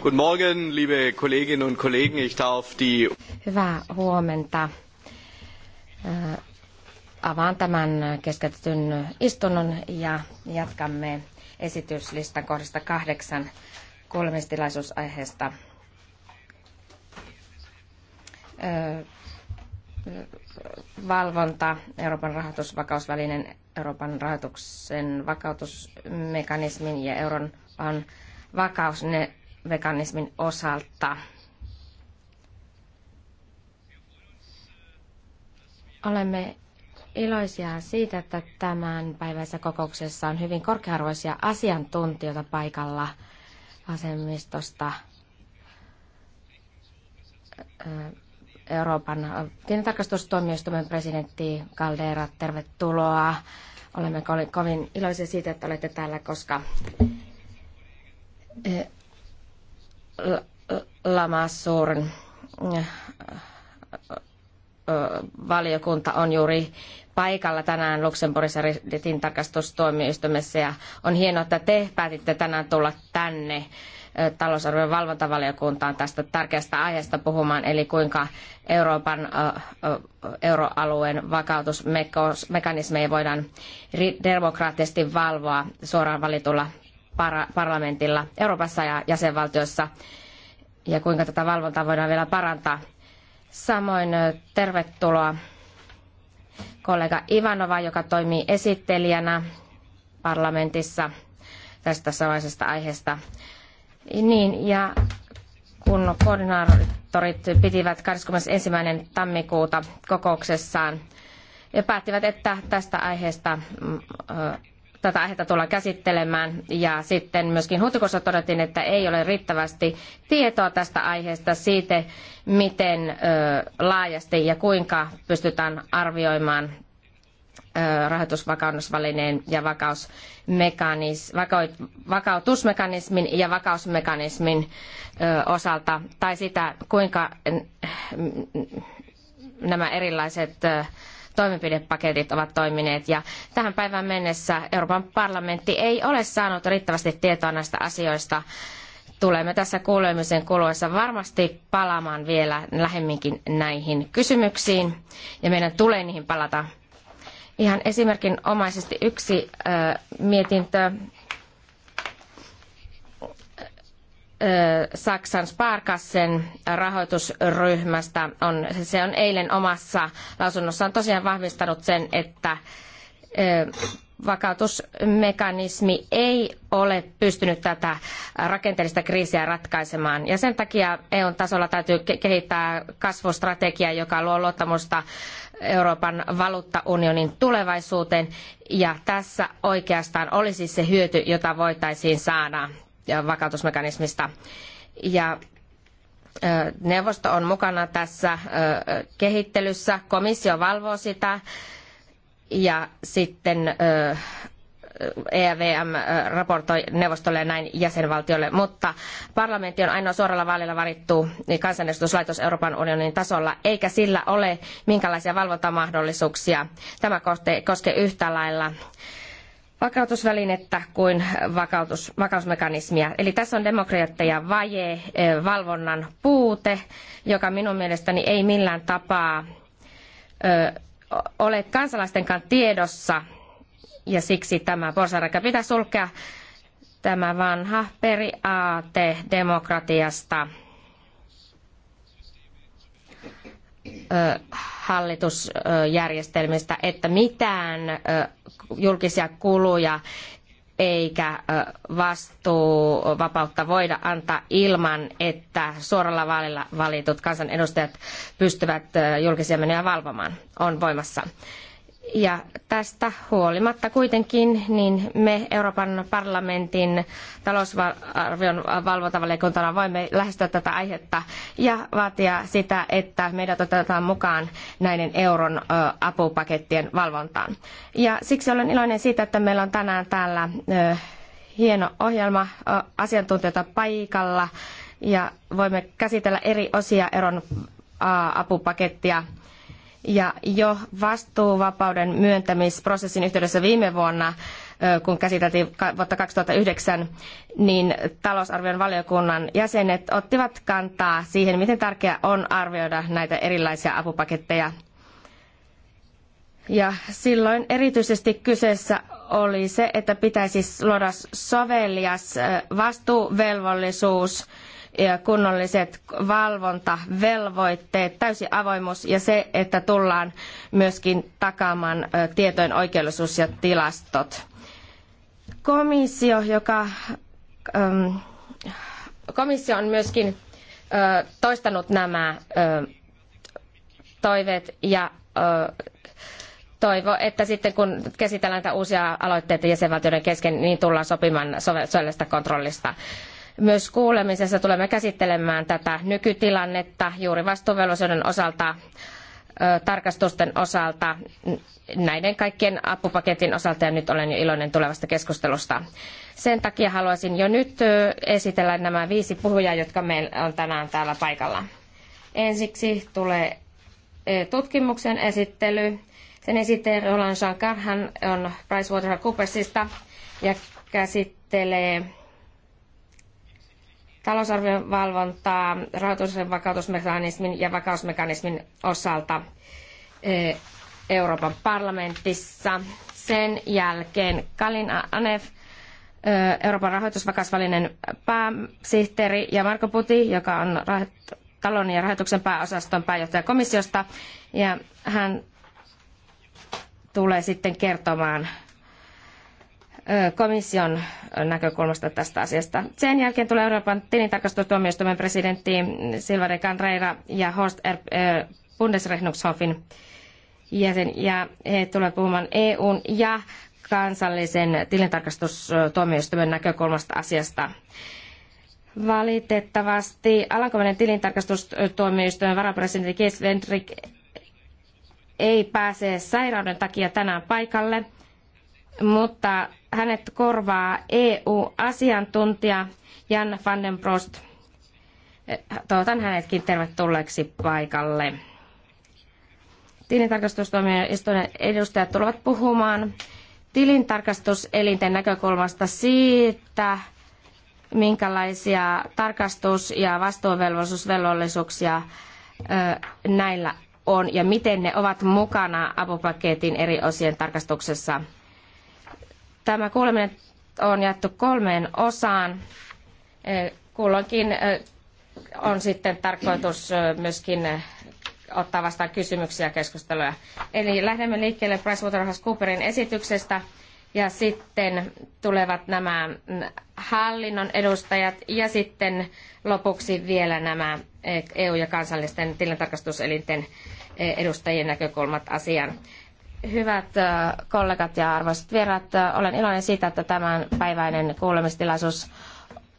Guten Morgen, liebe Kolleginnen und Kollegen. Ich darf die Hyvää huomenta. Äh, avaan tämän keskeytetyn istunnon ja jatkamme esityslistan kohdasta kahdeksan kolmestilaisuusaiheesta. Äh, valvonta, Euroopan rahoitusvakausvälinen, Euroopan rahoituksen vakautusmekanismin ja euron vakausmekanismin osalta. Olemme iloisia siitä, että tämän päivässä kokouksessa on hyvin korkearvoisia asiantuntijoita paikalla vasemmistosta Euroopan tilintarkastustuomioistuimen presidentti Caldera, tervetuloa. Olemme kovin iloisia siitä, että olette täällä, koska eh, Lamassuurin eh, eh, valiokunta on juuri paikalla tänään Luxemburgissa tarkastustuomioistuimessa ja on hienoa, että te päätitte tänään tulla tänne talousarvion valvontavaliokuntaan tästä tärkeästä aiheesta puhumaan, eli kuinka Euroopan euroalueen vakautusmekanismeja voidaan demokraattisesti valvoa suoraan valitulla parlamentilla Euroopassa ja jäsenvaltioissa ja kuinka tätä valvontaa voidaan vielä parantaa. Samoin tervetuloa kollega Ivanova, joka toimii esittelijänä parlamentissa tästä samaisesta aiheesta. Niin, ja kun koordinaattorit pitivät 21. tammikuuta kokouksessaan ja päättivät, että tästä aiheesta mm, tätä aihetta tullaan käsittelemään. Ja sitten myöskin huhtikuussa todettiin, että ei ole riittävästi tietoa tästä aiheesta siitä, miten laajasti ja kuinka pystytään arvioimaan rahoitusvakausvälineen ja vakausmekanis, vakautusmekanismin ja vakausmekanismin osalta, tai sitä, kuinka nämä erilaiset toimenpidepaketit ovat toimineet. Ja tähän päivään mennessä Euroopan parlamentti ei ole saanut riittävästi tietoa näistä asioista. Tulemme tässä kuulemisen kuluessa varmasti palaamaan vielä lähemminkin näihin kysymyksiin, ja meidän tulee niihin palata Ihan esimerkinomaisesti yksi mietintö Saksan Sparkassen rahoitusryhmästä on, se on eilen omassa lausunnossaan tosiaan vahvistanut sen, että vakautusmekanismi ei ole pystynyt tätä rakenteellista kriisiä ratkaisemaan. Ja sen takia EUn tasolla täytyy kehittää kasvustrategiaa, joka luo luottamusta Euroopan valuuttaunionin tulevaisuuteen. Ja tässä oikeastaan olisi se hyöty, jota voitaisiin saada vakautusmekanismista. Ja neuvosto on mukana tässä kehittelyssä, komissio valvoo sitä ja sitten EVM raportoi neuvostolle ja näin jäsenvaltiolle, mutta parlamentti on ainoa suoralla vaalilla valittu kansanedustuslaitos Euroopan unionin tasolla, eikä sillä ole minkälaisia valvontamahdollisuuksia. Tämä koskee yhtä lailla vakautusvälinettä kuin vakautus, vakausmekanismia. Eli tässä on demokratia vaje, valvonnan puute, joka minun mielestäni ei millään tapaa ö, ole kansalaistenkaan tiedossa ja siksi tämä porsareikä pitää sulkea tämä vanha periaate demokratiasta. hallitusjärjestelmistä, että mitään julkisia kuluja eikä vastuuvapautta voida antaa ilman, että suoralla vaalilla valitut kansanedustajat pystyvät julkisia menoja valvomaan, on voimassa. Ja tästä huolimatta kuitenkin niin me Euroopan parlamentin talousarvion valvontavaliokuntana voimme lähestyä tätä aihetta ja vaatia sitä, että meidät otetaan mukaan näiden euron apupakettien valvontaan. Ja siksi olen iloinen siitä, että meillä on tänään täällä hieno ohjelma asiantuntijoita paikalla ja voimme käsitellä eri osia eron apupakettia – ja jo vastuuvapauden myöntämisprosessin yhteydessä viime vuonna, kun käsiteltiin vuotta 2009, niin talousarvion valiokunnan jäsenet ottivat kantaa siihen, miten tärkeää on arvioida näitä erilaisia apupaketteja. Ja silloin erityisesti kyseessä oli se, että pitäisi luoda sovelias vastuuvelvollisuus – kunnolliset valvontavelvoitteet, täysi avoimuus ja se, että tullaan myöskin takaamaan tietojen oikeellisuus ja tilastot. Komissio, joka, komissio on myöskin toistanut nämä toiveet ja toivo, että sitten kun käsitellään näitä uusia aloitteita jäsenvaltioiden kesken, niin tullaan sopimaan sovellisesta kontrollista. Myös kuulemisessa tulemme käsittelemään tätä nykytilannetta juuri vastuuvelvollisuuden osalta, tarkastusten osalta, näiden kaikkien apupaketin osalta ja nyt olen jo iloinen tulevasta keskustelusta. Sen takia haluaisin jo nyt esitellä nämä viisi puhujaa, jotka meillä on tänään täällä paikalla. Ensiksi tulee tutkimuksen esittely. Sen esittelee Roland Shankar, hän on PricewaterhouseCoopersista ja käsittelee talousarvion valvontaa rahoituksen vakautusmekanismin ja vakausmekanismin osalta eh, Euroopan parlamentissa. Sen jälkeen Kalin Anef, eh, Euroopan rahoitusvakausvälinen pääsihteeri, ja Marko Puti, joka on talon ja rahoituksen pääosaston pääjohtaja komissiosta, ja hän tulee sitten kertomaan komission näkökulmasta tästä asiasta. Sen jälkeen tulee Euroopan tilintarkastustuomioistuimen presidentti Silva de Canreira ja Horst Erb, Bundesrechnungshofin jäsen, ja he tulevat puhumaan EUn ja kansallisen tilintarkastustuomioistuimen näkökulmasta asiasta. Valitettavasti Alankomainen tilintarkastustuomioistuimen varapresidentti Kees Vendrik ei pääse sairauden takia tänään paikalle – mutta hänet korvaa EU-asiantuntija Jan van den Prost. Toivotan hänetkin tervetulleeksi paikalle. Tilintarkastustoimistojen edustajat tulevat puhumaan tilintarkastuselinten näkökulmasta siitä, minkälaisia tarkastus- ja vastuuvelvollisuusvelvollisuuksia näillä on ja miten ne ovat mukana apupaketin eri osien tarkastuksessa. Tämä kuuleminen on jaettu kolmeen osaan. Eh, kulloinkin eh, on sitten tarkoitus eh, myöskin ottaa vastaan kysymyksiä ja keskusteluja. Eli lähdemme liikkeelle PricewaterhouseCooperin esityksestä ja sitten tulevat nämä mm, hallinnon edustajat ja sitten lopuksi vielä nämä EU- ja kansallisten tilintarkastuselinten edustajien näkökulmat asiaan. Hyvät äh, kollegat ja arvoisat vieraat, äh, olen iloinen siitä, että tämän päiväinen kuulemistilaisuus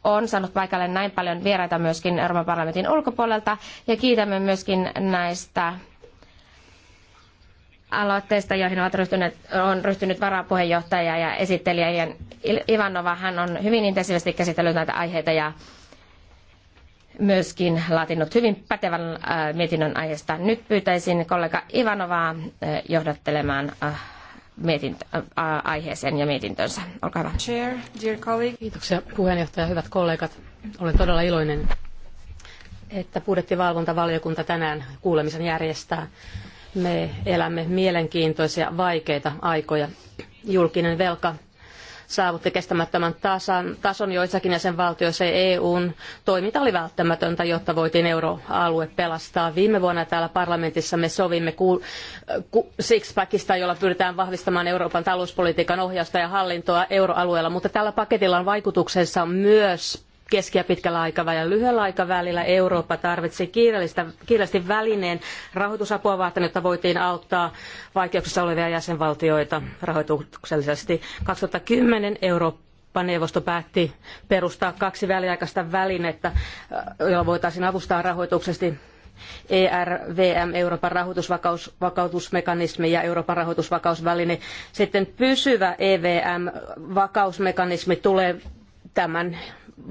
on saanut paikalle näin paljon vieraita myöskin Euroopan parlamentin ulkopuolelta ja kiitämme myöskin näistä aloitteista, joihin ovat ryhtyneet, on ryhtynyt varapuheenjohtaja ja esittelijä Ivanova. Hän on hyvin intensiivisesti käsitellyt näitä aiheita ja myöskin laatinut hyvin pätevän äh, mietinnön aiheesta. Nyt pyytäisin kollega Ivanovaa äh, johdattelemaan äh, mietintö, aiheeseen ja mietintönsä. Olkaa hyvä. Chair, dear colleague. Kiitoksia puheenjohtaja, hyvät kollegat. Olen todella iloinen, että budjettivalvontavaliokunta tänään kuulemisen järjestää. Me elämme mielenkiintoisia, vaikeita aikoja. Julkinen velka saavutti kestämättömän tasan, tason joissakin jäsenvaltioissa EUn toiminta oli välttämätöntä, jotta voitiin euroalue pelastaa. Viime vuonna täällä parlamentissa me sovimme ku, ku, six-packista, jolla pyritään vahvistamaan Euroopan talouspolitiikan ohjausta ja hallintoa euroalueella, mutta tällä paketilla on vaikutuksensa myös keski- ja pitkällä aikavälillä. Lyhyellä aikavälillä Eurooppa tarvitsee kiireellisesti välineen rahoitusapua varten, jotta voitiin auttaa vaikeuksissa olevia jäsenvaltioita rahoituksellisesti. 2010 Eurooppa-neuvosto päätti perustaa kaksi väliaikaista välinettä, äh, jolla voitaisiin avustaa rahoituksesti ERVM, Euroopan rahoitusvakautusmekanismi ja Euroopan rahoitusvakausväline. Sitten pysyvä EVM, vakausmekanismi tulee tämän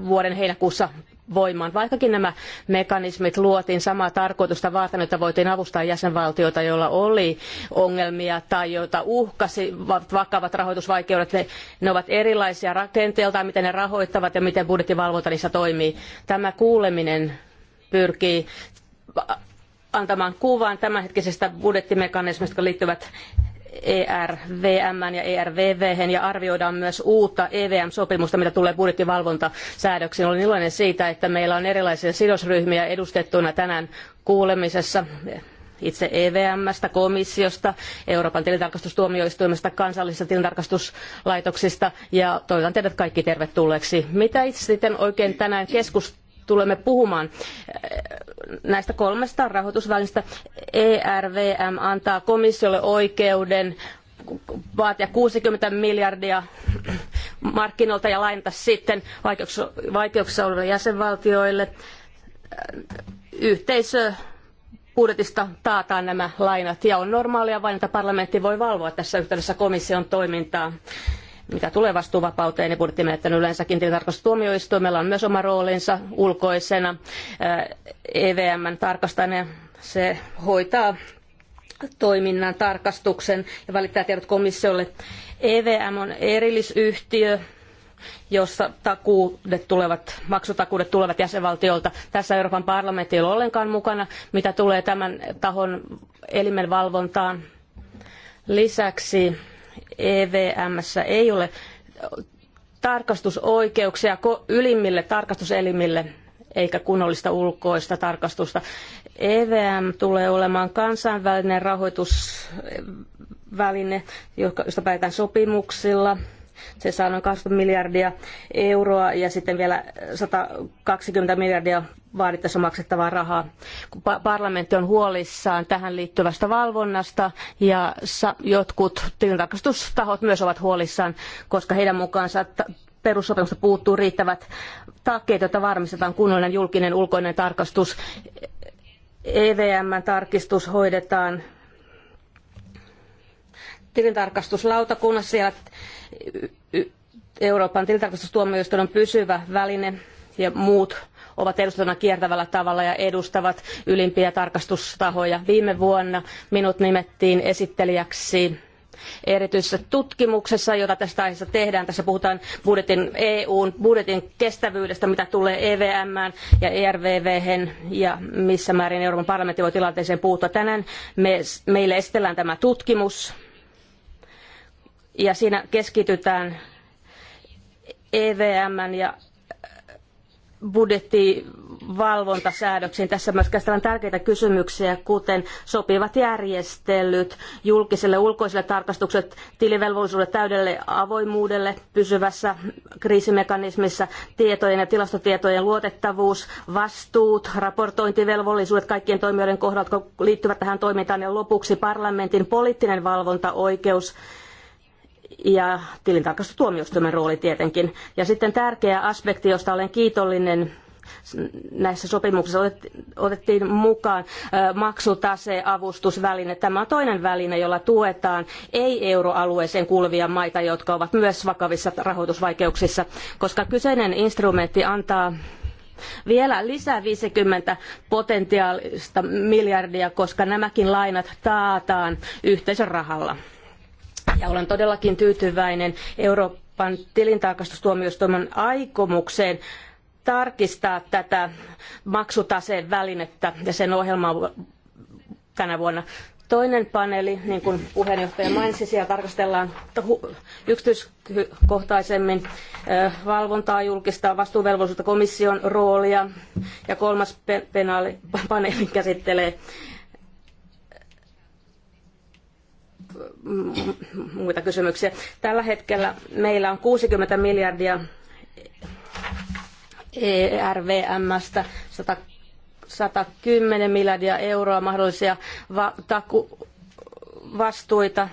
vuoden heinäkuussa voimaan. Vaikkakin nämä mekanismit luotiin samaa tarkoitusta varten, että voitiin avustaa jäsenvaltioita, joilla oli ongelmia tai joita uhkasi vakavat rahoitusvaikeudet. Ne, ne ovat erilaisia rakenteeltaan, miten ne rahoittavat ja miten budjettivalvonta niissä toimii. Tämä kuuleminen pyrkii antamaan kuvan tämänhetkisestä budjettimekanismista, jotka liittyvät ERVM ja ERVV ja arvioidaan myös uutta EVM-sopimusta, mitä tulee budjettivalvontasäädöksiin. Olen iloinen siitä, että meillä on erilaisia sidosryhmiä edustettuna tänään kuulemisessa itse EVMstä, komissiosta, Euroopan tilintarkastustuomioistuimesta, kansallisista tilintarkastuslaitoksista ja toivotan teidät kaikki tervetulleeksi. Mitä itse sitten oikein tänään keskus, tulemme puhumaan eh, näistä kolmesta rahoitusvälineestä. ERVM antaa komissiolle oikeuden vaatia 60 miljardia markkinoilta ja lainata sitten vaikeuksissa oleville jäsenvaltioille. Yhteisö budjetista taataan nämä lainat ja on normaalia vain, että parlamentti voi valvoa tässä yhteydessä komission toimintaa mitä tulee vastuuvapauteen ja budjettimenettelyn yleensäkin tilintarkastustuomioistuimella on myös oma roolinsa ulkoisena EVMn tarkastajana. Se hoitaa toiminnan tarkastuksen ja välittää tiedot komissiolle. EVM on erillisyhtiö, jossa takuudet tulevat, maksutakuudet tulevat jäsenvaltiolta. Tässä Euroopan parlamentti ei ole ollenkaan mukana, mitä tulee tämän tahon elimen valvontaan. Lisäksi EVMssä ei ole tarkastusoikeuksia ylimmille tarkastuselimille eikä kunnollista ulkoista tarkastusta. EVM tulee olemaan kansainvälinen rahoitusväline, josta päätetään sopimuksilla – se saa noin 20 miljardia euroa ja sitten vielä 120 miljardia vaadittaessa maksettavaa rahaa. Parlamentti on huolissaan tähän liittyvästä valvonnasta ja jotkut tilintarkastustahot myös ovat huolissaan, koska heidän mukaansa perussopimusta puuttuu riittävät takeet, jotta varmistetaan kunnollinen julkinen ulkoinen tarkastus. EVM-tarkistus hoidetaan tilintarkastuslautakunnassa. Siellä Euroopan tilintarkastustuomioistuin on pysyvä väline ja muut ovat edustettuna kiertävällä tavalla ja edustavat ylimpiä tarkastustahoja. Viime vuonna minut nimettiin esittelijäksi erityisessä tutkimuksessa, jota tästä aiheesta tehdään. Tässä puhutaan budjetin EUn budjetin kestävyydestä, mitä tulee EVM ja ERVV ja missä määrin Euroopan parlamentti voi tilanteeseen puuttua. Tänään me, meille esitellään tämä tutkimus ja siinä keskitytään n e ja budjettivalvontasäädöksiin. Tässä myös käsitellään tärkeitä kysymyksiä, kuten sopivat järjestelyt julkiselle ulkoiselle tarkastukset, tilivelvollisuudet täydelle avoimuudelle pysyvässä kriisimekanismissa, tietojen ja tilastotietojen luotettavuus, vastuut, raportointivelvollisuudet kaikkien toimijoiden kohdalla. jotka liittyvät tähän toimintaan, ja lopuksi parlamentin poliittinen valvontaoikeus, oikeus ja tilintarkastustuomioistuimen rooli tietenkin. Ja sitten tärkeä aspekti, josta olen kiitollinen näissä sopimuksissa otettiin mukaan maksutaseavustusväline. Tämä on toinen väline, jolla tuetaan ei-euroalueeseen kuuluvia maita, jotka ovat myös vakavissa rahoitusvaikeuksissa, koska kyseinen instrumentti antaa vielä lisää 50 potentiaalista miljardia, koska nämäkin lainat taataan yhteisön rahalla. Ja olen todellakin tyytyväinen Euroopan tilintarkastustuomioistuimen aikomukseen tarkistaa tätä maksutaseen välinettä ja sen ohjelmaa tänä vuonna. Toinen paneeli, niin kuin puheenjohtaja mainitsi, siellä tarkastellaan yksityiskohtaisemmin valvontaa, julkista vastuuvelvollisuutta, komission roolia. Ja kolmas paneeli käsittelee muita kysymyksiä. Tällä hetkellä meillä on 60 miljardia ERVMstä, 110 miljardia euroa mahdollisia va- taku- vastuita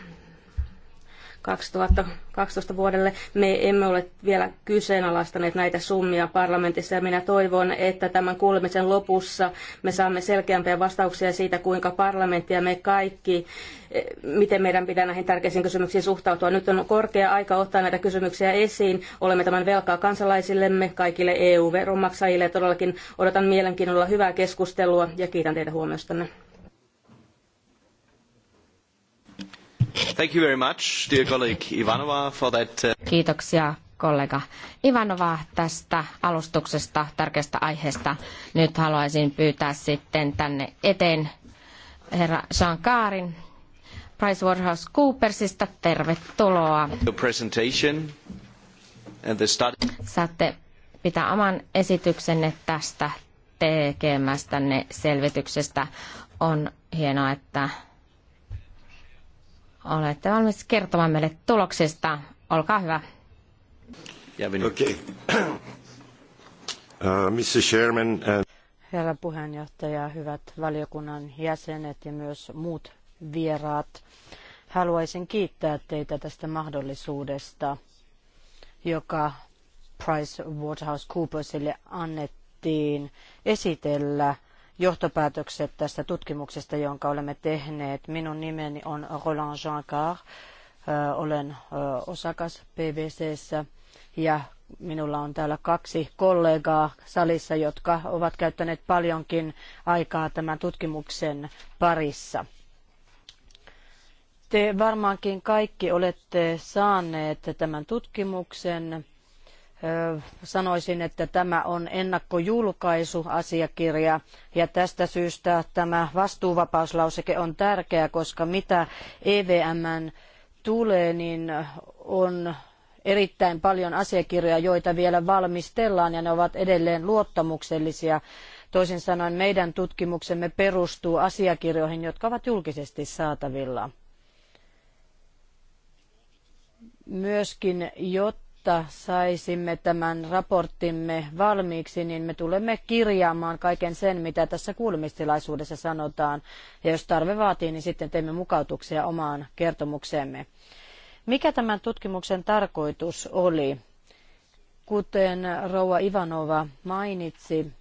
2012 vuodelle. Me emme ole vielä kyseenalaistaneet näitä summia parlamentissa ja minä toivon, että tämän kuulemisen lopussa me saamme selkeämpiä vastauksia siitä, kuinka parlamentti ja me kaikki, eh, miten meidän pitää näihin tärkeisiin kysymyksiin suhtautua. Nyt on korkea aika ottaa näitä kysymyksiä esiin. Olemme tämän velkaa kansalaisillemme, kaikille EU-veronmaksajille ja todellakin odotan mielenkiinnolla hyvää keskustelua ja kiitän teitä huomiostanne. Thank you very much, dear colleague Ivanova, for that. Uh, Kiitoksia kollega Ivanova tästä alustuksesta, tärkeästä aiheesta. Nyt haluaisin pyytää sitten tänne eteen herra Jean Kaarin PricewaterhouseCoopersista. Tervetuloa. The presentation and the study. Saatte pitää oman esityksenne tästä tekemästänne selvityksestä. On hienoa, että olette valmis kertomaan meille tuloksista. Olkaa hyvä. Okay. Uh, Mr. Chairman, and... Äh, Herra puheenjohtaja, hyvät valiokunnan jäsenet ja myös muut vieraat. Haluaisin kiittää teitä tästä mahdollisuudesta, joka PricewaterhouseCoopersille annettiin esitellä – johtopäätökset tästä tutkimuksesta, jonka olemme tehneet. Minun nimeni on Roland Jean-Car. Olen osakas PVC:ssä ja minulla on täällä kaksi kollegaa salissa, jotka ovat käyttäneet paljonkin aikaa tämän tutkimuksen parissa. Te varmaankin kaikki olette saaneet tämän tutkimuksen sanoisin, että tämä on ennaktojulkaisuasiakirja ja tästä syystä tämä vastuuvapauslauseke on tärkeä, koska mitä EVMn tulee, niin on erittäin paljon asiakirjoja, joita vielä valmistellaan ja ne ovat edelleen luottamuksellisia. Toisin sanoen meidän tutkimuksemme perustuu asiakirjoihin, jotka ovat julkisesti saatavilla. Myöskin, jotta jotta saisimme tämän raporttimme valmiiksi, niin me tulemme kirjaamaan kaiken sen, mitä tässä kuulemistilaisuudessa sanotaan. Ja jos tarve vaatii, niin sitten teemme mukautuksia omaan kertomukseemme. Mikä tämän tutkimuksen tarkoitus oli? Kuten Rouva Ivanova mainitsi,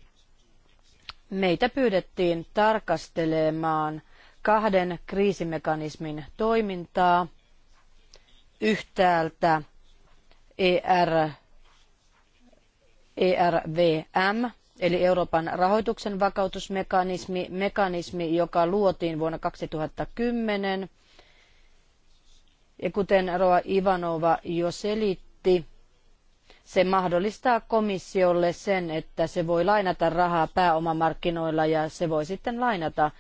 meitä pyydettiin tarkastelemaan kahden kriisimekanismin toimintaa yhtäältä – ER, ERVM, eli Euroopan rahoituksen vakautusmekanismi, mekanismi, joka luotiin vuonna 2010. Ja kuten Roa Ivanova jo selitti, se mahdollistaa komissiolle sen, että se voi lainata rahaa pääomamarkkinoilla ja se voi sitten lainata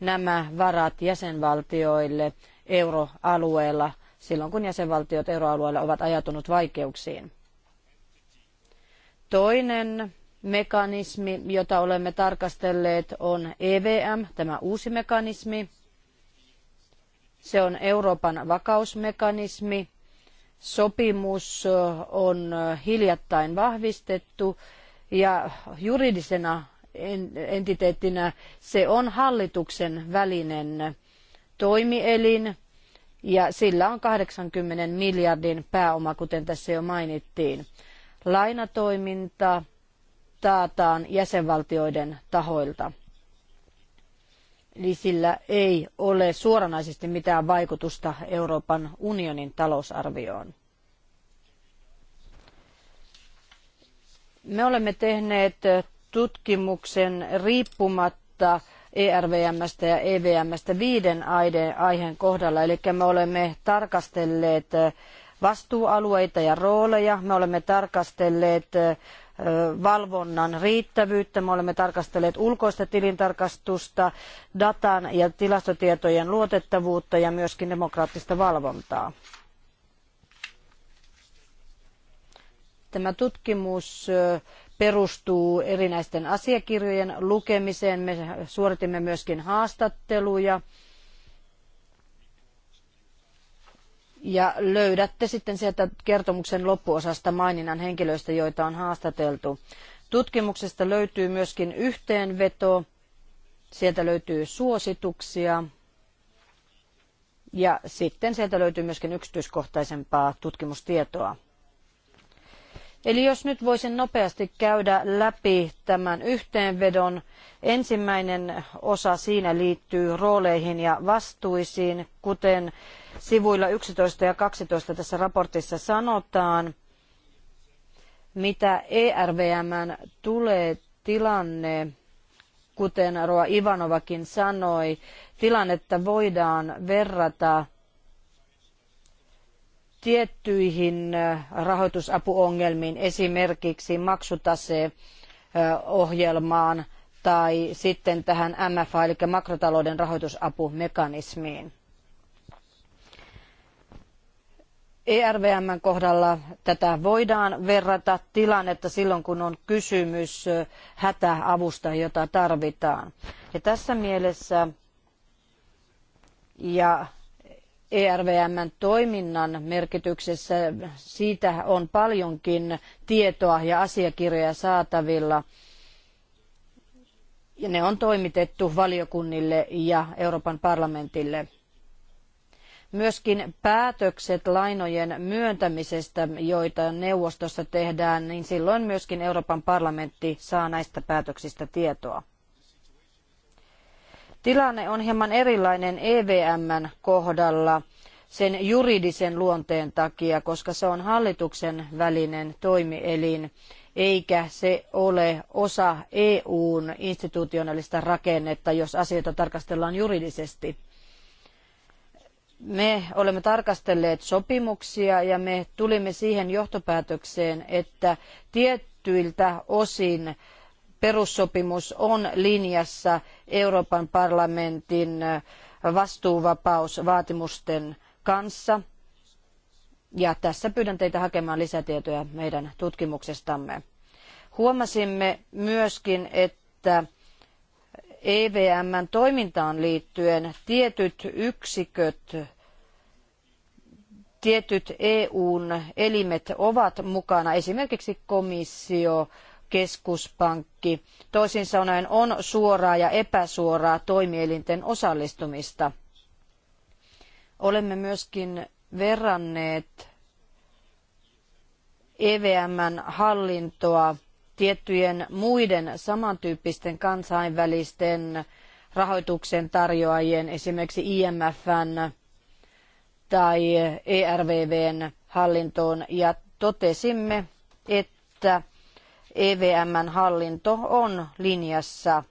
nämä varat jäsenvaltioille euroalueella – silloin, kun jäsenvaltiot euroalueella ovat ajatunut vaikeuksiin. Toinen mekanismi, jota olemme tarkastelleet, on EVM, tämä uusi mekanismi. Se on Euroopan vakausmekanismi. Sopimus on hiljattain vahvistettu ja juridisena entiteettinä se on hallituksen välinen toimielin, ja sillä on 80 miljardin pääoma, kuten tässä jo mainittiin. Lainatoiminta taataan jäsenvaltioiden tahoilta. Eli sillä ei ole suoranaisesti mitään vaikutusta Euroopan unionin talousarvioon. Me olemme tehneet tutkimuksen riippumatta ERVMstä ja EVMstä viiden aiheen kohdalla. Eli me olemme tarkastelleet vastuualueita ja rooleja, me olemme tarkastelleet valvonnan riittävyyttä, me olemme tarkastelleet ulkoista tilintarkastusta, datan ja tilastotietojen luotettavuutta ja myöskin demokraattista valvontaa. Tämä tutkimus perustuu erinäisten asiakirjojen lukemiseen. Me suoritimme myöskin haastatteluja. Ja löydätte sitten sieltä kertomuksen loppuosasta maininnan henkilöistä, joita on haastateltu. Tutkimuksesta löytyy myöskin yhteenveto, sieltä löytyy suosituksia ja sitten sieltä löytyy myöskin yksityiskohtaisempaa tutkimustietoa. Eli jos nyt voisin nopeasti käydä läpi tämän yhteenvedon. Ensimmäinen osa siinä liittyy rooleihin ja vastuisiin, kuten sivuilla 11 ja 12 tässä raportissa sanotaan. Mitä ERVMn tulee tilanne, kuten Roa Ivanovakin sanoi, tilannetta voidaan verrata tiettyihin äh, rahoitusapuongelmiin, esimerkiksi maksutaseohjelmaan äh, tai sitten tähän MFA eli makrotalouden rahoitusapumekanismiin. ERVMn kohdalla tätä voidaan verrata tilannetta silloin, kun on kysymys äh, hätäavusta, jota tarvitaan. Ja tässä mielessä ja ERVMn toiminnan merkityksessä. Siitä on paljonkin tietoa ja asiakirjoja saatavilla. Ja ne on toimitettu valiokunnille ja Euroopan parlamentille. Myöskin päätökset lainojen myöntämisestä, joita neuvostossa tehdään, niin silloin myöskin Euroopan parlamentti saa näistä päätöksistä tietoa. Tilanne on hieman erilainen EVMn kohdalla sen juridisen luonteen takia, koska se on hallituksen välinen toimielin, eikä se ole osa EUn institutionaalista rakennetta, jos asioita tarkastellaan juridisesti. Me olemme tarkastelleet sopimuksia ja me tulimme siihen johtopäätökseen, että tiettyiltä osin perussopimus on linjassa Euroopan parlamentin vastuuvapausvaatimusten kanssa. Ja tässä pyydän teitä hakemaan lisätietoja meidän tutkimuksestamme. Huomasimme myöskin, että EVMn toimintaan liittyen tietyt yksiköt, tietyt EUn elimet ovat mukana, esimerkiksi komissio, keskuspankki. Toisin sanoen on suoraa ja epäsuoraa toimielinten osallistumista. Olemme myöskin verranneet EVMn hallintoa tiettyjen muiden samantyyppisten kansainvälisten rahoituksen tarjoajien, esimerkiksi IMFn tai ERVVn hallintoon ja totesimme, että EVMn hallinto on linjassa,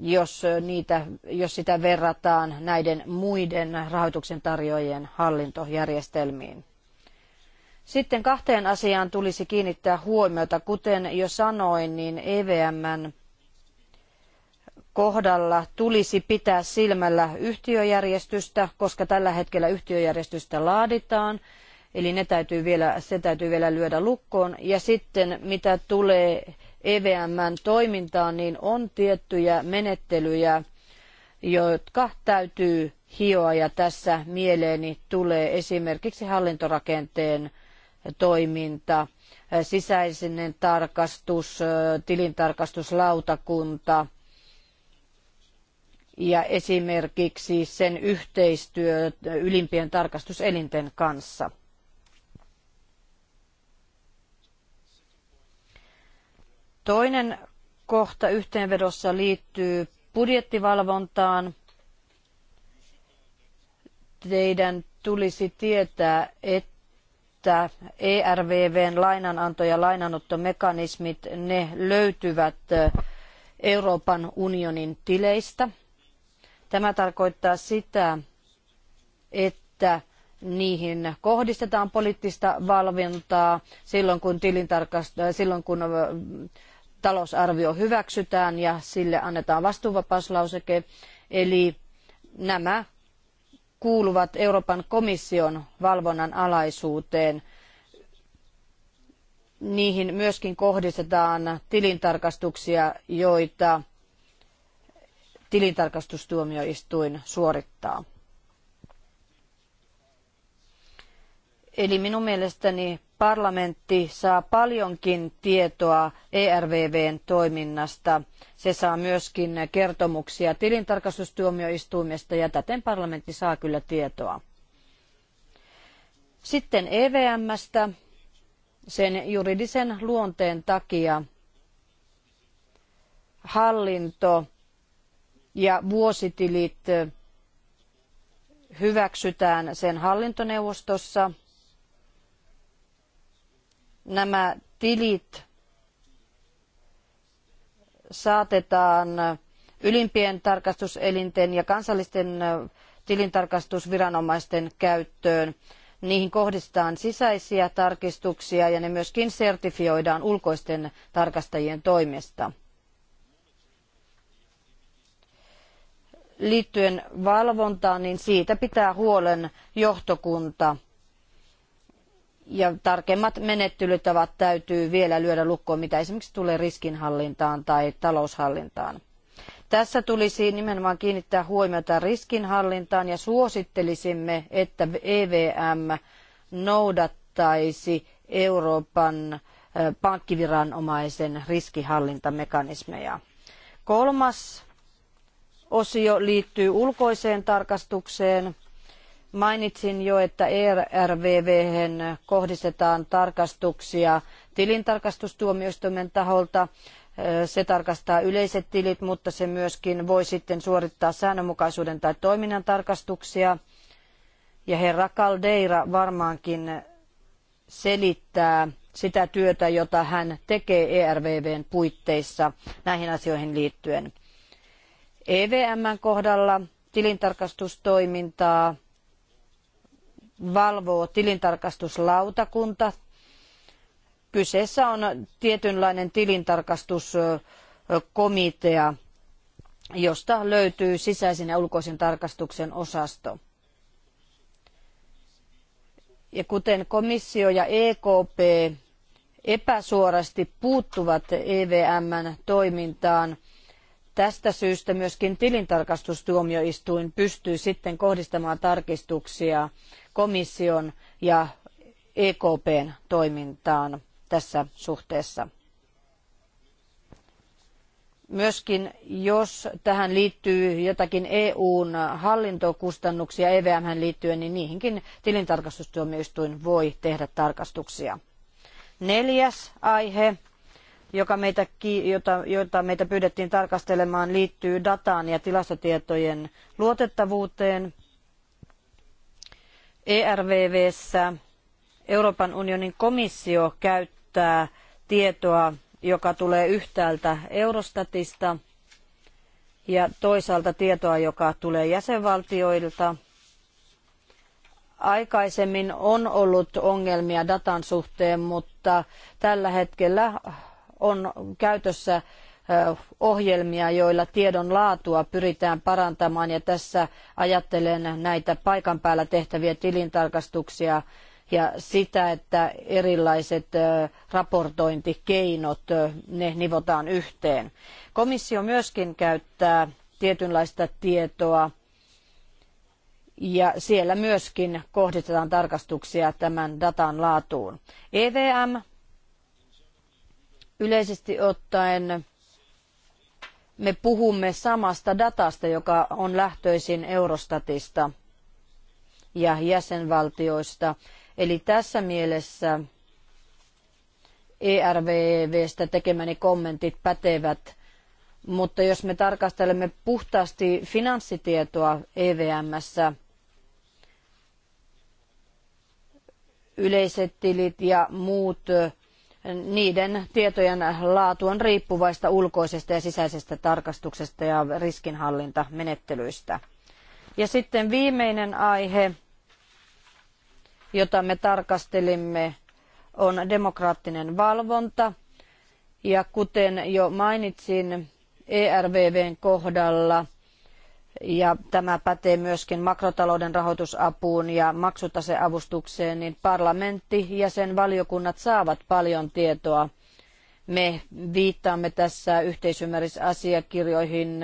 jos, niitä, jos sitä verrataan näiden muiden rahoituksen tarjoajien hallintojärjestelmiin. Sitten kahteen asiaan tulisi kiinnittää huomiota. Kuten jo sanoin, niin EVMn kohdalla tulisi pitää silmällä yhtiöjärjestystä, koska tällä hetkellä yhtiöjärjestystä laaditaan – Eli ne täytyy vielä, se täytyy vielä lyödä lukkoon. Ja sitten mitä tulee EVMn toimintaan, niin on tiettyjä menettelyjä, jotka täytyy hioa ja tässä mieleeni tulee esimerkiksi hallintorakenteen toiminta, sisäinen tarkastus, tilintarkastuslautakunta ja esimerkiksi sen yhteistyö ylimpien tarkastuselinten kanssa. Toinen kohta yhteenvedossa liittyy budjettivalvontaan. Teidän tulisi tietää, että ERVVn lainananto- ja lainanottomekanismit, ne löytyvät Euroopan unionin tileistä. Tämä tarkoittaa sitä, että niihin kohdistetaan poliittista valvontaa silloin kun, tilintarkast- silloin kun talousarvio hyväksytään ja sille annetaan vastuuvapauslauseke. Eli nämä kuuluvat Euroopan komission valvonnan alaisuuteen. Niihin myöskin kohdistetaan tilintarkastuksia, joita tilintarkastustuomioistuin suorittaa. Eli minun mielestäni parlamentti saa paljonkin tietoa ERVVn toiminnasta. Se saa myöskin kertomuksia tilintarkastustuomioistuimesta ja täten parlamentti saa kyllä tietoa. Sitten EVMstä sen juridisen luonteen takia hallinto ja vuositilit hyväksytään sen hallintoneuvostossa – nämä tilit saatetaan ylimpien tarkastuselinten ja kansallisten tilintarkastusviranomaisten käyttöön. Niihin kohdistetaan sisäisiä tarkistuksia ja ne myöskin sertifioidaan ulkoisten tarkastajien toimesta. Liittyen valvontaan, niin siitä pitää huolen johtokunta – ja tarkemmat menettelytavat täytyy vielä lyödä lukkoon, mitä esimerkiksi tulee riskinhallintaan tai taloushallintaan. Tässä tulisi nimenomaan kiinnittää huomiota riskinhallintaan ja suosittelisimme, että EVM noudattaisi Euroopan pankkiviranomaisen riskihallintamekanismeja. Kolmas osio liittyy ulkoiseen tarkastukseen Mainitsin jo, että ERVV kohdistetaan tarkastuksia tilintarkastustuomioistuimen taholta. Se tarkastaa yleiset tilit, mutta se myöskin voi sitten suorittaa säännönmukaisuuden tai toiminnan tarkastuksia. Ja herra Caldeira varmaankin selittää sitä työtä, jota hän tekee ERVVn puitteissa näihin asioihin liittyen. EVMn kohdalla tilintarkastustoimintaa valvoo tilintarkastuslautakunta. Kyseessä on tietynlainen tilintarkastuskomitea, josta löytyy sisäisen ja ulkoisen tarkastuksen osasto. Ja kuten komissio ja EKP epäsuorasti puuttuvat EVMn toimintaan, Tästä syystä myöskin tilintarkastustuomioistuin pystyy sitten kohdistamaan tarkistuksia komission ja EKPn toimintaan tässä suhteessa. Myöskin jos tähän liittyy jotakin EUn hallintokustannuksia EVM liittyen, niin niihinkin tilintarkastustuomioistuin voi tehdä tarkastuksia. Neljäs aihe joka meitä, jota, jota meitä pyydettiin tarkastelemaan, liittyy dataan ja tilastotietojen luotettavuuteen. ERVVssä Euroopan unionin komissio käyttää tietoa, joka tulee yhtäältä Eurostatista ja toisaalta tietoa, joka tulee jäsenvaltioilta. Aikaisemmin on ollut ongelmia datan suhteen, mutta tällä hetkellä on käytössä ohjelmia, joilla tiedon laatua pyritään parantamaan ja tässä ajattelen näitä paikan päällä tehtäviä tilintarkastuksia ja sitä, että erilaiset raportointikeinot, ne nivotaan yhteen. Komissio myöskin käyttää tietynlaista tietoa ja siellä myöskin kohdistetaan tarkastuksia tämän datan laatuun. EVM Yleisesti ottaen me puhumme samasta datasta, joka on lähtöisin Eurostatista ja jäsenvaltioista. Eli tässä mielessä ERVVstä tekemäni kommentit pätevät, mutta jos me tarkastelemme puhtaasti finanssitietoa EVMssä, yleiset tilit ja muut niiden tietojen laatu on riippuvaista ulkoisesta ja sisäisestä tarkastuksesta ja riskinhallintamenettelyistä. Ja sitten viimeinen aihe, jota me tarkastelimme, on demokraattinen valvonta. Ja kuten jo mainitsin, ERVVn kohdalla – ja tämä pätee myöskin makrotalouden rahoitusapuun ja maksutaseavustukseen, niin parlamentti ja sen valiokunnat saavat paljon tietoa. Me viittaamme tässä yhteisymmärrysasiakirjoihin,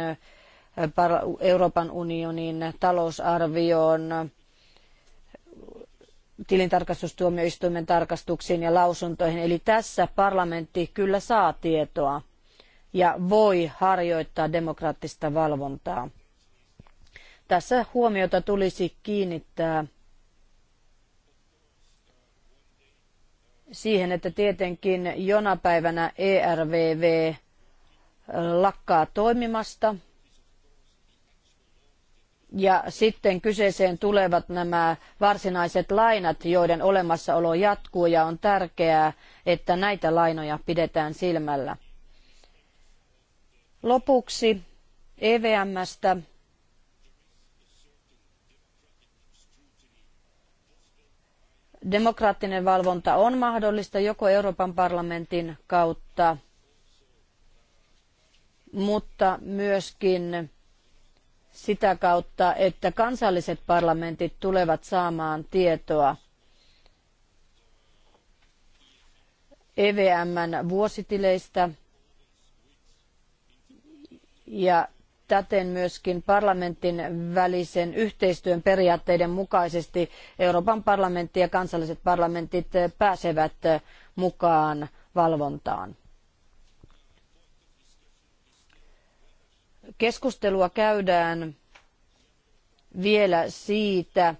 Euroopan unionin talousarvioon, tilintarkastustuomioistuimen tarkastuksiin ja lausuntoihin. Eli tässä parlamentti kyllä saa tietoa ja voi harjoittaa demokraattista valvontaa. Tässä huomiota tulisi kiinnittää siihen, että tietenkin jonapäivänä ERVV lakkaa toimimasta. Ja sitten kyseeseen tulevat nämä varsinaiset lainat, joiden olemassaolo jatkuu ja on tärkeää, että näitä lainoja pidetään silmällä. Lopuksi EVMstä demokraattinen valvonta on mahdollista joko Euroopan parlamentin kautta, mutta myöskin sitä kautta, että kansalliset parlamentit tulevat saamaan tietoa EVMn vuositileistä ja täten myöskin parlamentin välisen yhteistyön periaatteiden mukaisesti Euroopan parlamentti ja kansalliset parlamentit pääsevät mukaan valvontaan. Keskustelua käydään vielä siitä,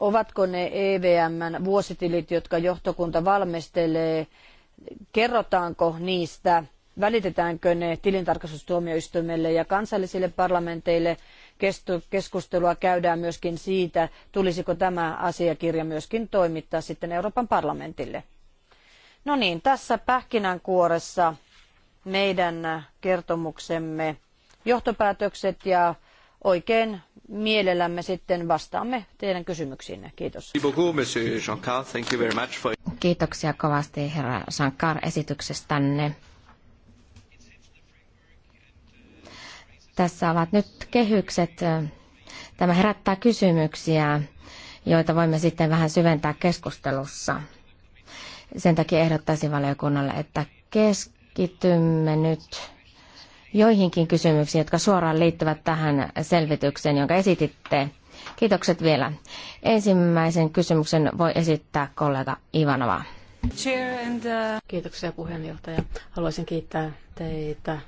ovatko ne EVMn vuositilit, jotka johtokunta valmistelee, kerrotaanko niistä välitetäänkö ne tilintarkastustuomioistuimelle ja kansallisille parlamenteille. Keskustelua käydään myöskin siitä, tulisiko tämä asiakirja myöskin toimittaa sitten Euroopan parlamentille. No niin, tässä pähkinänkuoressa meidän kertomuksemme johtopäätökset ja oikein mielellämme sitten vastaamme teidän kysymyksiinne. Kiitos. Kiitoksia kovasti herra Sankar esityksestänne. Tässä ovat nyt kehykset. Tämä herättää kysymyksiä, joita voimme sitten vähän syventää keskustelussa. Sen takia ehdottaisin valiokunnalle, että keskitymme nyt joihinkin kysymyksiin, jotka suoraan liittyvät tähän selvitykseen, jonka esititte. Kiitokset vielä. Ensimmäisen kysymyksen voi esittää kollega Ivanova. Uh, Kiitoksia puheenjohtaja. Haluaisin kiittää teitä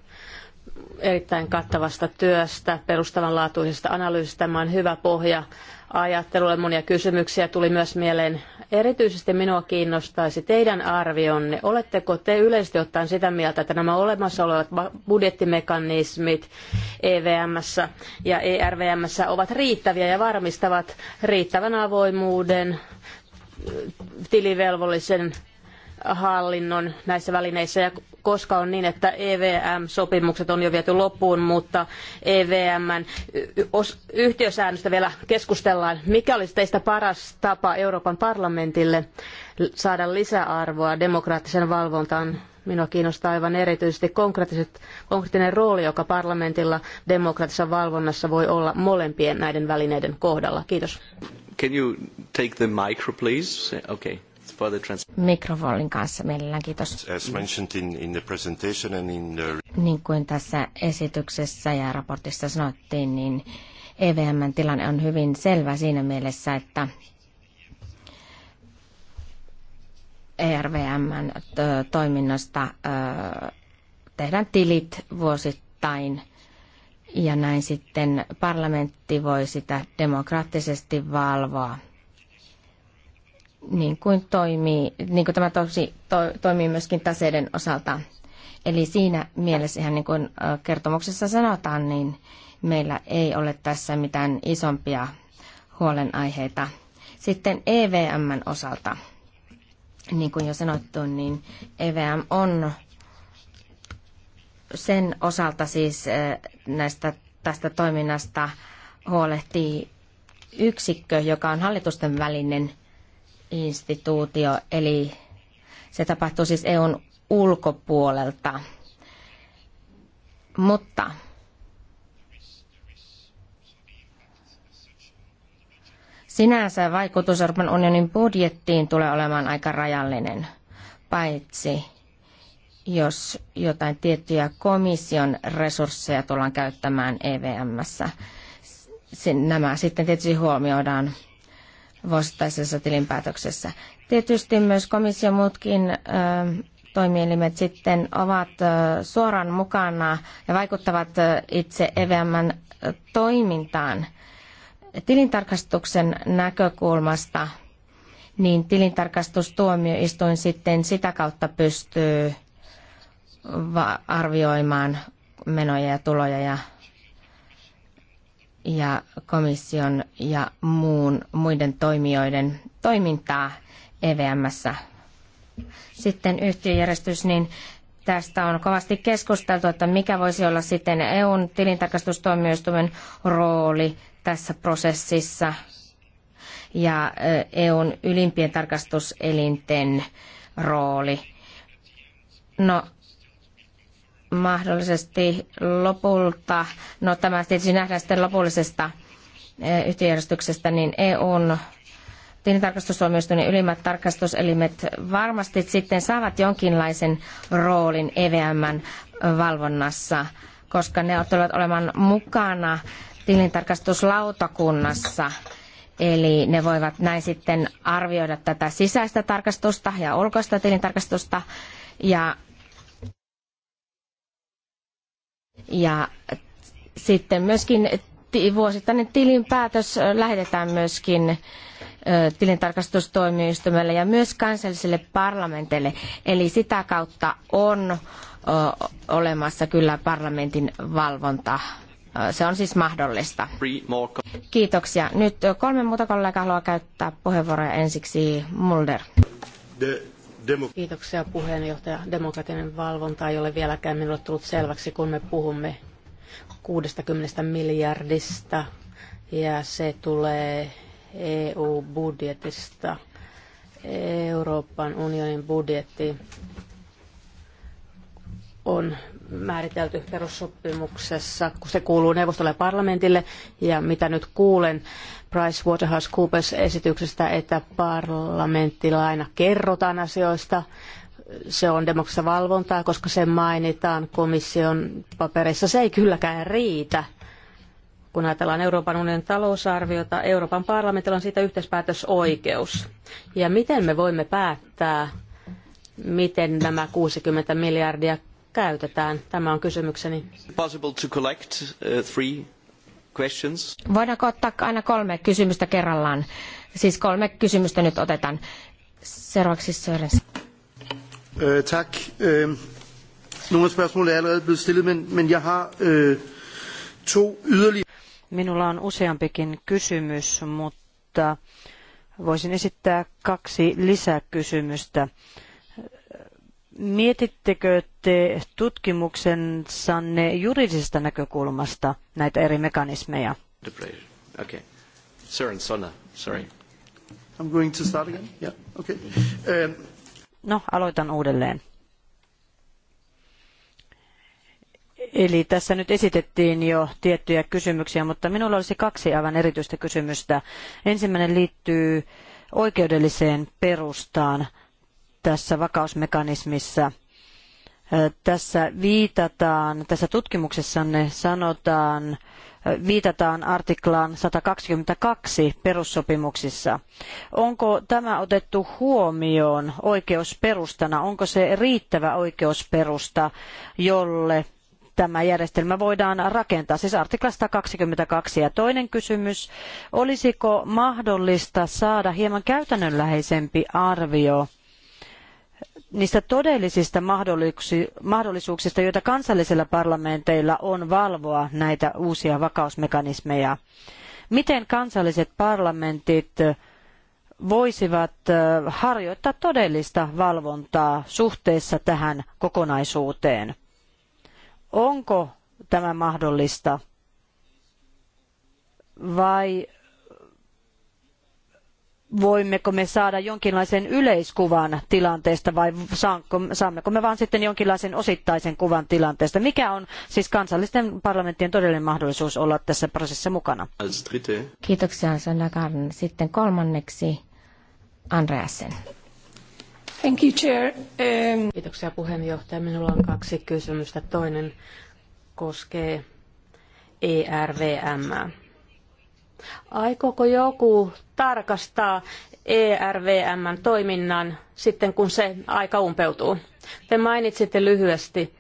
erittäin kattavasta työstä, perustavanlaatuisesta analyysistä. Tämä on hyvä pohja ajattelulle. Monia kysymyksiä tuli myös mieleen. Erityisesti minua kiinnostaisi teidän arvionne. Oletteko te yleisesti ottaen sitä mieltä, että nämä olemassa olevat budjettimekanismit EVMssä ja ERVMssä ovat riittäviä ja varmistavat riittävän avoimuuden, tilivelvollisen hallinnon näissä välineissä ja koska on niin, että EVM-sopimukset on jo viety loppuun, mutta EVMn yhtiösäännöstä vielä keskustellaan. Mikä olisi teistä paras tapa Euroopan parlamentille saada lisäarvoa demokraattisen valvontaan? Minua kiinnostaa aivan erityisesti konkreettinen rooli, joka parlamentilla demokraattisessa valvonnassa voi olla molempien näiden välineiden kohdalla. Kiitos. Can you take the micro, please? Okay. Mikrofonin kanssa mielellään, kiitos. As mentioned in, in the presentation and in the... Niin kuin tässä esityksessä ja raportissa sanottiin, niin EVMn tilanne on hyvin selvä siinä mielessä, että ERVMn toiminnasta tehdään tilit vuosittain ja näin sitten parlamentti voi sitä demokraattisesti valvoa – niin kuin, toimii, niin kuin tämä tosi, to, toimii myöskin taseiden osalta. Eli siinä mielessä ihan niin kuin kertomuksessa sanotaan, niin meillä ei ole tässä mitään isompia huolenaiheita. Sitten EVMn osalta, niin kuin jo sanottu, niin EVM on sen osalta siis näistä, tästä toiminnasta huolehtii yksikkö, joka on hallitusten välinen instituutio, eli se tapahtuu siis EUn ulkopuolelta. Mutta sinänsä vaikutus Euroopan unionin budjettiin tulee olemaan aika rajallinen, paitsi jos jotain tiettyjä komission resursseja tullaan käyttämään EVMssä. Nämä sitten tietysti huomioidaan vuosittaisessa tilinpäätöksessä. Tietysti myös komissio muutkin ö, toimielimet sitten ovat suoraan mukana ja vaikuttavat itse EVMn toimintaan. Tilintarkastuksen näkökulmasta niin tilintarkastustuomioistuin sitten sitä kautta pystyy arvioimaan menoja ja tuloja ja ja komission ja muun, muiden toimijoiden toimintaa EVMssä. Sitten yhtiöjärjestys, niin tästä on kovasti keskusteltu, että mikä voisi olla sitten EUn tilintarkastustoimioistuimen rooli tässä prosessissa ja EUn ylimpien tarkastuselinten rooli. No, mahdollisesti lopulta, no tämä tietysti nähdään sitten lopullisesta eh, yhtiöjärjestyksestä, niin EUn tilintarkastustuomioistuimen ylimmät tarkastuselimet varmasti sitten saavat jonkinlaisen roolin EVMn valvonnassa, koska ne tulevat olemaan mukana tilintarkastuslautakunnassa. Eli ne voivat näin sitten arvioida tätä sisäistä tarkastusta ja ulkoista tilintarkastusta ja Ja sitten myöskin vuosittainen tilinpäätös lähetetään myöskin tilintarkastustoimistoimelle ja myös kansalliselle parlamentille. Eli sitä kautta on olemassa kyllä parlamentin valvonta. Se on siis mahdollista. Kiitoksia. Nyt kolme muuta kollegaa haluaa käyttää puheenvuoroja ensiksi Mulder. The demok- Kiitoksia puheenjohtaja. Demokratian valvonta ei ole vieläkään minulle tullut selväksi, kun me puhumme 60 miljardista ja se tulee EU-budjetista. Euroopan unionin budjetti on määritelty perussopimuksessa, kun se kuuluu neuvostolle ja parlamentille, ja mitä nyt kuulen PricewaterhouseCoopers-esityksestä, että parlamentilla aina kerrotaan asioista. Se on demokratiassa valvontaa, koska se mainitaan komission paperissa. Se ei kylläkään riitä. Kun ajatellaan Euroopan unionin talousarviota, Euroopan parlamentilla on siitä yhteispäätösoikeus. Ja miten me voimme päättää, miten nämä 60 miljardia käytetään? Tämä on kysymykseni. Possible to collect, uh, three Voidaanko ottaa aina kolme kysymystä kerrallaan? Siis kolme kysymystä nyt otetaan. Seuraavaksi Sørens. Øh, nogle er allerede blevet stillet, men, men jeg har øh, to yderligere. Minulla on useampikin kysymys, mutta voisin esittää kaksi lisäkysymystä. Mietittekö te tutkimuksensanne juridisesta näkökulmasta näitä eri mekanismeja? Okay. Sören Sonna, sorry. I'm going to start again? Yeah, okay. Um... No, aloitan uudelleen. Eli tässä nyt esitettiin jo tiettyjä kysymyksiä, mutta minulla olisi kaksi aivan erityistä kysymystä. Ensimmäinen liittyy oikeudelliseen perustaan tässä vakausmekanismissa. Tässä viitataan, tässä tutkimuksessanne sanotaan, viitataan artiklaan 122 perussopimuksissa. Onko tämä otettu huomioon oikeusperustana? Onko se riittävä oikeusperusta, jolle tämä järjestelmä voidaan rakentaa, siis artiklasta 22. Ja toinen kysymys, olisiko mahdollista saada hieman käytännönläheisempi arvio niistä todellisista mahdollisuuksista, joita kansallisilla parlamenteilla on valvoa näitä uusia vakausmekanismeja. Miten kansalliset parlamentit voisivat harjoittaa todellista valvontaa suhteessa tähän kokonaisuuteen? Onko tämä mahdollista? Vai voimmeko me saada jonkinlaisen yleiskuvan tilanteesta vai saammeko me vain sitten jonkinlaisen osittaisen kuvan tilanteesta? Mikä on siis kansallisten parlamenttien todellinen mahdollisuus olla tässä prosessissa mukana? Kiitoksia Sandagarn. Sitten kolmanneksi Andreasen. Thank you, Chair. Um... Kiitoksia puheenjohtaja. Minulla on kaksi kysymystä. Toinen koskee ERVM. Aikooko joku tarkastaa ERVMn toiminnan sitten, kun se aika umpeutuu? Te mainitsitte lyhyesti,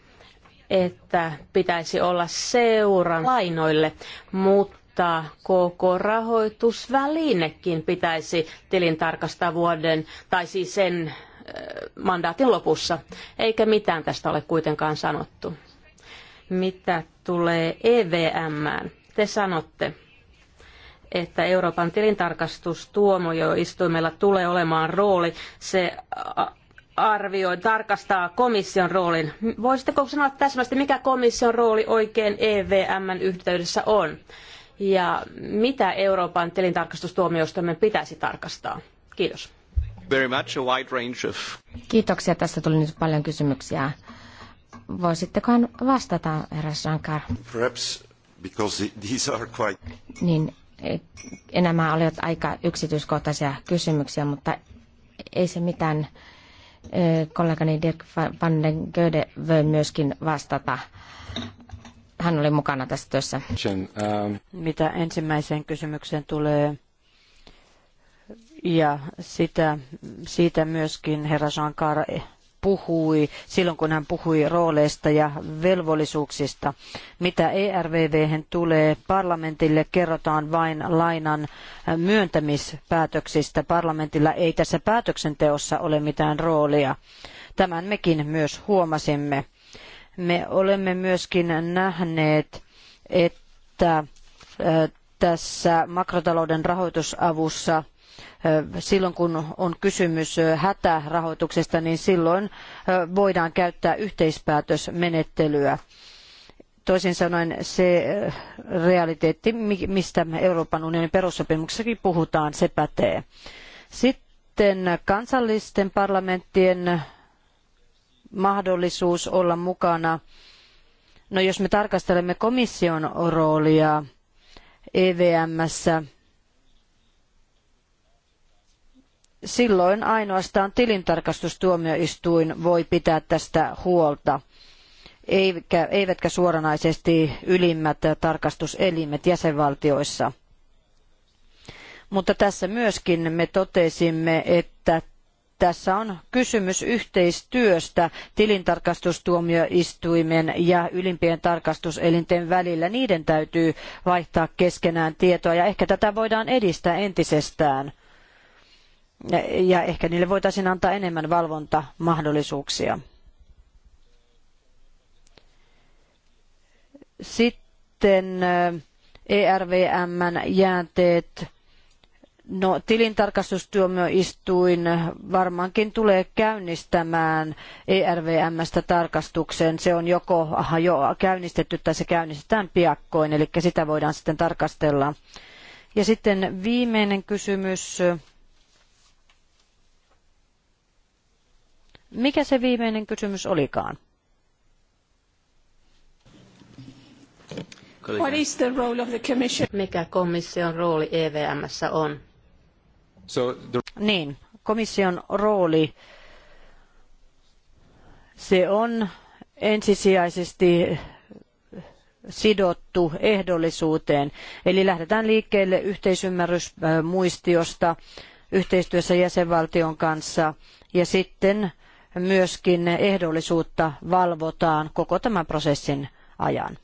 että pitäisi olla seuran lainoille, mutta koko rahoitusvälinekin pitäisi tilintarkastaa vuoden tai siis sen mandaatin lopussa, eikä mitään tästä ole kuitenkaan sanottu. Mitä tulee EVMään? Te sanotte, että Euroopan tilintarkastustuomioistuimella tulee olemaan rooli. Se arvioi, tarkastaa komission roolin. Voisitteko sanoa täsmästi, mikä komission rooli oikein EVMn yhteydessä on? Ja mitä Euroopan tilintarkastustuomioistuimen pitäisi tarkastaa? Kiitos. Very much a wide range of... Kiitoksia. Tässä tuli nyt paljon kysymyksiä. Voisitteko vastata, herra Sankar? Perhaps because these are quite... Niin nämä olivat aika yksityiskohtaisia kysymyksiä, mutta ei se mitään. Kollegani Dirk van den Göde voi myöskin vastata. Hän oli mukana tässä työssä. Mitä ensimmäiseen kysymykseen tulee, ja sitä, siitä myöskin herra Jean Carre puhui silloin, kun hän puhui rooleista ja velvollisuuksista. Mitä ERVV tulee, parlamentille kerrotaan vain lainan myöntämispäätöksistä. Parlamentilla ei tässä päätöksenteossa ole mitään roolia. Tämän mekin myös huomasimme. Me olemme myöskin nähneet, että tässä makrotalouden rahoitusavussa – Silloin kun on kysymys hätärahoituksesta, niin silloin voidaan käyttää yhteispäätösmenettelyä toisin sanoen se realiteetti, mistä Euroopan unionin perussopimuksessakin puhutaan, se pätee. Sitten kansallisten parlamenttien mahdollisuus olla mukana. No jos me tarkastelemme komission roolia EVMssä, silloin ainoastaan tilintarkastustuomioistuin voi pitää tästä huolta eivätkä, eivätkä suoranaisesti ylimmät tarkastuselimet jäsenvaltioissa. Mutta tässä myöskin me totesimme, että tässä on kysymys yhteistyöstä tilintarkastustuomioistuimen ja ylimpien tarkastuselinten välillä. Niiden täytyy vaihtaa keskenään tietoa ja ehkä tätä voidaan edistää entisestään ja ehkä niille voitaisiin antaa enemmän valvontamahdollisuuksia. Sitten ERVMn jäänteet. No, tilintarkastustuomioistuin varmaankin tulee käynnistämään ERVMstä tarkastuksen. Se on joko aha, jo käynnistetty tai se käynnistetään piakkoin, eli sitä voidaan sitten tarkastella. Ja sitten viimeinen kysymys. Mikä se viimeinen kysymys olikaan? What is the role of the commission? Mikä komission rooli EVMssä on? So the... Niin, komission rooli se on ensisijaisesti sidottu ehdollisuuteen. Eli lähdetään liikkeelle yhteisymmärrysmuistiosta yhteistyössä jäsenvaltion kanssa ja sitten myöskin ehdollisuutta valvotaan koko tämän prosessin ajan.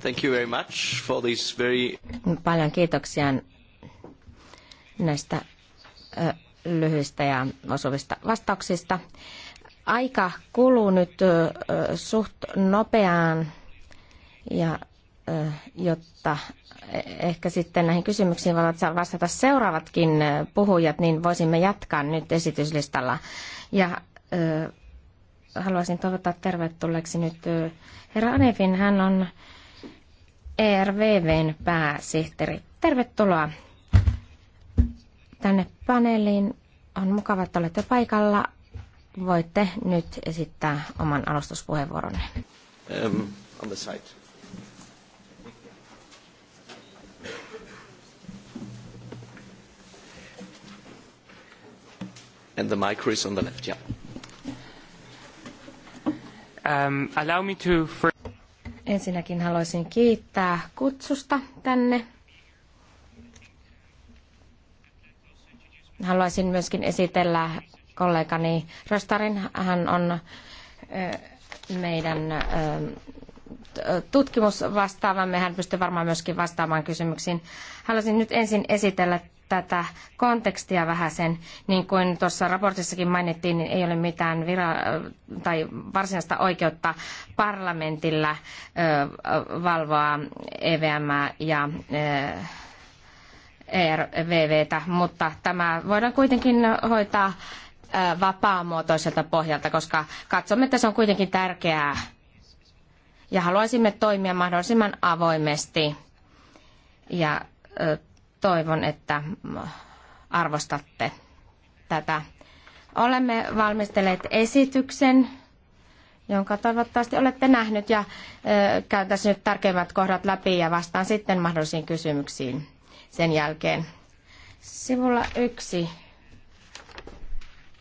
Thank you very much for this very... Paljon kiitoksia näistä lyhyistä ja osuvista vastauksista. Aika kuluu nyt suht nopeaan, ja, jotta e-, ehkä sitten näihin kysymyksiin voivat vastata seuraavatkin puhujat, niin voisimme jatkaa nyt esityslistalla ja ö, haluaisin toivottaa tervetulleeksi nyt herra Anefin. Hän on ERVVn pääsihteeri. Tervetuloa tänne paneeliin. On mukava, että olette paikalla. Voitte nyt esittää oman alustuspuheenvuoronne. Um, on the site. and the micro is on the left. Yeah. Um, allow me to Ensinnäkin haluaisin kiittää kutsusta tänne. Haluaisin myöskin esitellä kollegani Rostarin. Hän on meidän tutkimusvastaavamme. Hän pystyy varmaan myöskin vastaamaan kysymyksiin. Haluaisin nyt ensin esitellä tätä kontekstia vähän sen, niin kuin tuossa raportissakin mainittiin, niin ei ole mitään vira- tai varsinaista oikeutta parlamentilla ö, valvoa EVM ja ö, ERVVtä, mutta tämä voidaan kuitenkin hoitaa ö, vapaamuotoiselta pohjalta, koska katsomme, että se on kuitenkin tärkeää ja haluaisimme toimia mahdollisimman avoimesti ja toivon, että arvostatte tätä. Olemme valmistelleet esityksen, jonka toivottavasti olette nähnyt ja käyn tässä nyt tarkemmat kohdat läpi ja vastaan sitten mahdollisiin kysymyksiin sen jälkeen. Sivulla yksi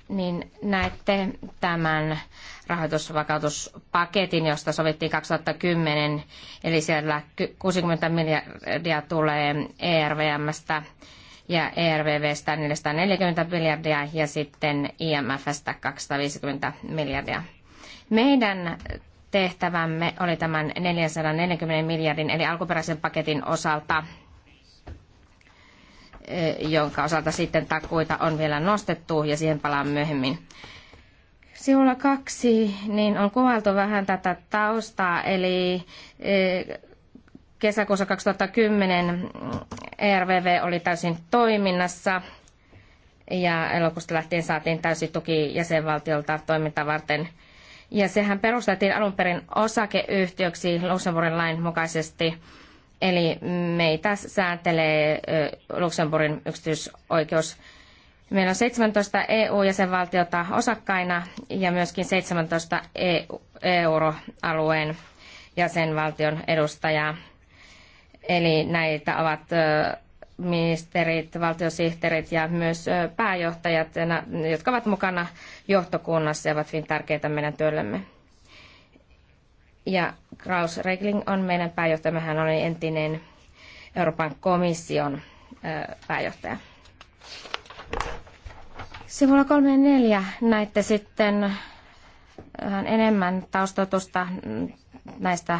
niin näette tämän rahoitusvakautuspaketin, josta sovittiin 2010, eli siellä 60 miljardia tulee ERVMstä ja ERVVstä 440 miljardia ja sitten IMFstä 250 miljardia. Meidän tehtävämme oli tämän 440 miljardin eli alkuperäisen paketin osalta Eh, jonka osalta sitten takuita on vielä nostettu ja siihen palaan myöhemmin. Sivulla kaksi niin on kuvailtu vähän tätä taustaa, eli eh, kesäkuussa 2010 ERVV oli täysin toiminnassa ja elokuusta lähtien saatiin täysi tuki jäsenvaltiolta toimintaa varten. Ja sehän perustettiin alun perin osakeyhtiöksi Luxemburgin lain mukaisesti Eli meitä sääntelee Luxemburgin yksityisoikeus. Meillä on 17 EU-jäsenvaltiota osakkaina ja myöskin 17 EU- euroalueen jäsenvaltion edustajaa. Eli näitä ovat ministerit, valtiosihteerit ja myös pääjohtajat, jotka ovat mukana johtokunnassa ja ovat hyvin tärkeitä meidän työllemme. Ja Klaus Regling on meidän pääjohtajamme, hän on entinen Euroopan komission pääjohtaja. Sivulla 34 näitte sitten vähän enemmän taustatusta näistä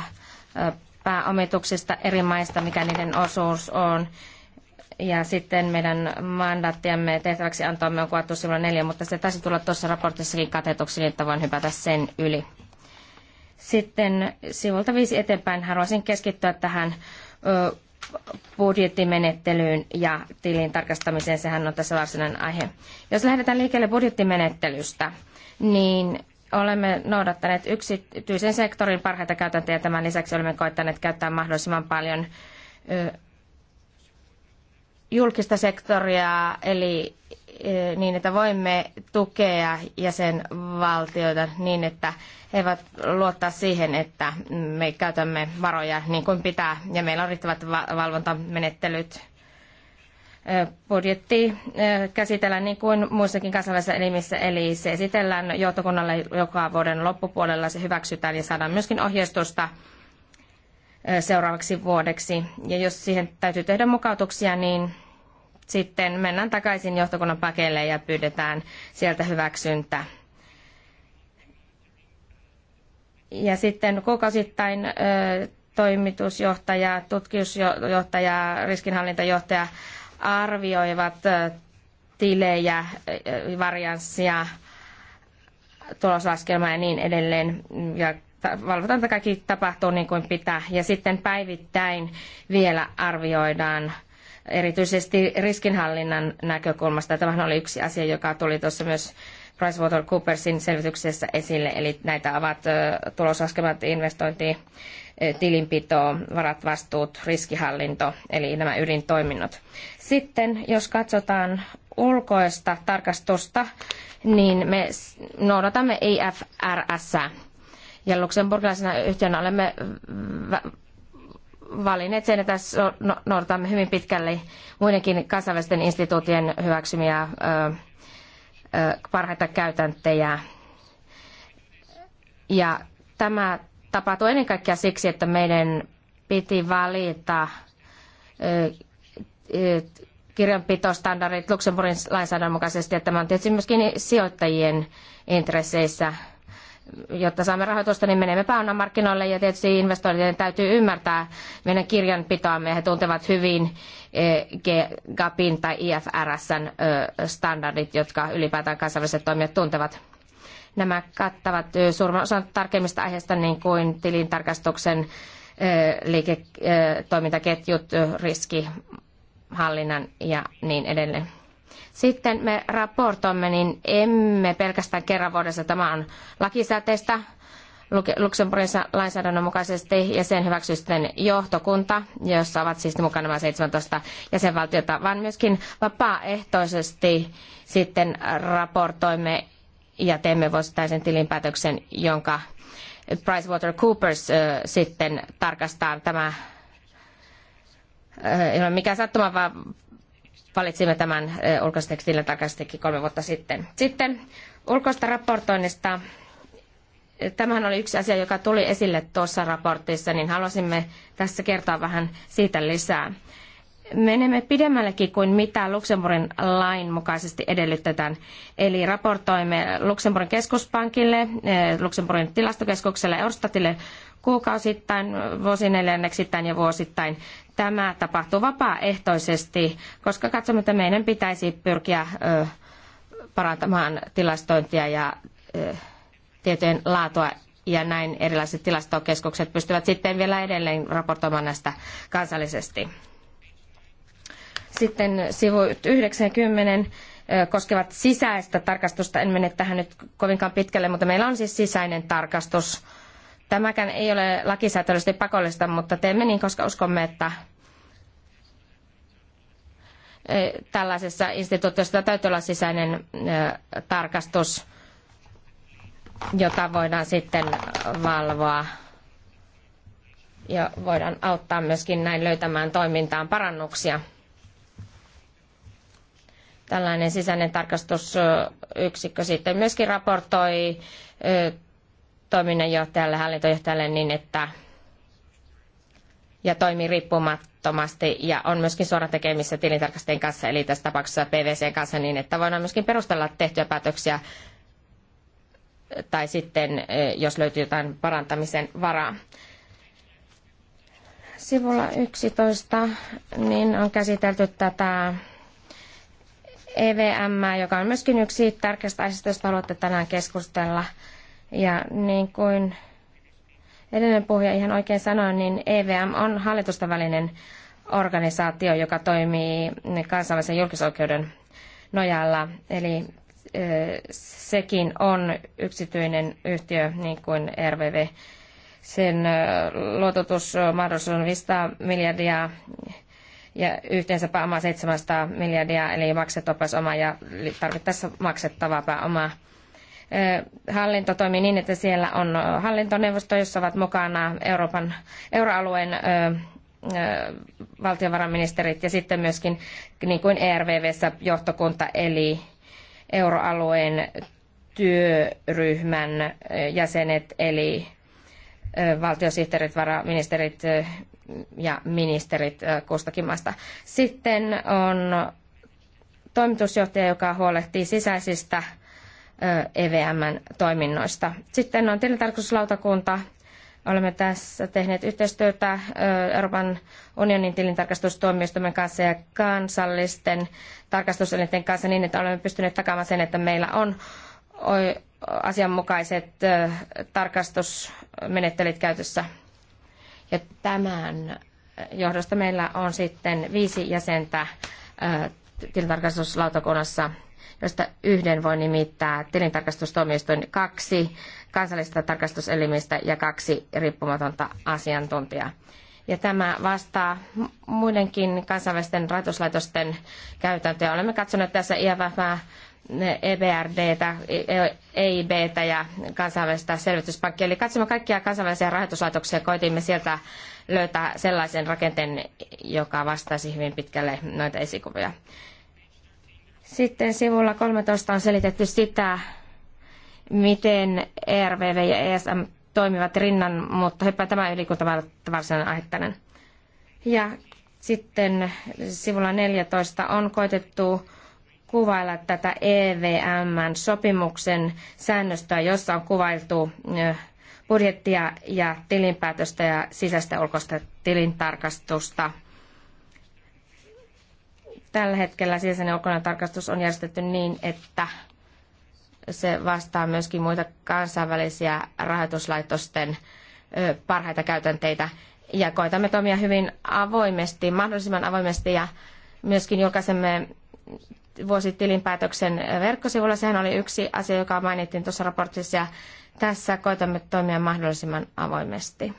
pääomituksista eri maista, mikä niiden osuus on. Ja sitten meidän mandaattiamme tehtäväksi antoamme on kuvattu sivulla neljä, mutta se taisi tulla tuossa raportissakin katetuksi, niin että voin hypätä sen yli. Sitten sivulta viisi eteenpäin haluaisin keskittyä tähän budjettimenettelyyn ja tilin tarkastamiseen. Sehän on tässä varsinainen aihe. Jos lähdetään liikkeelle budjettimenettelystä, niin olemme noudattaneet yksityisen sektorin parhaita käytäntöjä. Tämän lisäksi olemme koittaneet käyttää mahdollisimman paljon julkista sektoria, eli e, niin, että voimme tukea jäsenvaltioita niin, että he voivat luottaa siihen, että me käytämme varoja niin kuin pitää ja meillä on riittävät valvontamenettelyt. E, budjetti e, käsitellään niin kuin muissakin kansainvälisissä elimissä, eli se esitellään johtokunnalle joka vuoden loppupuolella, se hyväksytään ja saadaan myöskin ohjeistusta seuraavaksi vuodeksi. Ja jos siihen täytyy tehdä mukautuksia, niin sitten mennään takaisin johtokunnan pakeille ja pyydetään sieltä hyväksyntä. Ja sitten kuukausittain ö, toimitusjohtaja, tutkimusjohtaja, riskinhallintajohtaja arvioivat ö, tilejä, varianssia, tuloslaskelmaa ja niin edelleen. Ja valvotaan, että kaikki tapahtuu niin kuin pitää. Ja sitten päivittäin vielä arvioidaan erityisesti riskinhallinnan näkökulmasta. Tämähän oli yksi asia, joka tuli tuossa myös PricewaterhouseCoopersin selvityksessä esille, eli näitä ovat tuloslaskelmat investointi, tilinpito, varat, vastuut, riskihallinto, eli nämä ydintoiminnot. Sitten jos katsotaan ulkoista tarkastusta, niin me noudatamme IFRS. Ja luksemburgilaisena yhtiönä olemme mm, valinneet sen, että tässä no-, noudatamme hyvin pitkälle muidenkin kansainvälisten instituutien hyväksymiä parhaita käytäntöjä. Ja tämä tapahtui ennen kaikkea siksi, että meidän piti valita kirjanpitostandardit Luxemburgin lainsäädännön mukaisesti, ja tämä on tietysti myöskin sijoittajien intresseissä – jotta saamme rahoitusta, niin menemme pääomamarkkinoille ja tietysti investoijien täytyy ymmärtää meidän kirjanpitoamme. He tuntevat hyvin eh, GAPin tai IFRSn standardit, jotka ylipäätään kansainväliset toimijat tuntevat. Nämä kattavat suurimman osan tarkemmista aiheista, niin kuin tilintarkastuksen liiketoimintaketjut, riskihallinnan ja niin edelleen. Sitten me raportoimme, niin emme pelkästään kerran vuodessa. Tämä on lakisääteistä Luxemburgin lainsäädännön mukaisesti ja sen hyväksyy sitten johtokunta, jossa ovat siis mukana nämä 17 jäsenvaltiota, vaan myöskin vapaaehtoisesti sitten raportoimme ja teemme vuosittaisen tilinpäätöksen, jonka PricewaterCoopers äh, sitten tarkastaa tämä ei ole mikään sattuma, vaan valitsimme tämän ulkoistekstiilin tarkastustekijä kolme vuotta sitten. Sitten ulkoista raportoinnista. Tämähän oli yksi asia, joka tuli esille tuossa raportissa, niin halusimme tässä kertoa vähän siitä lisää. Menemme pidemmällekin kuin mitä Luxemburgin lain mukaisesti edellytetään. Eli raportoimme Luxemburgin keskuspankille, Luxemburgin tilastokeskukselle ja Eurostatille kuukausittain, vuosineljänneksittäin ja vuosittain tämä tapahtuu vapaaehtoisesti, koska katsomme, että meidän pitäisi pyrkiä parantamaan tilastointia ja tietojen laatua ja näin erilaiset tilastokeskukset pystyvät sitten vielä edelleen raportoimaan näistä kansallisesti. Sitten sivu 90 koskevat sisäistä tarkastusta. En mene tähän nyt kovinkaan pitkälle, mutta meillä on siis sisäinen tarkastus Tämäkään ei ole lakisääteisesti pakollista, mutta teemme niin, koska uskomme, että e, tällaisessa instituutiossa täytyy olla sisäinen e, tarkastus, jota voidaan sitten valvoa ja voidaan auttaa myöskin näin löytämään toimintaan parannuksia. Tällainen sisäinen tarkastusyksikkö sitten myöskin raportoi e, toiminnanjohtajalle, hallintojohtajalle niin, että ja toimii riippumattomasti ja on myöskin suora tekemissä tilintarkastajien kanssa, eli tässä tapauksessa PVCn kanssa niin, että voidaan myöskin perustella tehtyjä päätöksiä tai sitten, eh, jos löytyy jotain parantamisen varaa. Sivulla 11 niin on käsitelty tätä EVM, joka on myöskin yksi tärkeistä asioista, josta haluatte tänään keskustella – ja niin kuin edellinen puhuja ihan oikein sanoi, niin EVM on hallitusten organisaatio, joka toimii kansainvälisen julkisoikeuden nojalla. Eli sekin on yksityinen yhtiö, niin kuin RVV. Sen luototusmahdollisuus on 500 miljardia ja yhteensä pääoma 700 miljardia, eli maksettava pääoma ja tarvittaessa maksettavaa pääomaa hallinto toimii niin, että siellä on hallintoneuvosto, jossa ovat mukana Euroopan, euroalueen valtiovarainministerit ja sitten myöskin niin kuin ERVVssä johtokunta eli euroalueen työryhmän jäsenet eli valtiosihteerit, varaministerit ja ministerit kustakin maasta. Sitten on toimitusjohtaja, joka huolehtii sisäisistä EVMn toiminnoista. Sitten on tilintarkastuslautakunta. Olemme tässä tehneet yhteistyötä Euroopan unionin tilintarkastustuomioistuimen kanssa ja kansallisten tarkastuselinten kanssa niin, että olemme pystyneet takaamaan sen, että meillä on asianmukaiset tarkastusmenettelyt käytössä. Ja tämän johdosta meillä on sitten viisi jäsentä tilintarkastuslautakunnassa – joista yhden voi nimittää tilintarkastustuomioistuin kaksi kansallista tarkastuselimistä ja kaksi riippumatonta asiantuntijaa. Ja tämä vastaa muidenkin kansainvälisten rahoituslaitosten käytäntöjä. Olemme katsoneet tässä IFF, EBRDtä, EIBtä ja kansainvälistä selvityspankkia. Eli katsomme kaikkia kansainvälisiä rahoituslaitoksia ja koitimme sieltä löytää sellaisen rakenteen, joka vastaisi hyvin pitkälle noita esikuvia. Sitten sivulla 13 on selitetty sitä, miten ERVV ja ESM toimivat rinnan, mutta hyppää tämä yli, kun varsinainen aihettainen. Ja sitten sivulla 14 on koitettu kuvailla tätä EVMn sopimuksen säännöstöä, jossa on kuvailtu budjettia ja tilinpäätöstä ja sisäistä ulkoista tilintarkastusta – Tällä hetkellä sisäinen ulkoinen tarkastus on järjestetty niin, että se vastaa myöskin muita kansainvälisiä rahoituslaitosten parhaita käytänteitä. Ja koitamme toimia hyvin avoimesti, mahdollisimman avoimesti ja myöskin julkaisemme vuositilinpäätöksen verkkosivulla. Sehän oli yksi asia, joka mainittiin tuossa raportissa ja tässä koitamme toimia mahdollisimman avoimesti.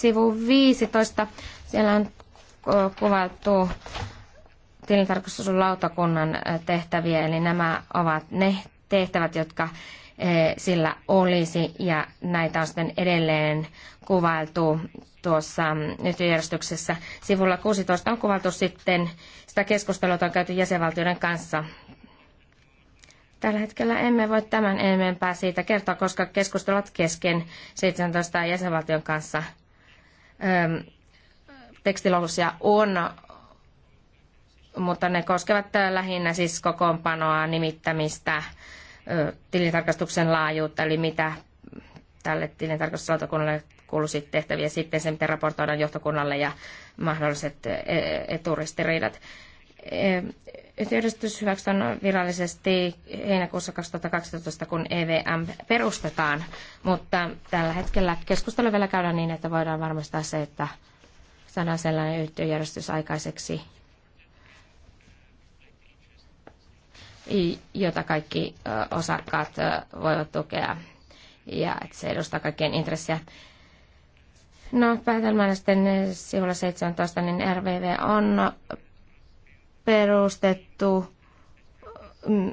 sivu 15. Siellä on kuvattu tilintarkastuslautakunnan tehtäviä, eli nämä ovat ne tehtävät, jotka sillä olisi, ja näitä on sitten edelleen kuvailtu tuossa nykyjärjestyksessä. Sivulla 16 on kuvailtu sitten sitä keskustelua, jota on käyty jäsenvaltioiden kanssa. Tällä hetkellä emme voi tämän enempää siitä kertoa, koska keskustelut kesken 17 jäsenvaltion kanssa – tekstilohdussa on, mutta ne koskevat äh, lähinnä siis kokoonpanoa, nimittämistä, tilintarkastuksen laajuutta, eli mitä tälle tilintarkastuslautakunnalle kuuluisi tehtäviä, sitten se, miten raportoidaan johtokunnalle ja mahdolliset eturistiriidat. E-, e-, Yhdistys hyväksytään virallisesti heinäkuussa 2012, kun EVM perustetaan, mutta tällä hetkellä keskustelu vielä käydään niin, että voidaan varmistaa se, että saadaan sellainen yhtiöjärjestys aikaiseksi, jota kaikki osakkaat voivat tukea ja että se edustaa kaikkien intressiä. No, päätelmänä sitten sivulla 17, niin RVV on perustettu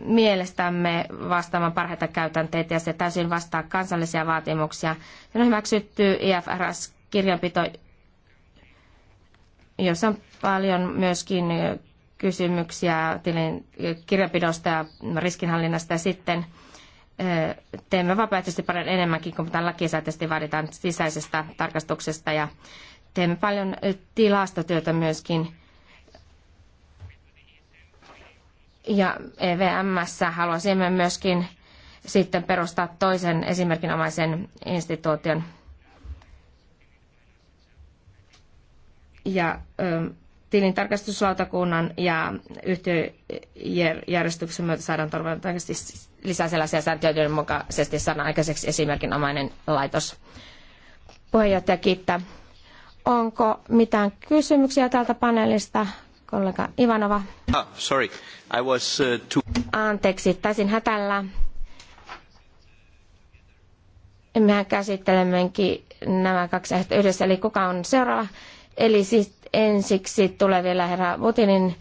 mielestämme vastaamaan parhaita käytänteitä ja se täysin vastaa kansallisia vaatimuksia. Se on hyväksytty IFRS-kirjanpito, jossa on paljon myöskin kysymyksiä tilin kirjanpidosta ja riskinhallinnasta ja sitten teemme vapaaehtoisesti paljon enemmänkin kun tämän lakisääteisesti vaaditaan sisäisestä tarkastuksesta ja teemme paljon tilastotyötä myöskin Ja EVMssä haluaisimme myöskin sitten perustaa toisen esimerkinomaisen instituution. Ja ö, tilintarkastuslautakunnan ja yhtiöjärjestyksen myötä saadaan todennäköisesti lisää sellaisia sääntöjä, joiden mukaisesti saadaan aikaiseksi esimerkinomainen laitos. Puheenjohtaja kiittää. Onko mitään kysymyksiä tältä paneelista? Kollega Ivanova. Ah, sorry. I was, uh, too... Anteeksi, taisin hätällä. Mehän käsittelemmekin nämä kaksi aihetta yhdessä, eli kuka on seuraava. Eli siis ensiksi tulee vielä herra Putinin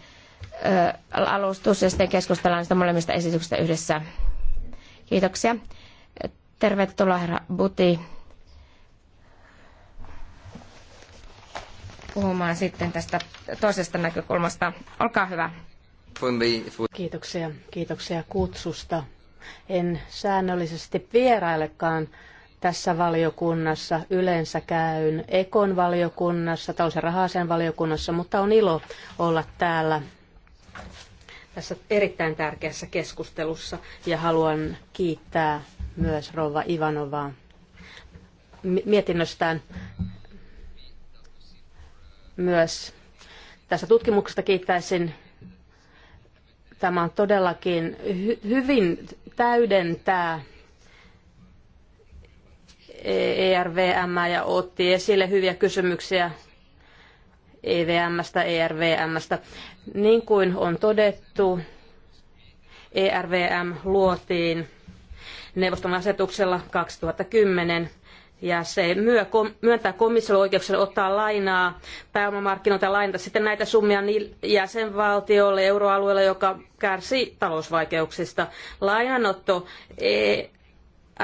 ö, alustus ja sitten keskustellaan niistä molemmista esityksistä yhdessä. Kiitoksia. Tervetuloa herra Buti. puhumaan sitten tästä toisesta näkökulmasta. Olkaa hyvä. Kiitoksia, kiitoksia kutsusta. En säännöllisesti vierailekaan tässä valiokunnassa. Yleensä käyn Ekon valiokunnassa, talous- rahaisen valiokunnassa, mutta on ilo olla täällä tässä erittäin tärkeässä keskustelussa ja haluan kiittää myös Rova Ivanovaa mietinnöstään myös tästä tutkimuksesta kiittäisin. Tämä on todellakin hy- hyvin täydentää ERVM e ja otti esille hyviä kysymyksiä EVMstä, ERVMstä. Niin kuin on todettu, ERVM luotiin neuvoston asetuksella 2010 ja se myöntää komissiolle oikeuksia ottaa lainaa pääomamarkkinoilta ja lainata sitten näitä summia jäsenvaltiolle, euroalueelle, joka kärsii talousvaikeuksista. Lainanotto e-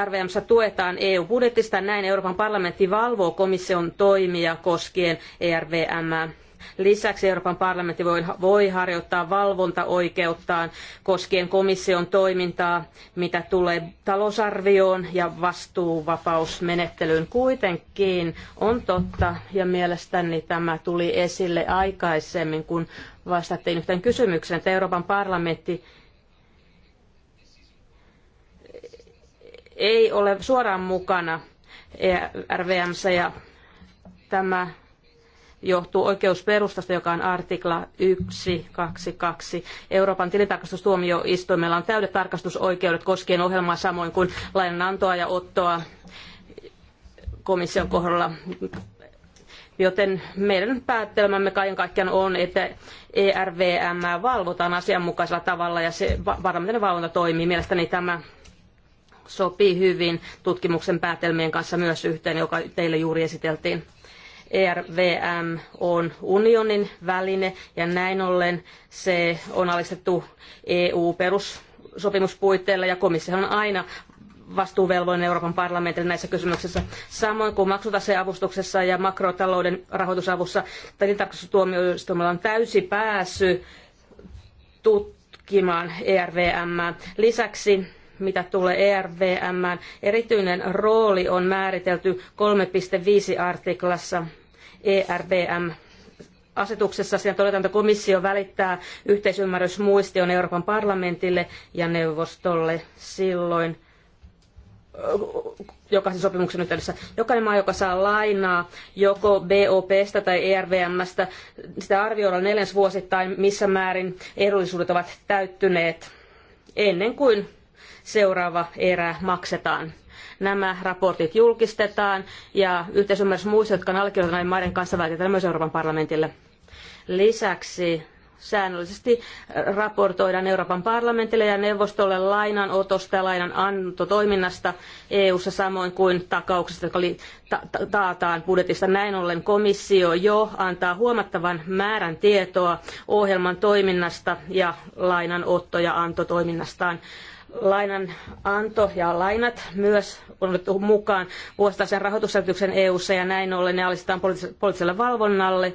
RVMssä tuetaan EU-budjettista, näin Euroopan parlamentti valvoo komission toimia koskien ERVM. Lisäksi Euroopan parlamentti voi, voi harjoittaa valvontaoikeuttaan koskien komission toimintaa, mitä tulee talousarvioon ja vastuuvapausmenettelyyn. Kuitenkin on totta, ja mielestäni tämä tuli esille aikaisemmin, kun vastattiin yhteen kysymykseen, että Euroopan parlamentti ei ole suoraan mukana e RVMssä ja tämä johtuu oikeusperustasta, joka on artikla 122. Euroopan tilintarkastustuomioistuimella on täydet tarkastusoikeudet koskien ohjelmaa samoin kuin lainanantoa ja ottoa komission kohdalla. Joten meidän päättelmämme kaiken kaikkiaan on, että ERVM valvotaan asianmukaisella tavalla ja se parlamentin valvonta toimii. Mielestäni tämä sopii hyvin tutkimuksen päätelmien kanssa myös yhteen, joka teille juuri esiteltiin. ERVM on unionin väline ja näin ollen se on alistettu eu perussopimuspuitteille ja komissio on aina vastuuvelvollinen Euroopan parlamentille näissä kysymyksissä. Samoin kuin maksutaseavustuksessa ja makrotalouden rahoitusavussa tilintarkastustuomioistuimella on täysi pääsy tutkimaan ERVM. Lisäksi mitä tulee ERVM, erityinen rooli on määritelty 3.5 artiklassa ERBM asetuksessa siinä todetaan, että komissio välittää yhteisymmärrysmuistion Euroopan parlamentille ja neuvostolle silloin jokaisen sopimuksen yhteydessä. Jokainen maa, joka saa lainaa joko BOPstä tai ERVMstä, sitä arvioidaan neljäsvuosittain, missä määrin edullisuudet ovat täyttyneet ennen kuin seuraava erä maksetaan. Nämä raportit julkistetaan ja yhteisymmärrys muissa, jotka on allekirjoittaneet maiden kanssa välitetään myös Euroopan parlamentille. Lisäksi säännöllisesti äh, raportoidaan Euroopan parlamentille ja neuvostolle lainanotosta ja lainan antotoiminnasta EU-ssa samoin kuin takauksista, jotka taataan budjetista. Näin ollen komissio jo antaa huomattavan määrän tietoa ohjelman toiminnasta ja lainanotto- ja antotoiminnastaan lainan anto ja lainat myös on otettu mukaan vuosittaisen rahoitusselvityksen EU-ssa ja näin ollen ne alistetaan poliittiselle valvonnalle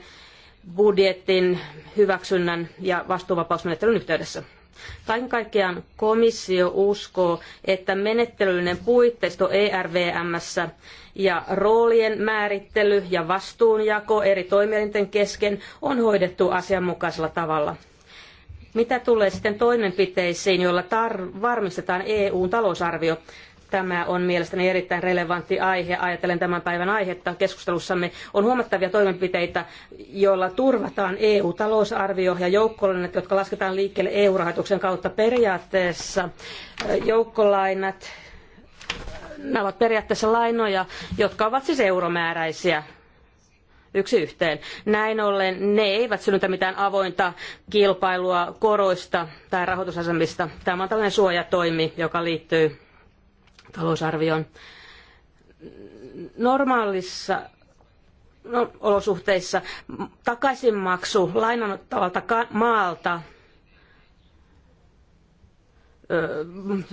budjetin hyväksynnän ja vastuuvapausmenettelyn yhteydessä. Kaiken kaikkiaan komissio uskoo, että menettelyllinen puitteisto ERVMssä ja roolien määrittely ja vastuunjako eri toimielinten kesken on hoidettu asianmukaisella tavalla. Mitä tulee sitten toimenpiteisiin, joilla tar- varmistetaan EUn talousarvio? Tämä on mielestäni erittäin relevantti aihe. Ajatellen tämän päivän aihetta keskustelussamme on huomattavia toimenpiteitä, joilla turvataan EU-talousarvio ja joukkolainat, jotka lasketaan liikkeelle EU-rahoituksen kautta periaatteessa. Joukkolainat, nämä ovat periaatteessa lainoja, jotka ovat siis euromääräisiä yksi yhteen. Näin ollen ne eivät synnytä mitään avointa kilpailua koroista tai rahoitusasemista. Tämä on tällainen suojatoimi, joka liittyy talousarvioon. Normaalissa no, olosuhteissa takaisinmaksu lainanottavalta maalta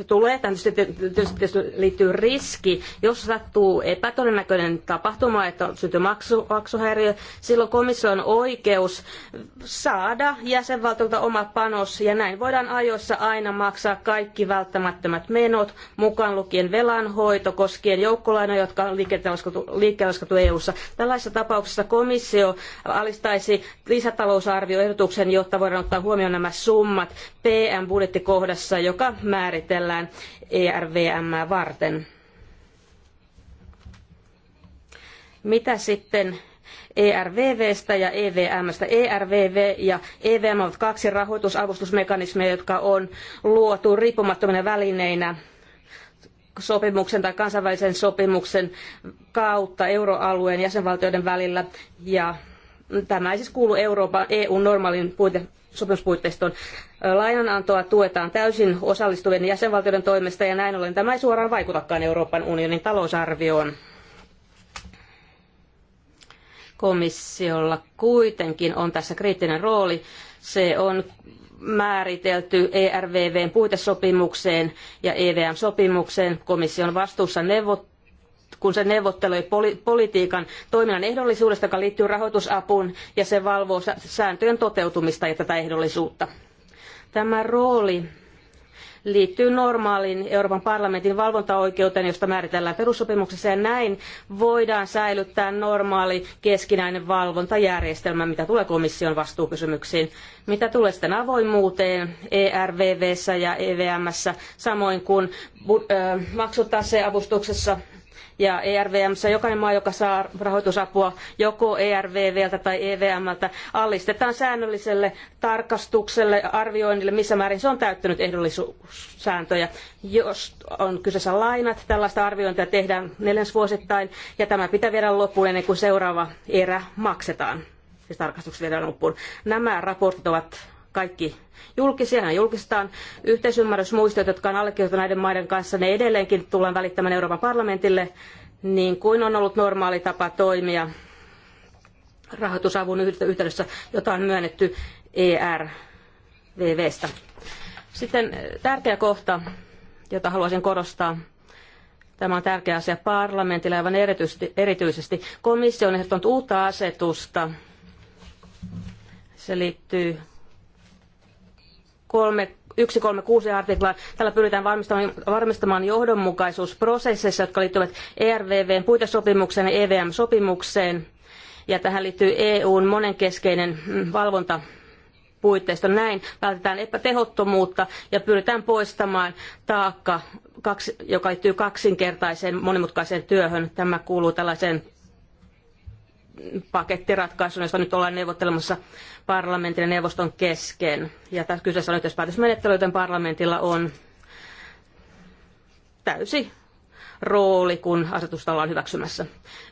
tulee. Tähän tietysti, tietysti liittyy riski. Jos sattuu epätodennäköinen tapahtuma, että syntyy maksu, maksuhäiriö, silloin komissio on oikeus saada jäsenvaltiolta oma panos, ja näin voidaan ajoissa aina maksaa kaikki välttämättömät menot, mukaan lukien velanhoito koskien joukkolainoja, jotka on liikkeelle laskettu EU-ssa. E Tällaisessa tapauksessa komissio alistaisi lisätalousarvioehdotuksen, jotta voidaan ottaa huomioon nämä summat PM-budjettikohdassa, joka joka määritellään ERVM varten. Mitä sitten ERVVstä ja EVMstä. ERVV ja EVM ovat kaksi rahoitusavustusmekanismia, jotka on luotu riippumattomina välineinä sopimuksen tai kansainvälisen sopimuksen kautta euroalueen jäsenvaltioiden välillä. Ja tämä ei siis kuulu Euroopan EU-normaalin puite sopimuspuitteiston Lainanantoa tuetaan täysin osallistuvien jäsenvaltioiden toimesta ja näin ollen tämä ei suoraan vaikutakaan Euroopan unionin talousarvioon. Komissiolla kuitenkin on tässä kriittinen rooli. Se on määritelty ERVVn puitesopimukseen ja EVM-sopimukseen. Komission vastuussa neuvotteluun kun se neuvottelee poli- politiikan toiminnan ehdollisuudesta, joka liittyy rahoitusapuun, ja se valvoo sääntöjen toteutumista ja tätä ehdollisuutta. Tämä rooli liittyy normaaliin Euroopan parlamentin valvontaoikeuteen, josta määritellään perussopimuksessa, ja näin voidaan säilyttää normaali keskinäinen valvontajärjestelmä, mitä tulee komission vastuukysymyksiin. Mitä tulee sitten avoimuuteen ERVVssä ja EVMssä, samoin kuin maksutaseavustuksessa ja e ssa jokainen maa, joka saa rahoitusapua joko ERVVltä tai EVMltä, allistetaan säännölliselle tarkastukselle, arvioinnille, missä määrin se on täyttänyt ehdollisuussääntöjä. Jos on kyseessä lainat, tällaista arviointia tehdään neljänsvuosittain ja tämä pitää viedä loppuun ennen kuin seuraava erä maksetaan siis tarkastukset viedään loppuun. Nämä raportit ovat kaikki julkisia, nämä julkistetaan. Yhteisymmärrysmuistiot, jotka on allekirjoitettu näiden maiden kanssa, ne edelleenkin tullaan välittämään Euroopan parlamentille, niin kuin on ollut normaali tapa toimia rahoitusavun yhteydessä, jota on myönnetty ERVVstä. Sitten eh, tärkeä kohta, jota haluaisin korostaa, Tämä on tärkeä asia parlamentille aivan erityisesti. erityisesti. Komissio on ehdottanut uutta asetusta. Se liittyy 3, 136 artiklaan. Tällä pyritään varmistamaan, varmistamaan johdonmukaisuus prosesseissa, jotka liittyvät ERVVn puitesopimukseen ja EVM-sopimukseen. Ja tähän liittyy EUn monenkeskeinen mm, valvonta puitteista. Näin vältetään epätehottomuutta ja pyritään poistamaan taakka, joka liittyy kaksinkertaiseen monimutkaiseen työhön. Tämä kuuluu tällaiseen pakettiratkaisun, josta nyt ollaan neuvottelemassa parlamentin ja neuvoston kesken. Ja tässä kyseessä on yhteispäätösmenettely, joten parlamentilla on täysi rooli, kun asetusta ollaan hyväksymässä.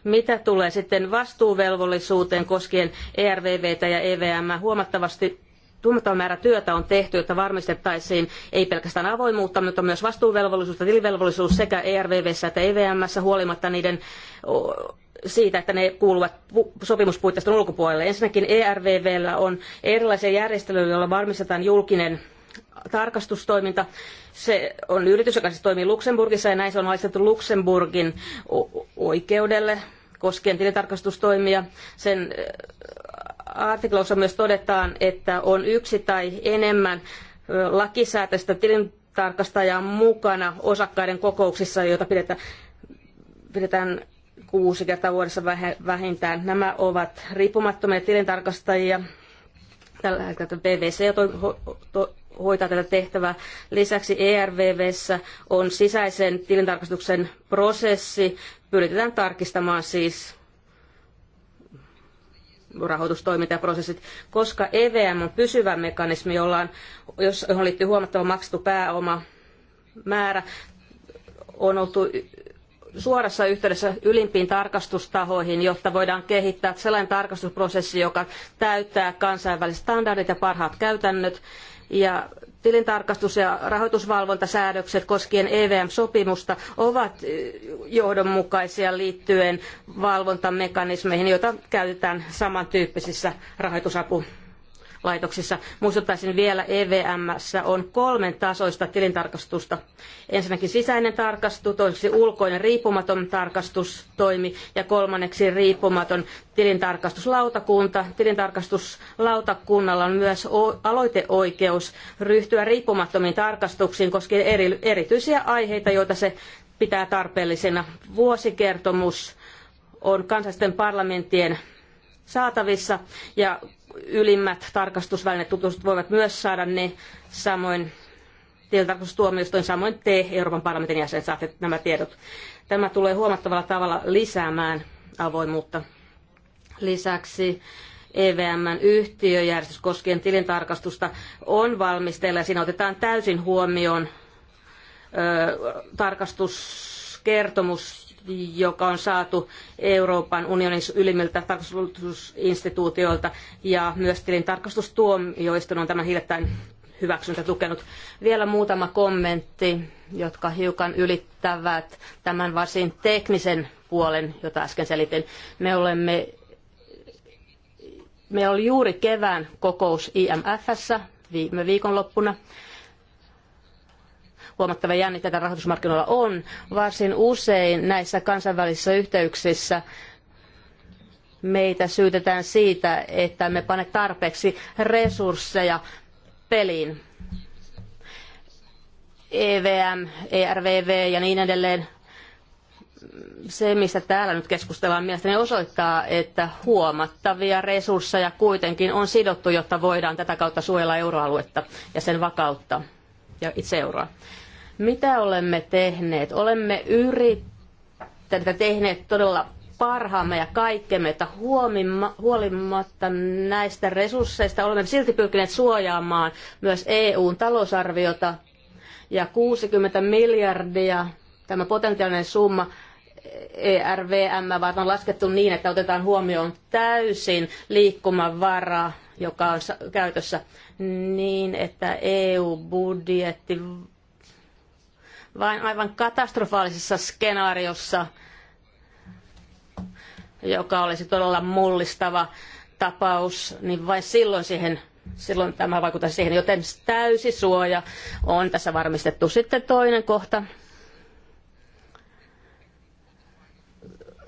Mitä tulee sitten vastuuvelvollisuuteen koskien ERVVtä ja EVM, huomattavasti huomattava määrä työtä on tehty, jotta varmistettaisiin ei pelkästään avoimuutta, mutta myös vastuuvelvollisuutta, ja tilivelvollisuus sekä ERVVssä että EVMssä huolimatta niiden siitä, että ne kuuluvat sopimuspuitteiston ulkopuolelle. Ensinnäkin ERVVllä on erilaisia järjestelyjä, joilla varmistetaan julkinen tarkastustoiminta. Se on yritys, joka siis toimii Luxemburgissa ja näin se on haistettu Luxemburgin oikeudelle koskien tilintarkastustoimia. Sen äh, artiklossa myös todetaan, että on yksi tai enemmän lakisääteistä tilintarkastajaa mukana osakkaiden kokouksissa, joita pidetään, pidetään kuusi kertaa vuodessa vähintään. Nämä ovat riippumattomia tilintarkastajia. Tällä hetkellä BVC hoitaa tätä tehtävää. Lisäksi ERVVssä on sisäisen tilintarkastuksen prosessi. Pyritään tarkistamaan siis rahoitustoiminta ja prosessit, koska EVM on pysyvä mekanismi, jolla on, johon liittyy huomattava maksettu pääoma määrä, on oltu suorassa yhteydessä ylimpiin tarkastustahoihin, jotta voidaan kehittää sellainen tarkastusprosessi, joka täyttää kansainväliset standardit ja parhaat käytännöt. Ja tilintarkastus- ja rahoitusvalvontasäädökset koskien EVM-sopimusta ovat johdonmukaisia liittyen valvontamekanismeihin, joita käytetään samantyyppisissä rahoitusapu laitoksissa. Muistuttaisin vielä, EVMssä on kolmen tasoista tilintarkastusta. Ensinnäkin sisäinen tarkastus, toiseksi ulkoinen riippumaton tarkastustoimi ja kolmanneksi riippumaton tilintarkastuslautakunta. Tilintarkastuslautakunnalla on myös aloiteoikeus ryhtyä riippumattomiin tarkastuksiin koskien eri, erityisiä aiheita, joita se pitää tarpeellisena. Vuosikertomus on kansallisten parlamenttien saatavissa ja ylimmät tarkastusvälineet voivat myös saada ne samoin tilintarkastustuomioistuin, samoin te Euroopan parlamentin jäsenet saatte nämä tiedot. Tämä tulee huomattavalla tavalla lisäämään avoimuutta. Lisäksi EVMn yhtiöjärjestys koskien tilintarkastusta on valmisteilla ja siinä otetaan täysin huomioon ö, tarkastuskertomus joka on saatu Euroopan unionin ylimmiltä tarkastusinstituutioilta ja myös tilintarkastustuomioistuin on tämän hiljattain hyväksyntä tukenut. Vielä muutama kommentti, jotka hiukan ylittävät tämän varsin teknisen puolen, jota äsken selitin. Me olemme Meillä oli juuri kevään kokous IMFssä viime viikonloppuna huomattavia jännitteitä rahoitusmarkkinoilla on. Varsin usein näissä kansainvälisissä yhteyksissä meitä syytetään siitä, että me pane tarpeeksi resursseja peliin. EVM, ERVV ja niin edelleen. Se, mistä täällä nyt keskustellaan, mielestäni osoittaa, että huomattavia resursseja kuitenkin on sidottu, jotta voidaan tätä kautta suojella euroaluetta ja sen vakautta ja itse euroa. Mitä olemme tehneet? Olemme yrittäneet tehneet todella parhaamme ja kaikkemme, että huolimatta näistä resursseista olemme silti pyrkineet suojaamaan myös EUn talousarviota ja 60 miljardia, tämä potentiaalinen summa, ERVM vaan on laskettu niin, että otetaan huomioon täysin liikkumavara, joka on käytössä niin, että EU-budjetti vain aivan katastrofaalisessa skenaariossa, joka olisi todella mullistava tapaus, niin vain silloin siihen silloin tämä vaikuttaa siihen, joten täysi suoja on tässä varmistettu. Sitten toinen kohta.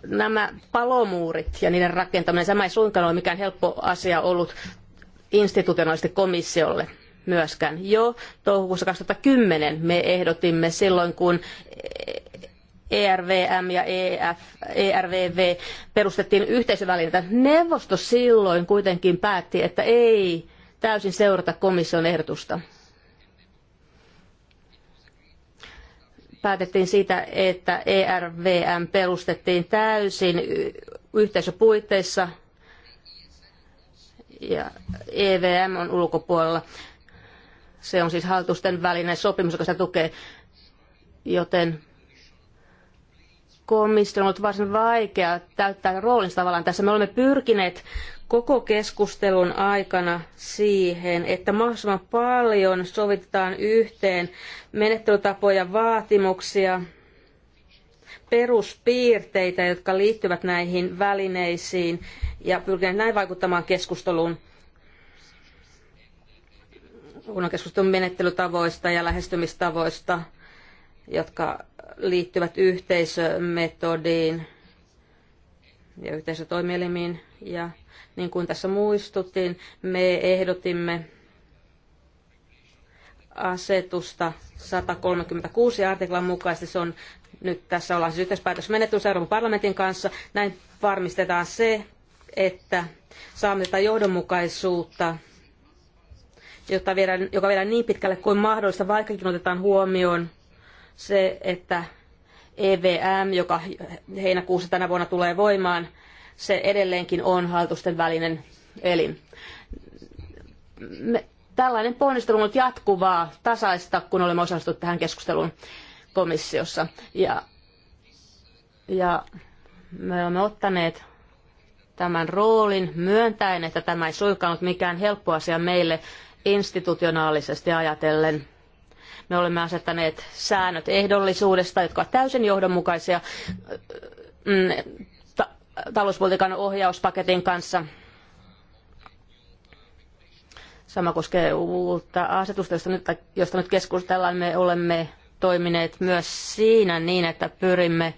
Nämä palomuurit ja niiden rakentaminen, tämä ei suinkaan ole mikään helppo asia ollut institutionaalisesti komissiolle myöskään. Jo toukokuussa 2010 me ehdotimme silloin, kun ERVM ja EF, ERVV perustettiin yhteisövälineitä. Neuvosto silloin kuitenkin päätti, että ei täysin seurata komission ehdotusta. Päätettiin siitä, että ERVM perustettiin täysin yhteisöpuitteissa ja EVM on ulkopuolella. Se on siis hallitusten välinen sopimus, joka sitä tukee. Joten komissio on ollut varsin vaikea täyttää roolinsa tavallaan tässä. Me olemme pyrkineet koko keskustelun aikana siihen, että mahdollisimman paljon sovitetaan yhteen menettelytapoja, vaatimuksia, peruspiirteitä, jotka liittyvät näihin välineisiin ja pyrkineet näin vaikuttamaan keskusteluun kun on keskusteltu menettelytavoista ja lähestymistavoista, jotka liittyvät yhteisömetodiin ja yhteisötoimielimiin. Ja niin kuin tässä muistutin, me ehdotimme asetusta 136 artiklan mukaisesti. Se on nyt tässä ollaan siis yhteispäätösmenettelyssä Euroopan parlamentin kanssa. Näin varmistetaan se, että saamme tätä johdonmukaisuutta jota joka viedään niin pitkälle kuin mahdollista, vaikkakin otetaan huomioon se, että EVM, joka heinäkuussa tänä vuonna tulee voimaan, se edelleenkin on hallitusten välinen elin. Me, tällainen ponnistelu on ollut jatkuvaa, tasaista, kun olemme osallistuneet tähän keskusteluun komissiossa. Ja, ja me olemme ottaneet tämän roolin myöntäen, että tämä ei suinkaan ollut mikään helppo asia meille institutionaalisesti ajatellen. Me olemme asettaneet säännöt ehdollisuudesta, jotka ovat täysin johdonmukaisia mm, ta- talouspolitiikan ohjauspaketin kanssa. Sama koskee uutta asetusta, josta nyt, josta nyt keskustellaan. Me olemme toimineet myös siinä niin, että pyrimme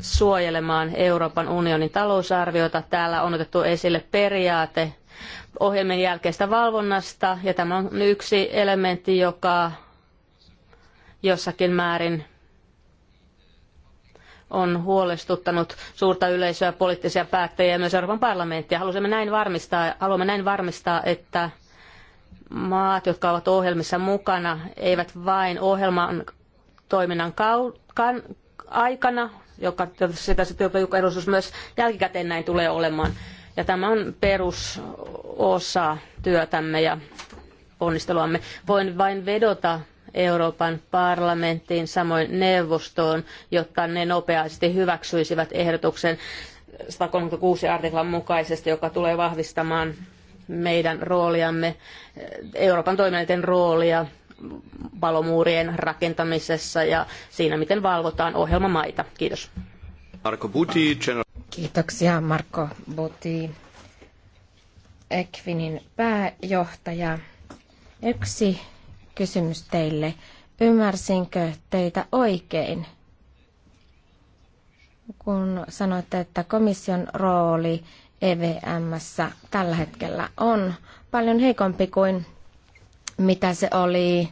suojelemaan Euroopan unionin talousarviota. Täällä on otettu esille periaate, ohjelmien jälkeistä valvonnasta, ja tämä on yksi elementti, joka jossakin määrin on huolestuttanut suurta yleisöä, poliittisia päättäjiä ja myös Euroopan parlamenttia. Haluamme näin varmistaa, haluamme näin varmistaa että maat, jotka ovat ohjelmissa mukana, eivät vain ohjelman toiminnan aikana, joka sitä sitten joka edustus myös jälkikäteen näin tulee olemaan. Ja tämä on perusosa työtämme ja ponnisteluamme. Voin vain vedota Euroopan parlamenttiin, samoin neuvostoon, jotta ne nopeasti hyväksyisivät ehdotuksen 136 artiklan mukaisesti, joka tulee vahvistamaan meidän rooliamme, Euroopan toimijoiden roolia palomuurien rakentamisessa ja siinä, miten valvotaan ohjelmamaita. Kiitos. Marko Buti, General Kiitoksia Marko Buti, Ekvinin pääjohtaja. Yksi kysymys teille. Ymmärsinkö teitä oikein, kun sanoitte, että komission rooli EVMssä tällä hetkellä on paljon heikompi kuin mitä se oli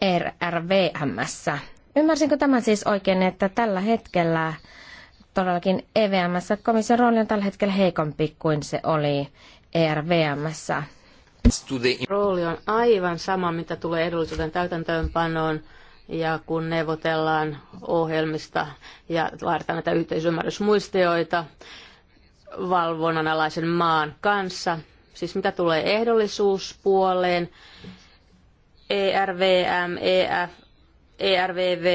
e RVMssä? Ymmärsinkö tämän siis oikein, että tällä hetkellä todellakin EVMssä komission rooli on tällä hetkellä heikompi kuin se oli ERVMssä? Rooli on aivan sama, mitä tulee edullisuuden täytäntöönpanoon ja kun neuvotellaan ohjelmista ja laaditaan näitä yhteisymmärrysmuistioita valvonnan alaisen maan kanssa. Siis mitä tulee ehdollisuuspuoleen, ERVM, EF, ERVV,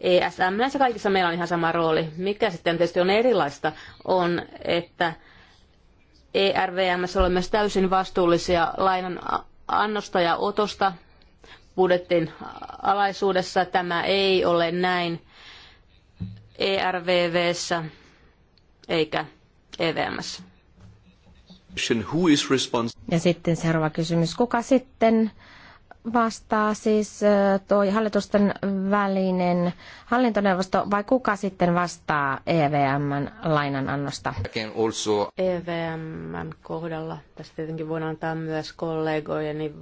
ESM, näissä kaikissa meillä on ihan sama rooli. Mikä sitten tietysti on erilaista, on, että ERVM olemme myös täysin vastuullisia lainan annosta ja otosta budjetin alaisuudessa. Tämä ei ole näin ERVVssä eikä EVMssä. Ja sitten seuraava kysymys. Kuka sitten vastaa siis tuo hallitusten välinen hallintoneuvosto vai kuka sitten vastaa EVMn lainanannosta? EVMn kohdalla. Tässä tietenkin voin antaa myös kollegojeni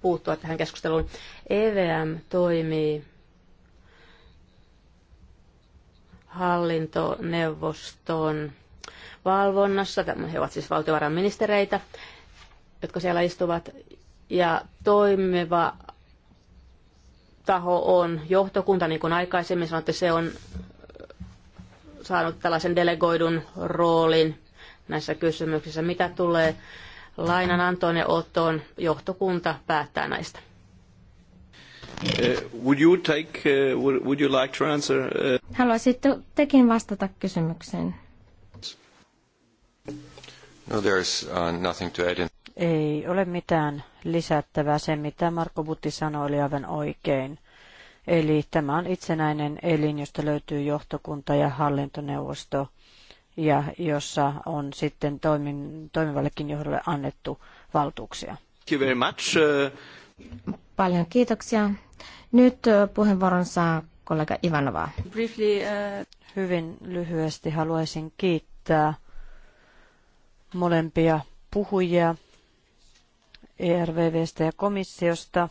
puuttua tähän keskusteluun. EVM toimii hallintoneuvoston valvonnassa. He ovat siis valtiovarainministereitä, jotka siellä istuvat ja toimiva taho on johtokunta, niin kuin aikaisemmin sanoitte, se on äh, saanut tällaisen delegoidun roolin näissä kysymyksissä. Mitä tulee lainanantoon ja ottoon, johtokunta päättää näistä. Uh, would you take, uh, would, you like to answer? Uh, Haluaisitte tekin vastata kysymykseen? No, there's nothing to add. In. Ei ole mitään lisättävää. Se, mitä Marko Butti sanoi, oli aivan oikein. Eli tämä on itsenäinen elin, josta löytyy johtokunta ja hallintoneuvosto, ja jossa on sitten toimin, toimivallekin johdolle annettu valtuuksia. Thank you very much. Paljon kiitoksia. Nyt puheenvuoron saa kollega Ivanova. Briefly, uh... Hyvin lyhyesti haluaisin kiittää molempia puhujia ERVVstä ja komissiosta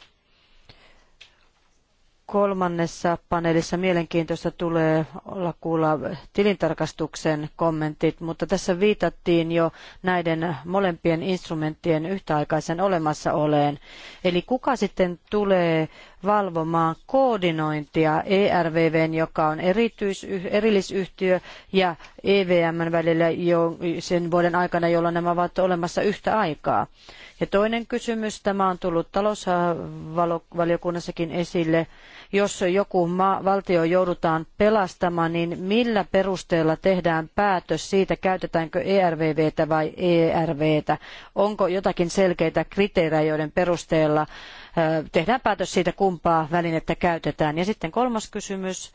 kolmannessa paneelissa mielenkiintoista tulee olla kuulla tilintarkastuksen kommentit, mutta tässä viitattiin jo näiden molempien instrumenttien yhtäaikaisen olemassa oleen. Eli kuka sitten tulee valvomaan koordinointia ERVVn, joka on erityis, erillisyhtiö, ja EVMn välillä jo sen vuoden aikana, jolloin nämä ovat olemassa yhtä aikaa. Ja toinen kysymys, tämä on tullut talousvaliokunnassakin esille, jos joku maa, valtio joudutaan pelastamaan, niin millä perusteella tehdään päätös siitä, käytetäänkö ERVVtä vai ERVtä? Onko jotakin selkeitä kriteerejä, joiden perusteella tehdään päätös siitä, kumpaa välinettä käytetään? Ja sitten kolmas kysymys.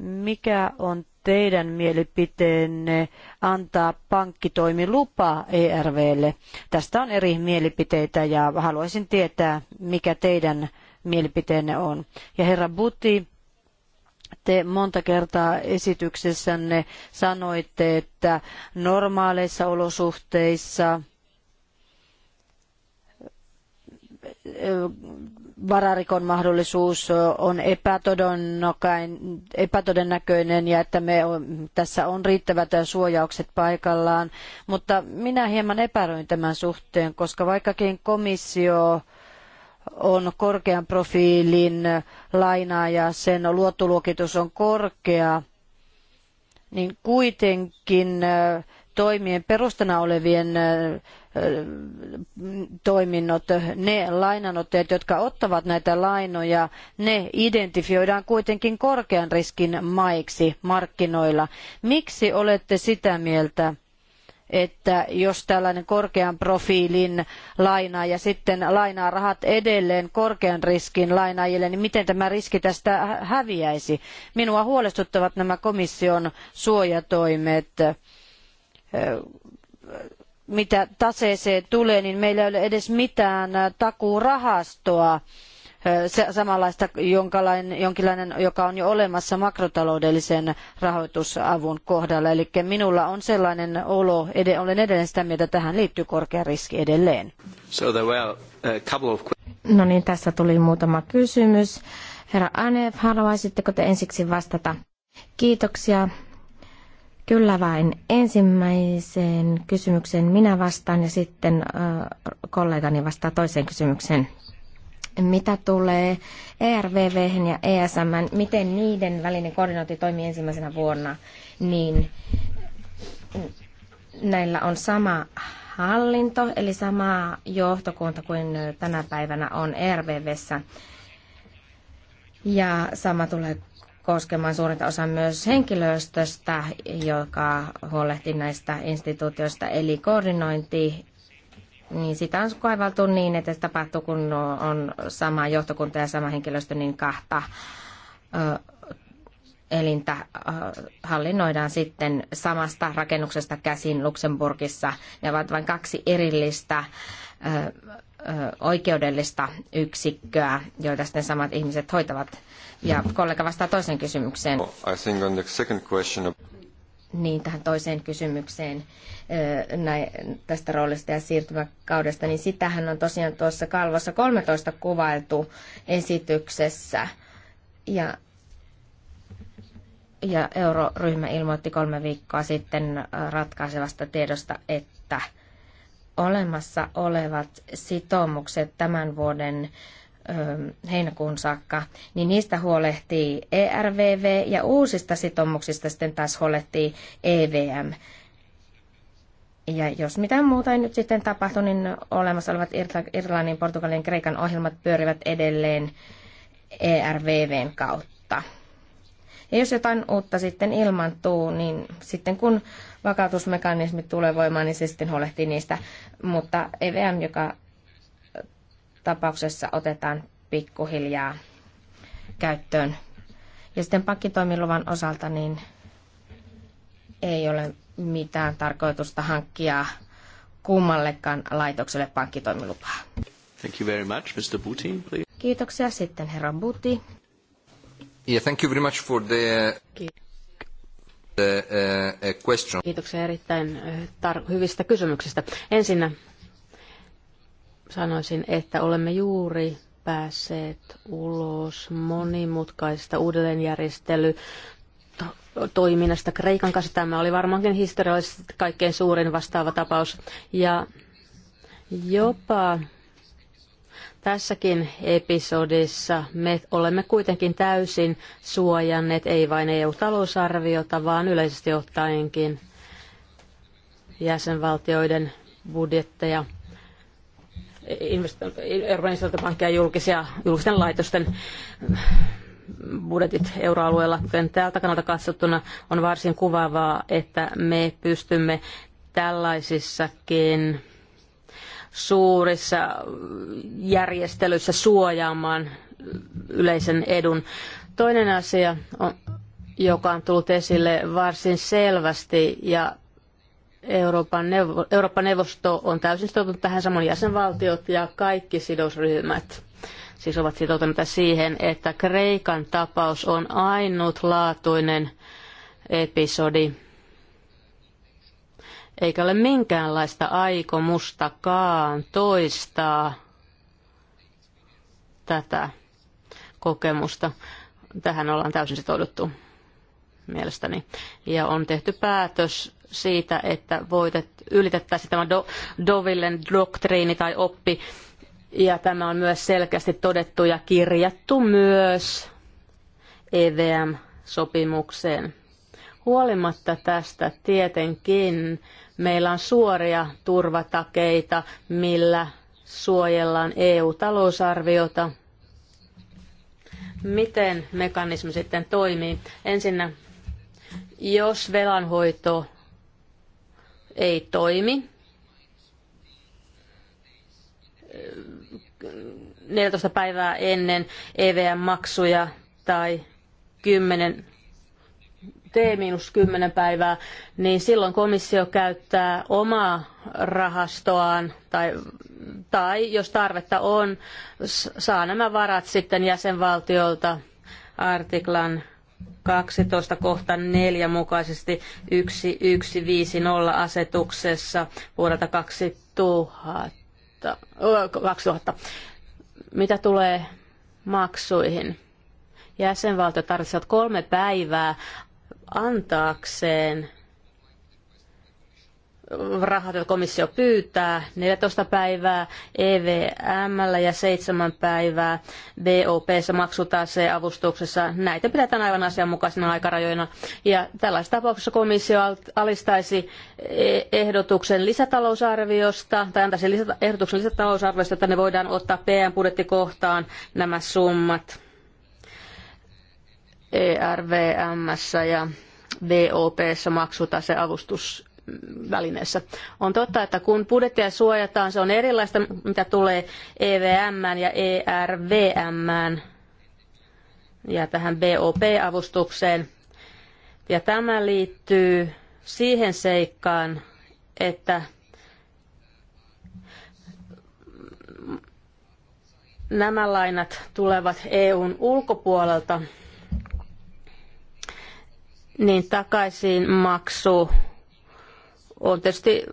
Mikä on teidän mielipiteenne antaa pankkitoimilupa ERVlle? Tästä on eri mielipiteitä ja haluaisin tietää, mikä teidän mielipiteenne on. Ja herra Buti, te monta kertaa esityksessänne sanoitte, että normaaleissa olosuhteissa eh, vararikon mahdollisuus on epätodennäköinen ja että me tässä on riittävät suojaukset paikallaan, mutta minä hieman epäröin tämän suhteen, koska vaikkakin komissio on korkean profiilin lainaa ja sen luottoluokitus on korkea, niin kuitenkin toimien perustana olevien toiminnot, ne lainanottajat, jotka ottavat näitä lainoja, ne identifioidaan kuitenkin korkean riskin maiksi markkinoilla. Miksi olette sitä mieltä, että jos tällainen korkean profiilin laina ja sitten lainaa rahat edelleen korkean riskin lainaajille, niin miten tämä riski tästä häviäisi? Minua huolestuttavat nämä komission suojatoimet mitä taseeseen tulee, niin meillä ei ole edes mitään takuurahastoa. rahastoa samanlaista jonkinlainen, joka on jo olemassa makrotaloudellisen rahoitusavun kohdalla. Eli minulla on sellainen olo, olen edelleen sitä mieltä, että tähän liittyy korkea riski edelleen. So of... No niin, tässä tuli muutama kysymys. Herra Anev, haluaisitteko te ensiksi vastata? Kiitoksia. Kyllä vain. Ensimmäiseen kysymykseen minä vastaan ja sitten kollegani vastaa toiseen kysymykseen mitä tulee ERVV ja ESM, miten niiden välinen koordinointi toimii ensimmäisenä vuonna, niin näillä on sama hallinto, eli sama johtokunta kuin tänä päivänä on ERVVssä. Ja sama tulee koskemaan suurinta osaa myös henkilöstöstä, joka huolehtii näistä instituutioista. Eli koordinointi niin sitä on kaivaltu niin, että se tapahtuu, kun on sama johtokunta ja sama henkilöstö, niin kahta elintä hallinnoidaan sitten samasta rakennuksesta käsin Luxemburgissa. Ne ovat vain kaksi erillistä oikeudellista yksikköä, joita sitten samat ihmiset hoitavat. Ja kollega vastaa toisen kysymykseen niin tähän toiseen kysymykseen näin, tästä roolista ja siirtymäkaudesta, niin sitähän on tosiaan tuossa kalvossa 13 kuvailtu esityksessä. Ja, ja euroryhmä ilmoitti kolme viikkoa sitten ratkaisevasta tiedosta, että olemassa olevat sitoumukset tämän vuoden heinäkuun saakka, niin niistä huolehtii ERVV ja uusista sitoumuksista sitten taas huolehtii EVM. Ja jos mitään muuta ei nyt sitten tapahtu, niin olemassa olevat Irlannin, Portugalin ja Kreikan ohjelmat pyörivät edelleen ERVVn kautta. Ja jos jotain uutta sitten ilmantuu, niin sitten kun vakautusmekanismit tulee voimaan, niin se sitten huolehtii niistä. Mutta EVM, joka tapauksessa otetaan pikkuhiljaa käyttöön. Ja sitten pankkitoimiluvan osalta niin ei ole mitään tarkoitusta hankkia kummallekaan laitokselle pankkitoimilupaa. Thank you very much, Mr. Buti, please. Kiitoksia sitten herra Buti. Yeah, thank you very much for the, the uh, uh, question. Kiitoksia erittäin uh, hyvistä kysymyksistä. Ensinnä sanoisin, että olemme juuri päässeet ulos monimutkaisesta uudelleenjärjestely toiminnasta Kreikan kanssa. Tämä oli varmaankin historiallisesti kaikkein suurin vastaava tapaus. Ja jopa tässäkin episodissa me olemme kuitenkin täysin suojanneet ei vain EU-talousarviota, vaan yleisesti ottaenkin jäsenvaltioiden budjetteja Euroopan investointipankkia julkisia, julkisten laitosten budjetit euroalueella, joten tältä kannalta katsottuna on varsin kuvaavaa, että me pystymme tällaisissakin suurissa järjestelyissä suojaamaan yleisen edun. Toinen asia, joka on tullut esille varsin selvästi ja Euroopan, neuvo, neuvosto on täysin sitoutunut tähän samoin jäsenvaltiot ja kaikki sidosryhmät. Siis ovat sitoutuneita siihen, että Kreikan tapaus on ainutlaatuinen episodi, eikä ole minkäänlaista aikomustakaan toistaa tätä kokemusta. Tähän ollaan täysin sitouduttu mielestäni. Ja on tehty päätös siitä, että voitet, ylitettäisiin tämä Do, Dovillen doktriini tai oppi. Ja tämä on myös selkeästi todettu ja kirjattu myös EVM-sopimukseen. Huolimatta tästä tietenkin meillä on suoria turvatakeita, millä suojellaan EU-talousarviota. Miten mekanismi sitten toimii? Ensinnä, jos velanhoito ei toimi. 14 päivää ennen EVM-maksuja tai 10 T-10 päivää, niin silloin komissio käyttää omaa rahastoaan tai, tai jos tarvetta on, saa nämä varat sitten jäsenvaltiolta artiklan 12 kohta 4 mukaisesti 1150 asetuksessa vuodelta 2000. 2000. Mitä tulee maksuihin? Jäsenvaltio tarvitsevat kolme päivää antaakseen rahat, joita komissio pyytää, 14 päivää EVMllä ja 7 päivää BOPssä maksutaseen avustuksessa. Näitä pidetään aivan asianmukaisina aikarajoina. Ja tällaisessa tapauksessa komissio alistaisi e, ehdotuksen lisätalousarviosta tai antaisi ehdotuksen lisätalousarviosta, että ne voidaan ottaa PN-budjettikohtaan nämä summat ERVMssä ja BOPssä maksutaseavustus välineessä. On totta, että kun budjettia suojataan, se on erilaista, mitä tulee EVM ja ERVM ja tähän BOP-avustukseen. Ja tämä liittyy siihen seikkaan, että nämä lainat tulevat EUn ulkopuolelta, niin takaisin maksu on tietysti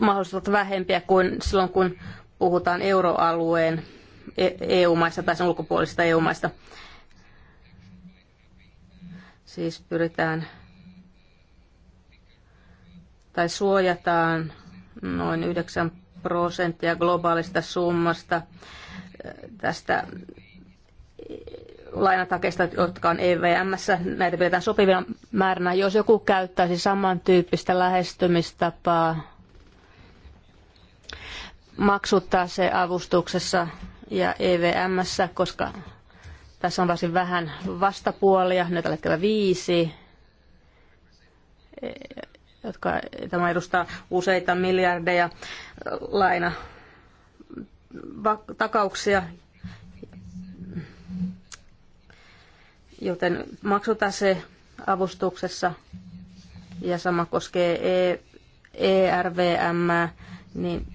mahdollisuudet vähempiä kuin silloin, kun puhutaan euroalueen e- EU-maista tai sen ulkopuolisista EU-maista. Siis pyritään tai suojataan noin 9 prosenttia globaalista summasta tästä lainatakeista, jotka on EVMssä, näitä pidetään sopivina määränä. Jos joku käyttäisi samantyyppistä lähestymistapaa maksuttaa se avustuksessa ja EVMssä, koska tässä on varsin vähän vastapuolia, nyt tällä hetkellä viisi, jotka tämä edustaa useita miljardeja laina takauksia Joten maksutase avustuksessa ja sama koskee ERVM, e niin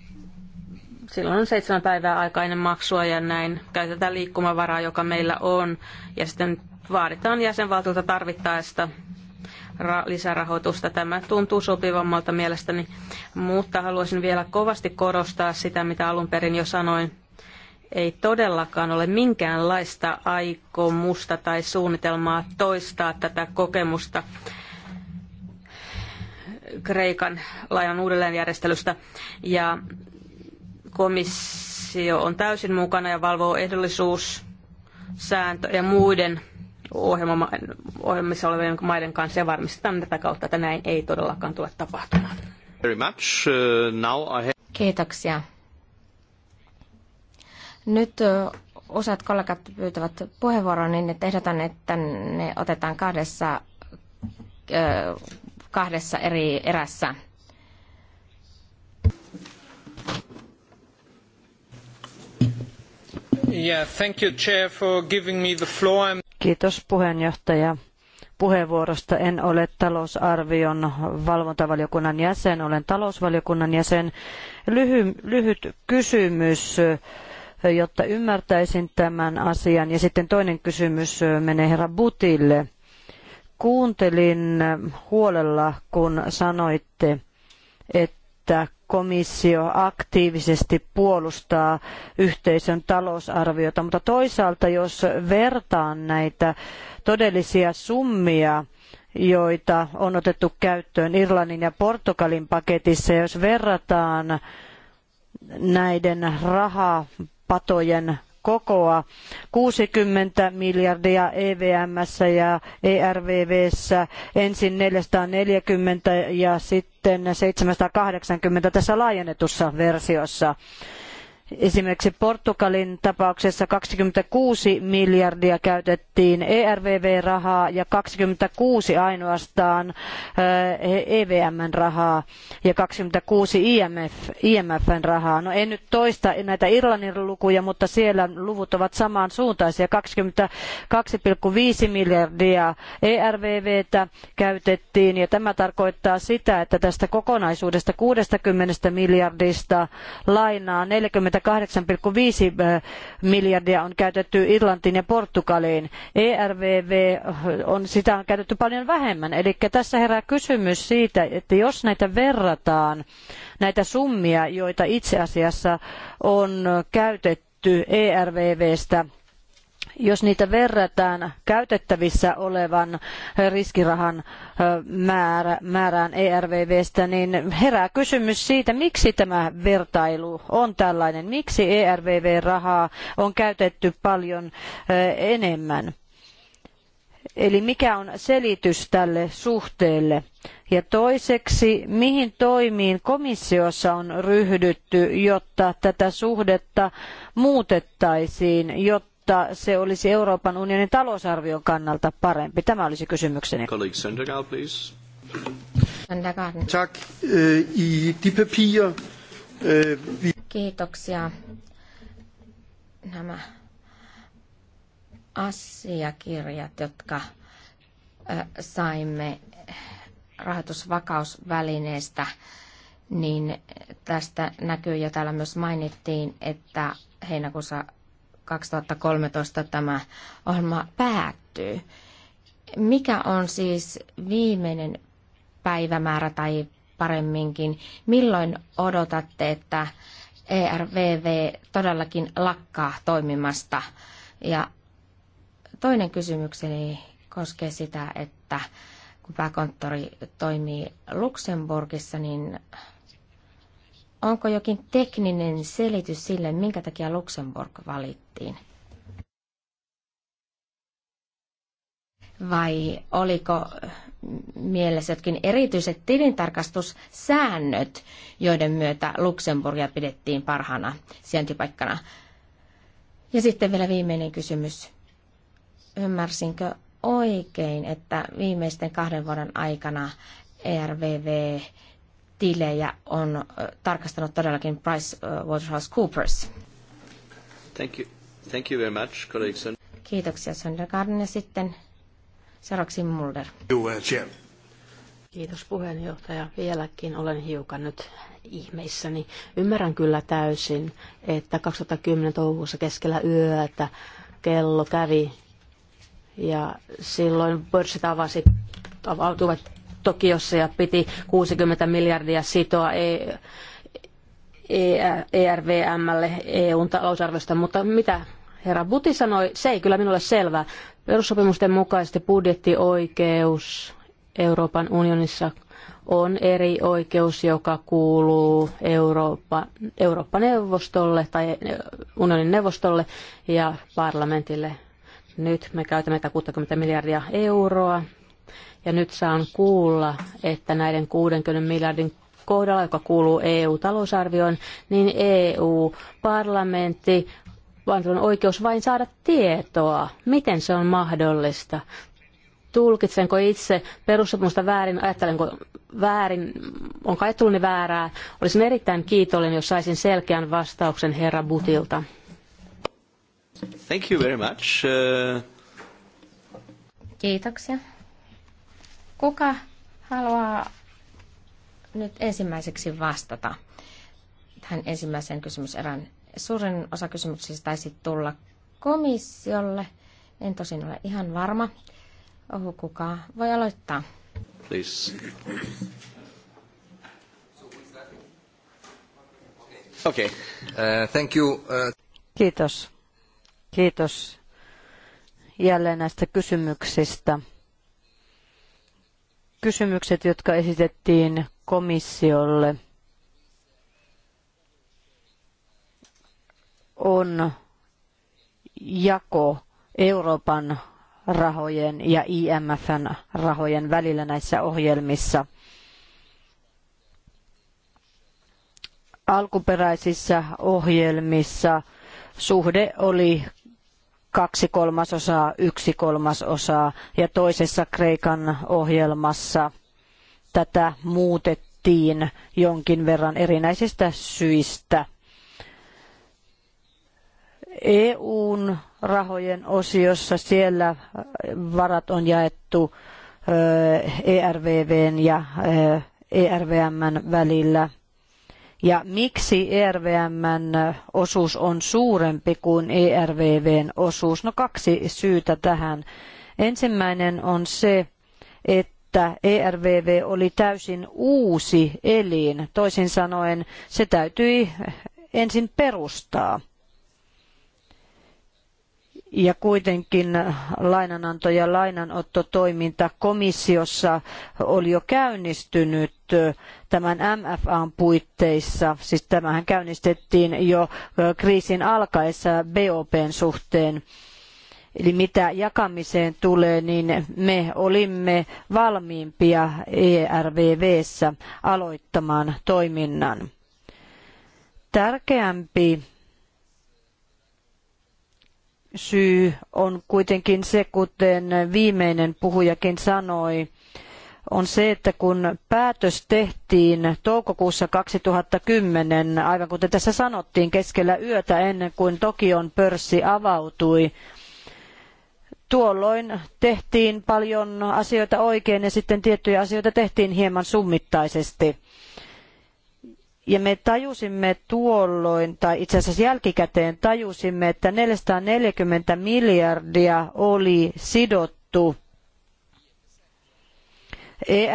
silloin on seitsemän päivää aikainen maksua ja näin käytetään liikkumavaraa, joka meillä on. Ja sitten vaaditaan jäsenvaltiolta tarvittaessa lisärahoitusta. Tämä tuntuu sopivammalta mielestäni, mutta haluaisin vielä kovasti korostaa sitä, mitä alun perin jo sanoin ei todellakaan ole minkäänlaista aikomusta tai suunnitelmaa toistaa tätä kokemusta Kreikan lainan uudelleenjärjestelystä ja komissio on täysin mukana ja valvoo ehdollisuus, sääntö ja muiden ohjelmissa olevien maiden kanssa ja varmistetaan tätä kautta, että näin ei todellakaan tule tapahtumaan. Uh, Kiitoksia. Nyt useat kollegat pyytävät puheenvuoroa, niin että ehdotan, että ne otetaan kahdessa, kahdessa eri erässä. Yeah, thank you, Chair, for giving me the floor. Kiitos puheenjohtaja puheenvuorosta. En ole talousarvion valvontavaliokunnan jäsen, olen talousvaliokunnan jäsen. Lyhy, lyhyt kysymys jotta ymmärtäisin tämän asian. Ja sitten toinen kysymys menee herra Butille. Kuuntelin huolella, kun sanoitte, että komissio aktiivisesti puolustaa yhteisön talousarviota, mutta toisaalta jos vertaan näitä todellisia summia, joita on otettu käyttöön Irlannin ja Portugalin paketissa, jos verrataan näiden rahaa patojen kokoa. 60 miljardia EVMssä ja ERVVssä, ensin 440 ja sitten 780 tässä laajennetussa versiossa. Esimerkiksi Portugalin tapauksessa 26 miljardia käytettiin ERVV-rahaa ja 26 ainoastaan EVM-rahaa ja 26 IMF, IMFn rahaa. No en nyt toista näitä Irlannin lukuja, mutta siellä luvut ovat samansuuntaisia. 22,5 miljardia ERVVtä käytettiin ja tämä tarkoittaa sitä, että tästä kokonaisuudesta 60 miljardista lainaa 40 viisi miljardia on käytetty Irlantiin ja Portugaliin. ERVV on, sitä on käytetty paljon vähemmän. Eli tässä herää kysymys siitä, että jos näitä verrataan, näitä summia, joita itse asiassa on käytetty ERVVstä jos niitä verrataan käytettävissä olevan riskirahan määrä, määrään ERVVstä, niin herää kysymys siitä, miksi tämä vertailu on tällainen, miksi ERVV-rahaa on käytetty paljon enemmän. Eli mikä on selitys tälle suhteelle? Ja toiseksi, mihin toimiin komissiossa on ryhdytty, jotta tätä suhdetta muutettaisiin, jotta mutta se olisi Euroopan unionin talousarvion kannalta parempi. Tämä olisi kysymykseni. Øh, I øh, Kiitoksia. Nämä asiakirjat, jotka saimme rahoitusvakausvälineestä, niin tästä näkyy ja täällä myös mainittiin, että heinäkuussa 2013 tämä ohjelma päättyy. Mikä on siis viimeinen päivämäärä tai paremminkin, milloin odotatte, että ERVV todellakin lakkaa toimimasta? Ja toinen kysymykseni koskee sitä, että kun pääkonttori toimii Luxemburgissa, niin Onko jokin tekninen selitys sille, minkä takia Luxemburg valittiin? Vai oliko mielessä jotkin erityiset tilintarkastussäännöt, joiden myötä Luxemburgia pidettiin parhaana sijaintipaikkana? Ja sitten vielä viimeinen kysymys. Ymmärsinkö oikein, että viimeisten kahden vuoden aikana ERVV tilejä on tarkastanut todellakin PricewaterhouseCoopers. Thank you. Thank you very much, colleague. Kiitoksia Söndergaarden ja sitten seuraavaksi Mulder. Uh, Kiitos puheenjohtaja. Vieläkin olen hiukan nyt ihmeissäni. Ymmärrän kyllä täysin, että 2010 toukokuussa keskellä yötä kello kävi ja silloin pörssit avasi, avautuivat Tokiossa ja piti 60 miljardia sitoa ERVMlle e- e EUn talousarviosta, mutta mitä herra Buti sanoi, se ei kyllä minulle selvää. Perussopimusten mukaisesti budjettioikeus Euroopan unionissa on eri oikeus, joka kuuluu Eurooppa, Eurooppa-neuvostolle tai unionin neuvostolle ja parlamentille. Nyt me käytämme 60 miljardia euroa ja nyt saan kuulla, että näiden 60 miljardin kohdalla, joka kuuluu EU-talousarvioon, niin EU-parlamentti vaan on oikeus vain saada tietoa, miten se on mahdollista. Tulkitsenko itse perussopimusta väärin, ajattelenko väärin, on ajatteluni väärää. Olisin erittäin kiitollinen, jos saisin selkeän vastauksen herra Butilta. Thank you very much. Uh... Kiitoksia. Kuka haluaa nyt ensimmäiseksi vastata tähän ensimmäiseen kysymyserään? Suurin osa kysymyksistä taisi tulla komissiolle. En tosin ole ihan varma. Oho, kuka voi aloittaa? Please. Okay. Uh, thank you. Uh... Kiitos. Kiitos jälleen näistä kysymyksistä kysymykset, jotka esitettiin komissiolle, on jako Euroopan rahojen ja IMFn rahojen välillä näissä ohjelmissa. Alkuperäisissä ohjelmissa suhde oli kaksi kolmasosaa, yksi kolmasosaa ja toisessa Kreikan ohjelmassa tätä muutettiin jonkin verran erinäisistä syistä. EUn rahojen osiossa siellä varat on jaettu ERVVn ja ERVMn välillä – ja miksi ERVMn osuus on suurempi kuin ERVVn osuus? No kaksi syytä tähän. Ensimmäinen on se, että ERVV oli täysin uusi elin. Toisin sanoen se täytyi ensin perustaa – ja kuitenkin lainananto ja lainanottotoiminta komissiossa oli jo käynnistynyt tämän MFAn puitteissa. Siis tämähän käynnistettiin jo kriisin alkaessa BOPn suhteen. Eli mitä jakamiseen tulee, niin me olimme valmiimpia ERVVssä aloittamaan toiminnan. Tärkeämpi syy on kuitenkin se, kuten viimeinen puhujakin sanoi, on se, että kun päätös tehtiin toukokuussa 2010, aivan kuten tässä sanottiin, keskellä yötä ennen kuin Tokion pörssi avautui, tuolloin tehtiin paljon asioita oikein ja sitten tiettyjä asioita tehtiin hieman summittaisesti ja me tajusimme tuolloin, tai itse asiassa jälkikäteen tajusimme, että 440 miljardia oli sidottu e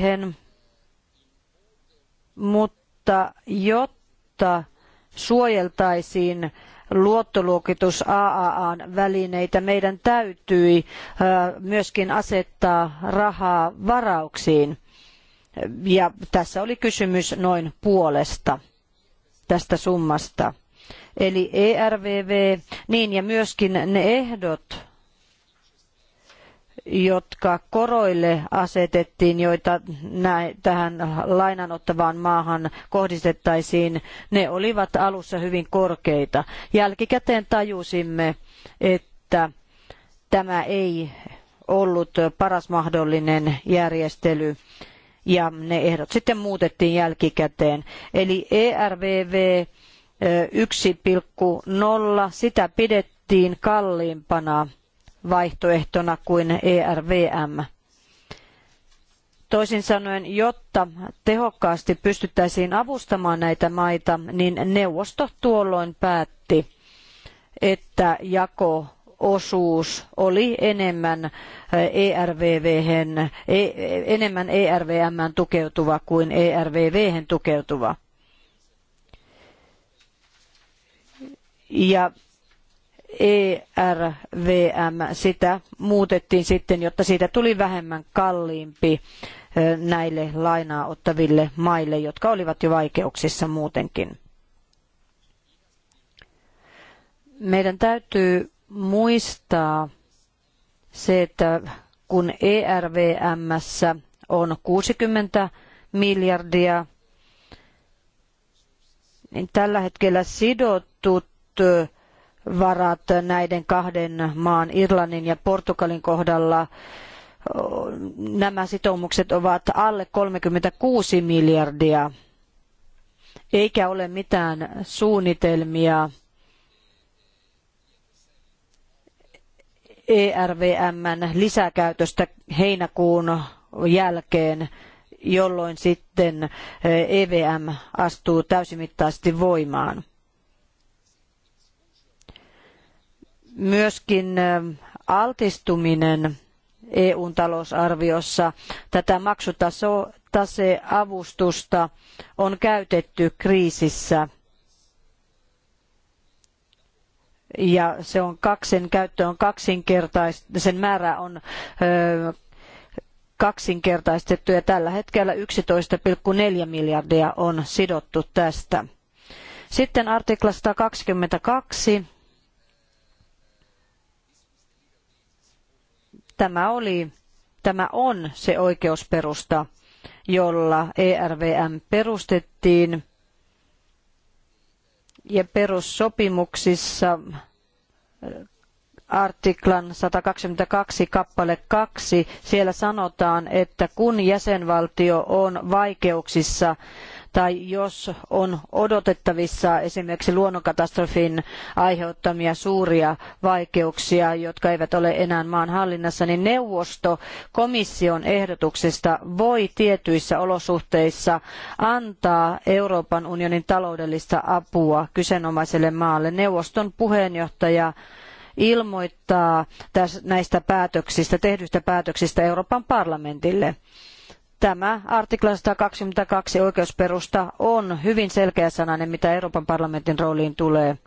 hen, mutta jotta suojeltaisiin luottoluokitus AAAn välineitä, meidän täytyi myöskin asettaa rahaa varauksiin. Ja tässä oli kysymys noin puolesta tästä summasta. Eli ERVV, niin ja myöskin ne ehdot, jotka koroille asetettiin, joita tähän lainanottavaan maahan kohdistettaisiin, ne olivat alussa hyvin korkeita. Jälkikäteen tajusimme, että tämä ei ollut paras mahdollinen järjestely ja ne ehdot sitten muutettiin jälkikäteen. Eli ERVV 1,0, sitä pidettiin kalliimpana vaihtoehtona kuin ERVM. Toisin sanoen, jotta tehokkaasti pystyttäisiin avustamaan näitä maita, niin neuvosto tuolloin päätti, että jako osuus oli enemmän ERVVhen, eh, e e, enemmän ERVM:n tukeutuva kuin ERVVhen tukeutuva. Ja ERVM, sitä muutettiin sitten, jotta siitä tuli vähemmän kalliimpi eh, näille lainaa ottaville maille, jotka olivat jo vaikeuksissa muutenkin. Meidän täytyy muistaa se, että kun ERVMssä on 60 miljardia, niin tällä hetkellä sidotut varat näiden kahden maan, Irlannin ja Portugalin kohdalla, nämä sitoumukset ovat alle 36 miljardia, eikä ole mitään suunnitelmia – ERVMn lisäkäytöstä heinäkuun jälkeen, jolloin sitten EVM eh, e astuu täysimittaisesti voimaan. Myöskin eh, altistuminen EUn talousarviossa tätä maksutaseavustusta on käytetty kriisissä – ja se on kaksin käyttö on kaksinkertaista, sen määrä on kaksinkertaistettu ja tällä hetkellä 11,4 miljardia on sidottu tästä. Sitten artikla 122. Tämä oli, tämä on se oikeusperusta, jolla ERVM perustettiin ja perussopimuksissa äh, artiklan 122 kappale 2 siellä sanotaan, että kun jäsenvaltio on vaikeuksissa tai jos on odotettavissa esimerkiksi luonnonkatastrofin aiheuttamia suuria vaikeuksia, jotka eivät ole enää maan hallinnassa, niin neuvosto komission ehdotuksesta voi tietyissä olosuhteissa antaa Euroopan unionin taloudellista apua kyseenomaiselle maalle. Neuvoston puheenjohtaja ilmoittaa näistä päätöksistä, tehdyistä päätöksistä Euroopan parlamentille tämä artikla 122 oikeusperusta on hyvin selkeäsanainen, mitä Euroopan parlamentin rooliin tulee.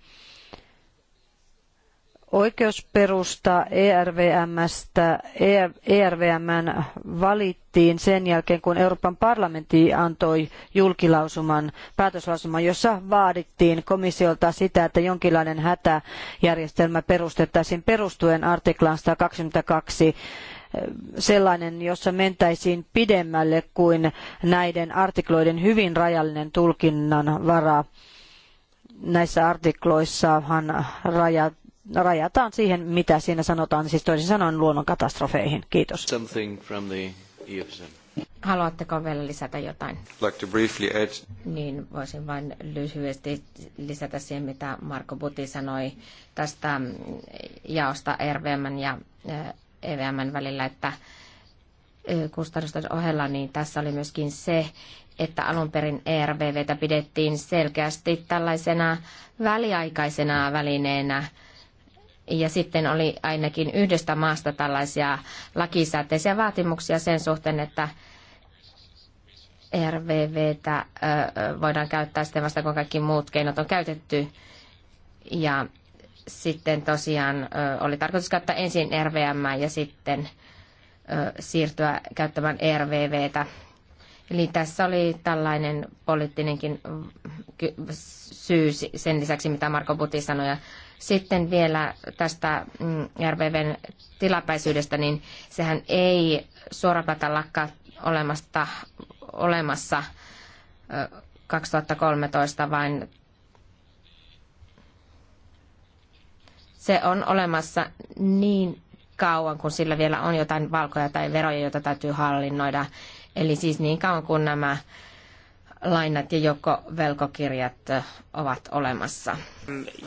Oikeusperusta ERVMstä, ERVMn valittiin sen jälkeen, kun Euroopan parlamentti antoi julkilausuman, päätöslausuman, jossa vaadittiin komissiolta sitä, että jonkinlainen hätäjärjestelmä perustettaisiin perustuen artiklaan 122 sellainen, jossa mentäisiin pidemmälle kuin näiden artikloiden hyvin rajallinen tulkinnan vara. Näissä artikloissahan rajataan siihen, mitä siinä sanotaan, siis toisin sanoen luonnonkatastrofeihin. Kiitos. E Haluatteko vielä lisätä jotain? Like to briefly add. Niin, voisin vain lyhyesti lisätä siihen, mitä Marko Buti sanoi tästä mm, jaosta RVM ja äh, EVMn välillä, että kustannusten ohella, niin tässä oli myöskin se, että alun perin ERVVtä pidettiin selkeästi tällaisena väliaikaisena välineenä, ja sitten oli ainakin yhdestä maasta tällaisia lakisääteisiä vaatimuksia sen suhteen, että ERVVtä voidaan käyttää sitten vasta, kun kaikki muut keinot on käytetty. Ja sitten tosiaan oli tarkoitus käyttää ensin RVM ja sitten siirtyä käyttämään RVVtä. Eli tässä oli tällainen poliittinenkin syy sen lisäksi, mitä Marko Buti sanoi. Ja sitten vielä tästä mm, RVVn tilapäisyydestä, niin sehän ei suorapäätä lakkaa olemasta, olemassa 2013, vaan Se on olemassa niin kauan, kun sillä vielä on jotain valkoja tai veroja, joita täytyy hallinnoida. Eli siis niin kauan kun nämä lainat ja joko velkokirjat ovat olemassa.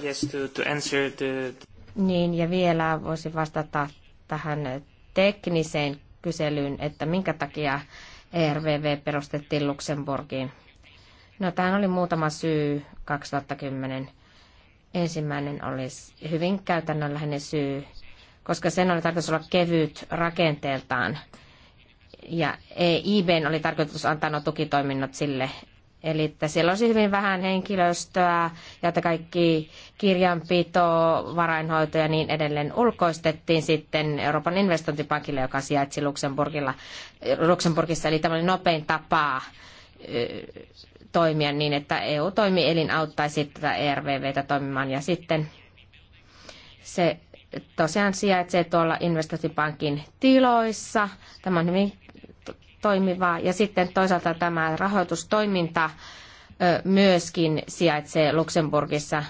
Yes, to, to answer the... Niin, ja vielä voisi vastata tähän tekniseen kyselyyn, että minkä takia ERVV perustettiin Luxemburgiin. No, tähän oli muutama syy 2010 Ensimmäinen olisi hyvin käytännönläheinen syy, koska sen oli tarkoitus olla kevyt rakenteeltaan. Ja e IBn oli tarkoitus antaa nuo tukitoiminnot sille. Eli että siellä olisi hyvin vähän henkilöstöä ja että kaikki kirjanpito, varainhoito ja niin edelleen ulkoistettiin sitten Euroopan investointipankille, joka sijaitsi Luxemburgilla, Luxemburgissa. Eli tämä oli nopein tapa toimia niin, että EU-toimielin auttaisi tätä ERVVtä toimimaan. Ja sitten se tosiaan sijaitsee tuolla investointipankin tiloissa. Tämä on hyvin toimivaa. Ja sitten toisaalta tämä rahoitustoiminta myöskin sijaitsee Luxemburgissa.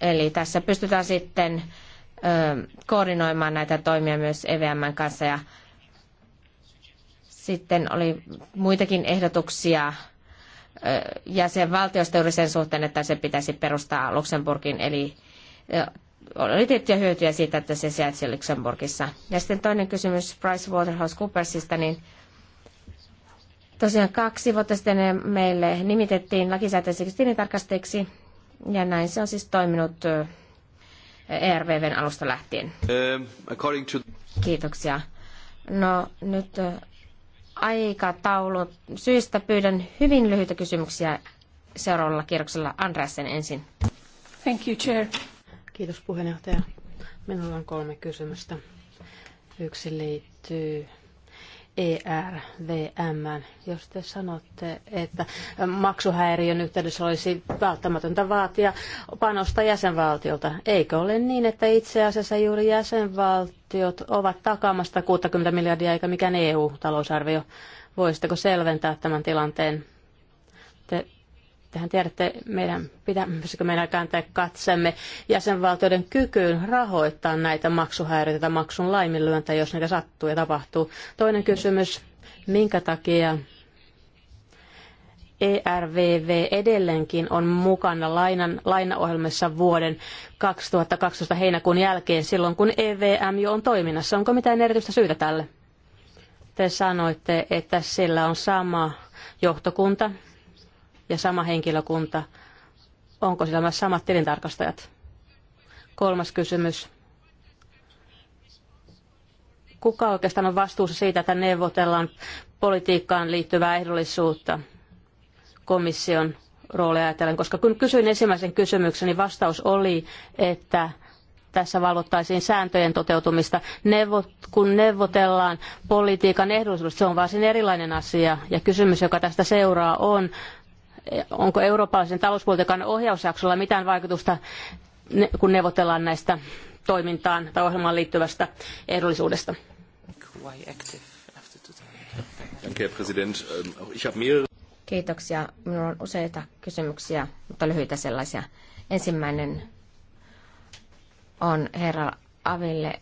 Eli tässä pystytään sitten koordinoimaan näitä toimia myös EVM kanssa ja sitten oli muitakin ehdotuksia jäsenvaltioista juuri sen suhteen, että se pitäisi perustaa Luxemburgin, eli oli tiettyjä hyötyjä siitä, että se sijaitsi Luxemburgissa. Ja sitten toinen kysymys Price Waterhouse Coopersista, niin tosiaan kaksi vuotta sitten meille nimitettiin lakisääteiseksi tilintarkastajiksi, ja näin se on siis toiminut ERVVn alusta lähtien. Um, Kiitoksia. No nyt aikataulu. Syistä pyydän hyvin lyhyitä kysymyksiä seuraavalla kierroksella. Andreasen ensin. Thank you, Chair. Kiitos puheenjohtaja. Minulla on kolme kysymystä. Yksi liittyy ERVM. Jos te sanotte, että maksuhäiriön yhteydessä olisi välttämätöntä vaatia panosta jäsenvaltiolta, eikö ole niin, että itse asiassa juuri jäsenvaltiot ovat takaamasta 60 miljardia eikä mikään EU-talousarvio? Voisitteko selventää tämän tilanteen? Te Tehän tiedätte, meidän pitäisikö meidän kääntää katsemme jäsenvaltioiden kykyyn rahoittaa näitä maksuhäiriöitä, maksun laiminlyöntejä, jos niitä sattuu ja tapahtuu. Toinen kysymys, minkä takia ERVV edelleenkin on mukana lainan, lainaohjelmassa vuoden 2012 heinäkuun jälkeen, silloin kun EVM jo on toiminnassa. Onko mitään erityistä syytä tälle? Te sanoitte, että sillä on sama johtokunta, ja sama henkilökunta, onko siellä myös samat tilintarkastajat? Kolmas kysymys. Kuka oikeastaan on vastuussa siitä, että neuvotellaan politiikkaan liittyvää ehdollisuutta komission roolia ajatellen? Koska kun kysyin ensimmäisen kysymyksen, niin vastaus oli, että tässä valvottaisiin sääntöjen toteutumista. Neuvot, kun neuvotellaan politiikan ehdollisuudesta, se on varsin erilainen asia. Ja kysymys, joka tästä seuraa, on, onko eurooppalaisen talouspolitiikan ohjausjaksolla mitään vaikutusta, kun neuvotellaan näistä toimintaan tai ohjelmaan liittyvästä ehdollisuudesta? Ähm, Kiitoksia. Minulla on useita kysymyksiä, mutta lyhyitä sellaisia. Ensimmäinen on herra Aville.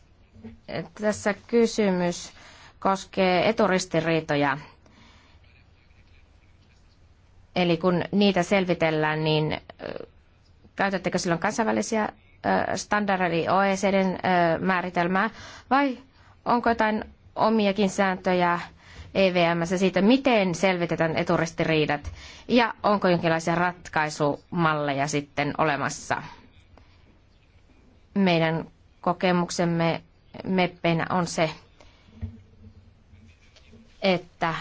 Tässä kysymys koskee eturistiriitoja Eli kun niitä selvitellään, niin käytättekö silloin kansainvälisiä standardi OECDn määritelmää vai onko jotain omiakin sääntöjä EVMssä siitä, miten selvitetään eturistiriidat ja onko jonkinlaisia ratkaisumalleja sitten olemassa. Meidän kokemuksemme meppeinä on se, että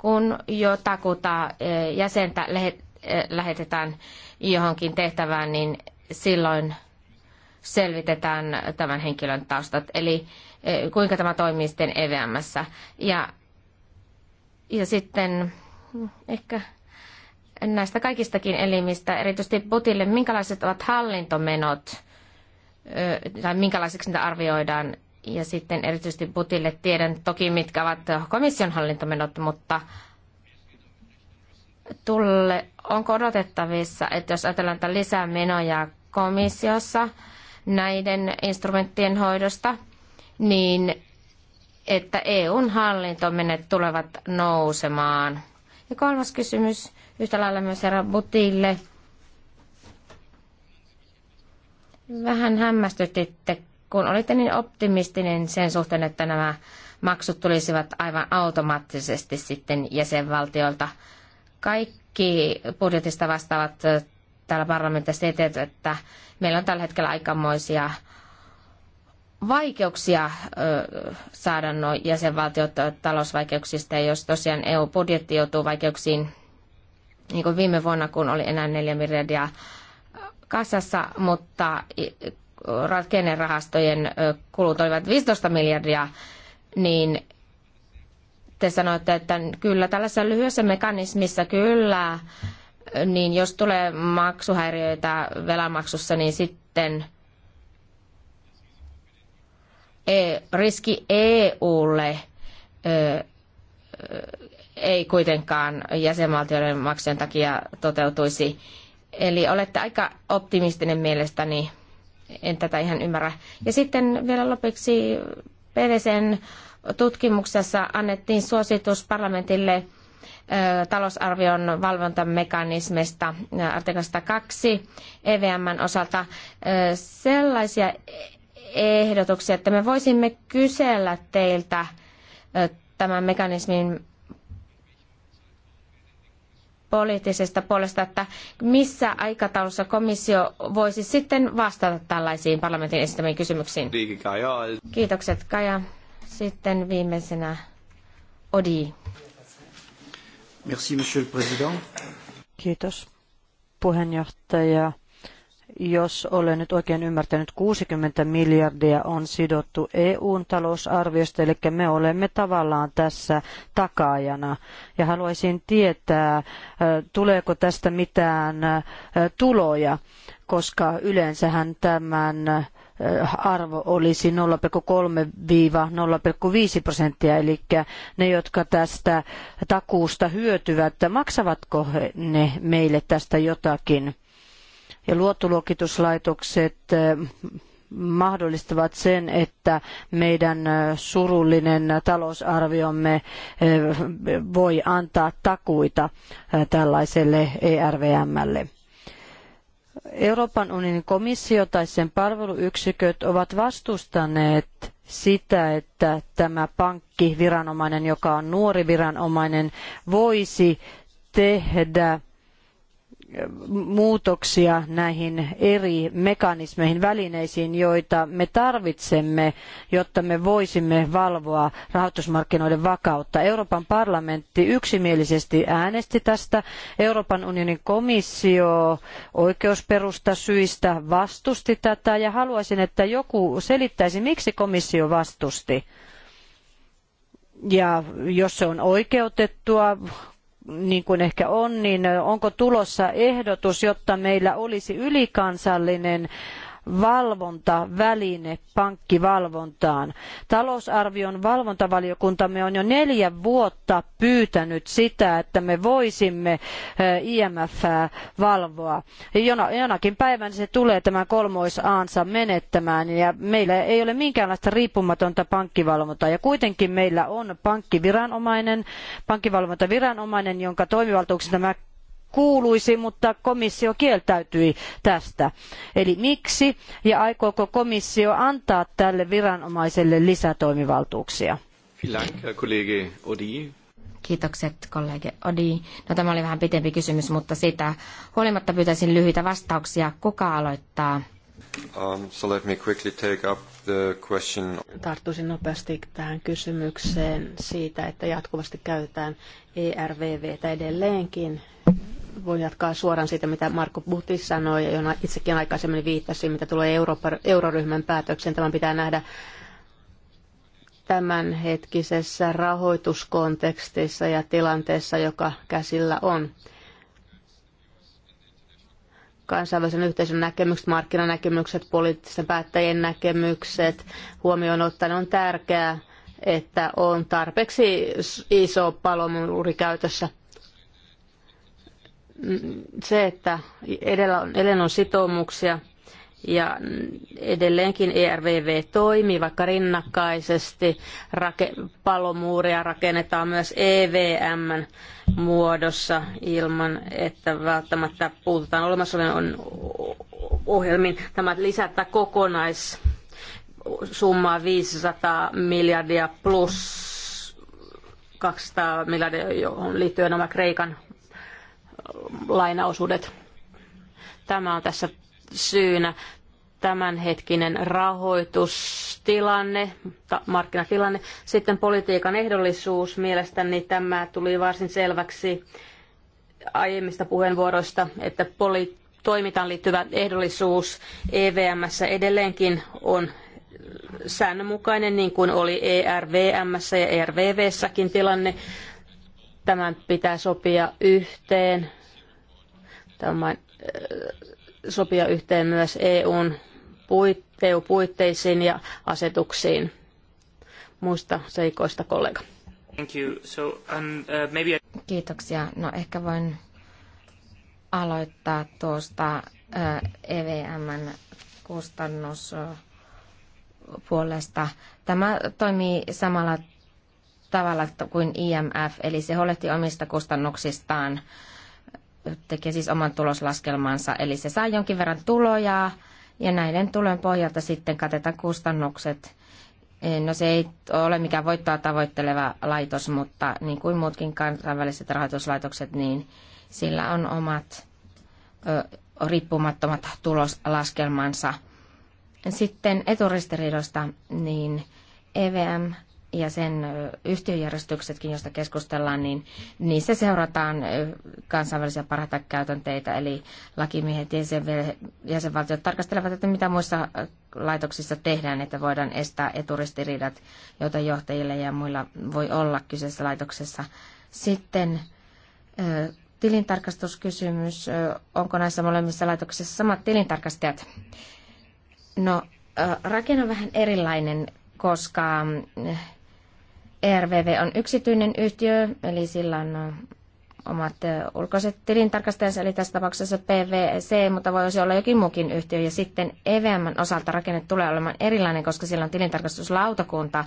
kun jotakuta eh, jäsentä eh, lähetetään johonkin tehtävään, niin silloin selvitetään tämän henkilön taustat, eli eh, kuinka tämä toimii sitten EVMssä. Ja, ja sitten ehkä näistä kaikistakin elimistä, erityisesti Butille, minkälaiset ovat hallintomenot, tai minkälaiseksi niitä arvioidaan ja sitten erityisesti Butille tiedän toki, mitkä ovat komission hallintomenot, mutta tulle, onko odotettavissa, että jos ajatellaan että lisää menoja komissiossa näiden instrumenttien hoidosta, niin että EUn hallintomenet tulevat nousemaan. Ja kolmas kysymys yhtä lailla myös herra Butille. Vähän hämmästytitte, kun olitte niin optimistinen sen suhteen, että nämä maksut tulisivat aivan automaattisesti sitten jäsenvaltiolta. Kaikki budjetista vastaavat täällä parlamentissa eteet, että meillä on tällä hetkellä aikamoisia vaikeuksia saada nuo jäsenvaltiot talousvaikeuksista, ja jos tosiaan EU-budjetti joutuu vaikeuksiin, niin kuin viime vuonna, kun oli enää neljä miljardia kasassa, mutta rakennerahastojen kulut olivat 15 miljardia, niin te sanoitte, että kyllä tällaisessa lyhyessä mekanismissa kyllä, niin jos tulee maksuhäiriöitä velanmaksussa, niin sitten e, riski EUlle ei kuitenkaan jäsenvaltioiden maksujen takia toteutuisi. Eli olette aika optimistinen mielestäni en tätä ihan ymmärrä. Ja sitten vielä lopuksi PVCn tutkimuksessa annettiin suositus parlamentille talousarvion valvontamekanismista artiklasta 2 EVMn osalta sellaisia ehdotuksia, että me voisimme kysellä teiltä tämän mekanismin poliittisesta puolesta, että missä aikataulussa komissio voisi sitten vastata tällaisiin parlamentin esittämiin kysymyksiin. Kiitokset Kaja. Sitten viimeisenä Odi. Merci, monsieur le président. Kiitos puheenjohtaja jos olen nyt oikein ymmärtänyt, 60 miljardia on sidottu EUn talousarviosta, eli me olemme tavallaan tässä takaajana. Ja haluaisin tietää, tuleeko tästä mitään tuloja, koska yleensähän tämän arvo olisi 0,3-0,5 prosenttia, eli ne, jotka tästä takuusta hyötyvät, maksavatko ne meille tästä jotakin? ja luottoluokituslaitokset eh, mahdollistavat sen, että meidän eh, surullinen talousarviomme eh, voi antaa takuita tällaiselle ERVMlle. Euroopan unionin komissio tai sen palveluyksiköt ovat vastustaneet sitä, että tämä pankkiviranomainen, joka on nuori viranomainen, voisi tehdä muutoksia näihin eri mekanismeihin, välineisiin, joita me tarvitsemme, jotta me voisimme valvoa rahoitusmarkkinoiden vakautta. Euroopan parlamentti yksimielisesti äänesti tästä. Euroopan unionin komissio oikeusperusta syistä vastusti tätä ja haluaisin, että joku selittäisi, miksi komissio vastusti ja jos se on oikeutettua, niin kuin ehkä on, niin onko tulossa ehdotus, jotta meillä olisi ylikansallinen valvontaväline pankkivalvontaan. Talousarvion valvontavaliokuntamme on jo neljä vuotta pyytänyt sitä, että me voisimme IMF valvoa. Jonakin päivänä se tulee tämän kolmoisaansa menettämään ja meillä ei ole minkäänlaista riippumatonta pankkivalvontaa ja kuitenkin meillä on pankkiviranomainen, pankkivalvontaviranomainen, jonka toimivaltuuksista tämä kuuluisi, mutta komissio kieltäytyi tästä. Eli miksi ja aikooko komissio antaa tälle viranomaiselle lisätoimivaltuuksia? Kiitokset kollegi Odi. No tämä oli vähän pitempi kysymys, mutta siitä huolimatta pyytäisin lyhyitä vastauksia. Kuka aloittaa? Um, so let me quickly take up the question. Tarttuisin nopeasti tähän kysymykseen siitä, että jatkuvasti käytetään ERVVtä edelleenkin voin jatkaa suoraan siitä, mitä Marko Buhti sanoi, ja jona itsekin aikaisemmin viittasin, mitä tulee Eurooppa, euroryhmän päätökseen. Tämän pitää nähdä tämänhetkisessä rahoituskontekstissa ja tilanteessa, joka käsillä on. Kansainvälisen yhteisön näkemykset, markkinanäkemykset, poliittisten päättäjien näkemykset huomioon ottaen on tärkeää, että on tarpeeksi iso palomuuri käytössä se, että edellä on, edellä on sitoumuksia ja edelleenkin ERVV toimii, vaikka rinnakkaisesti rake, palomuuria rakennetaan myös evm muodossa ilman, että välttämättä puututaan olemassa olevan ohjelmiin. Tämä lisättää kokonaissummaa 500 miljardia plus 200 miljardia, johon liittyy nämä Kreikan lainaosuudet. Tämä on tässä syynä tämänhetkinen rahoitustilanne, markkinatilanne. Sitten politiikan ehdollisuus. Mielestäni tämä tuli varsin selväksi aiemmista puheenvuoroista, että poli- toimintaan liittyvä ehdollisuus EVMssä edelleenkin on säännönmukainen, niin kuin oli ERVMssä ja ERVVssäkin tilanne. Tämän pitää sopia yhteen. Tämä sopia yhteen myös EUn puitteisiin ja asetuksiin. Muista seikoista kollega. Thank you. So, um, uh, maybe I... Kiitoksia. No ehkä voin aloittaa tuosta EVMn kustannuspuolesta. Tämä toimii samalla tavalla kuin IMF, eli se huolehti omista kustannuksistaan, tekee siis oman tuloslaskelmansa, eli se saa jonkin verran tuloja ja näiden tulojen pohjalta sitten katetaan kustannukset. Eh, no se ei ole mikään voittoa tavoitteleva laitos, mutta niin kuin muutkin kansainväliset rahoituslaitokset, niin sillä on omat ö, riippumattomat tuloslaskelmansa. Sitten eturistiriidosta, niin EVM ja sen yhtiöjärjestyksetkin, joista keskustellaan, niin niissä seurataan kansainvälisiä parhaita käytänteitä, eli lakimiehet ja jäsenvaltiot tarkastelevat, että mitä muissa laitoksissa tehdään, että voidaan estää eturistiriidat, joita johtajille ja muilla voi olla kyseessä laitoksessa. Sitten tilintarkastuskysymys, onko näissä molemmissa laitoksissa samat tilintarkastajat? No, rakenne on vähän erilainen koska ERVV on yksityinen yhtiö, eli sillä on omat ulkoiset tilintarkastajansa, eli tässä tapauksessa PVC, mutta voisi olla jokin muukin yhtiö. Ja sitten EVM osalta rakenne tulee olemaan erilainen, koska sillä on tilintarkastuslautakunta,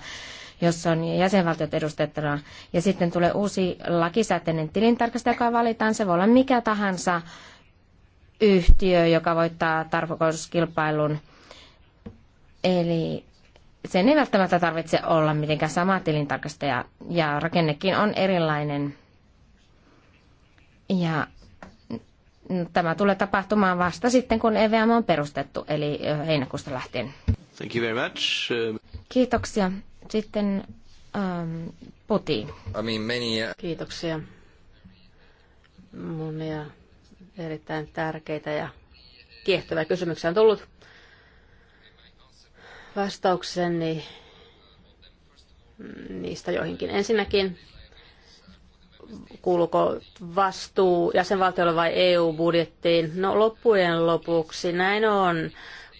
jossa on jäsenvaltiot edustettuna. Ja sitten tulee uusi lakisääteinen tilintarkastaja, joka valitaan. Se voi olla mikä tahansa yhtiö, joka voittaa tarkoituskilpailun. Eli sen ei välttämättä tarvitse olla mitenkään sama tilintarkastaja ja rakennekin on erilainen. Ja tämä tulee tapahtumaan vasta sitten, kun EVM on perustettu, eli heinäkuusta lähtien. Thank you very much. Kiitoksia. Sitten ähm, Puti. I mean, many, uh, Kiitoksia. Monia erittäin tärkeitä ja kiehtovia kysymyksiä on tullut vastaukseni niistä joihinkin. Ensinnäkin, kuuluuko vastuu jäsenvaltiolle vai EU-budjettiin? No loppujen lopuksi näin on.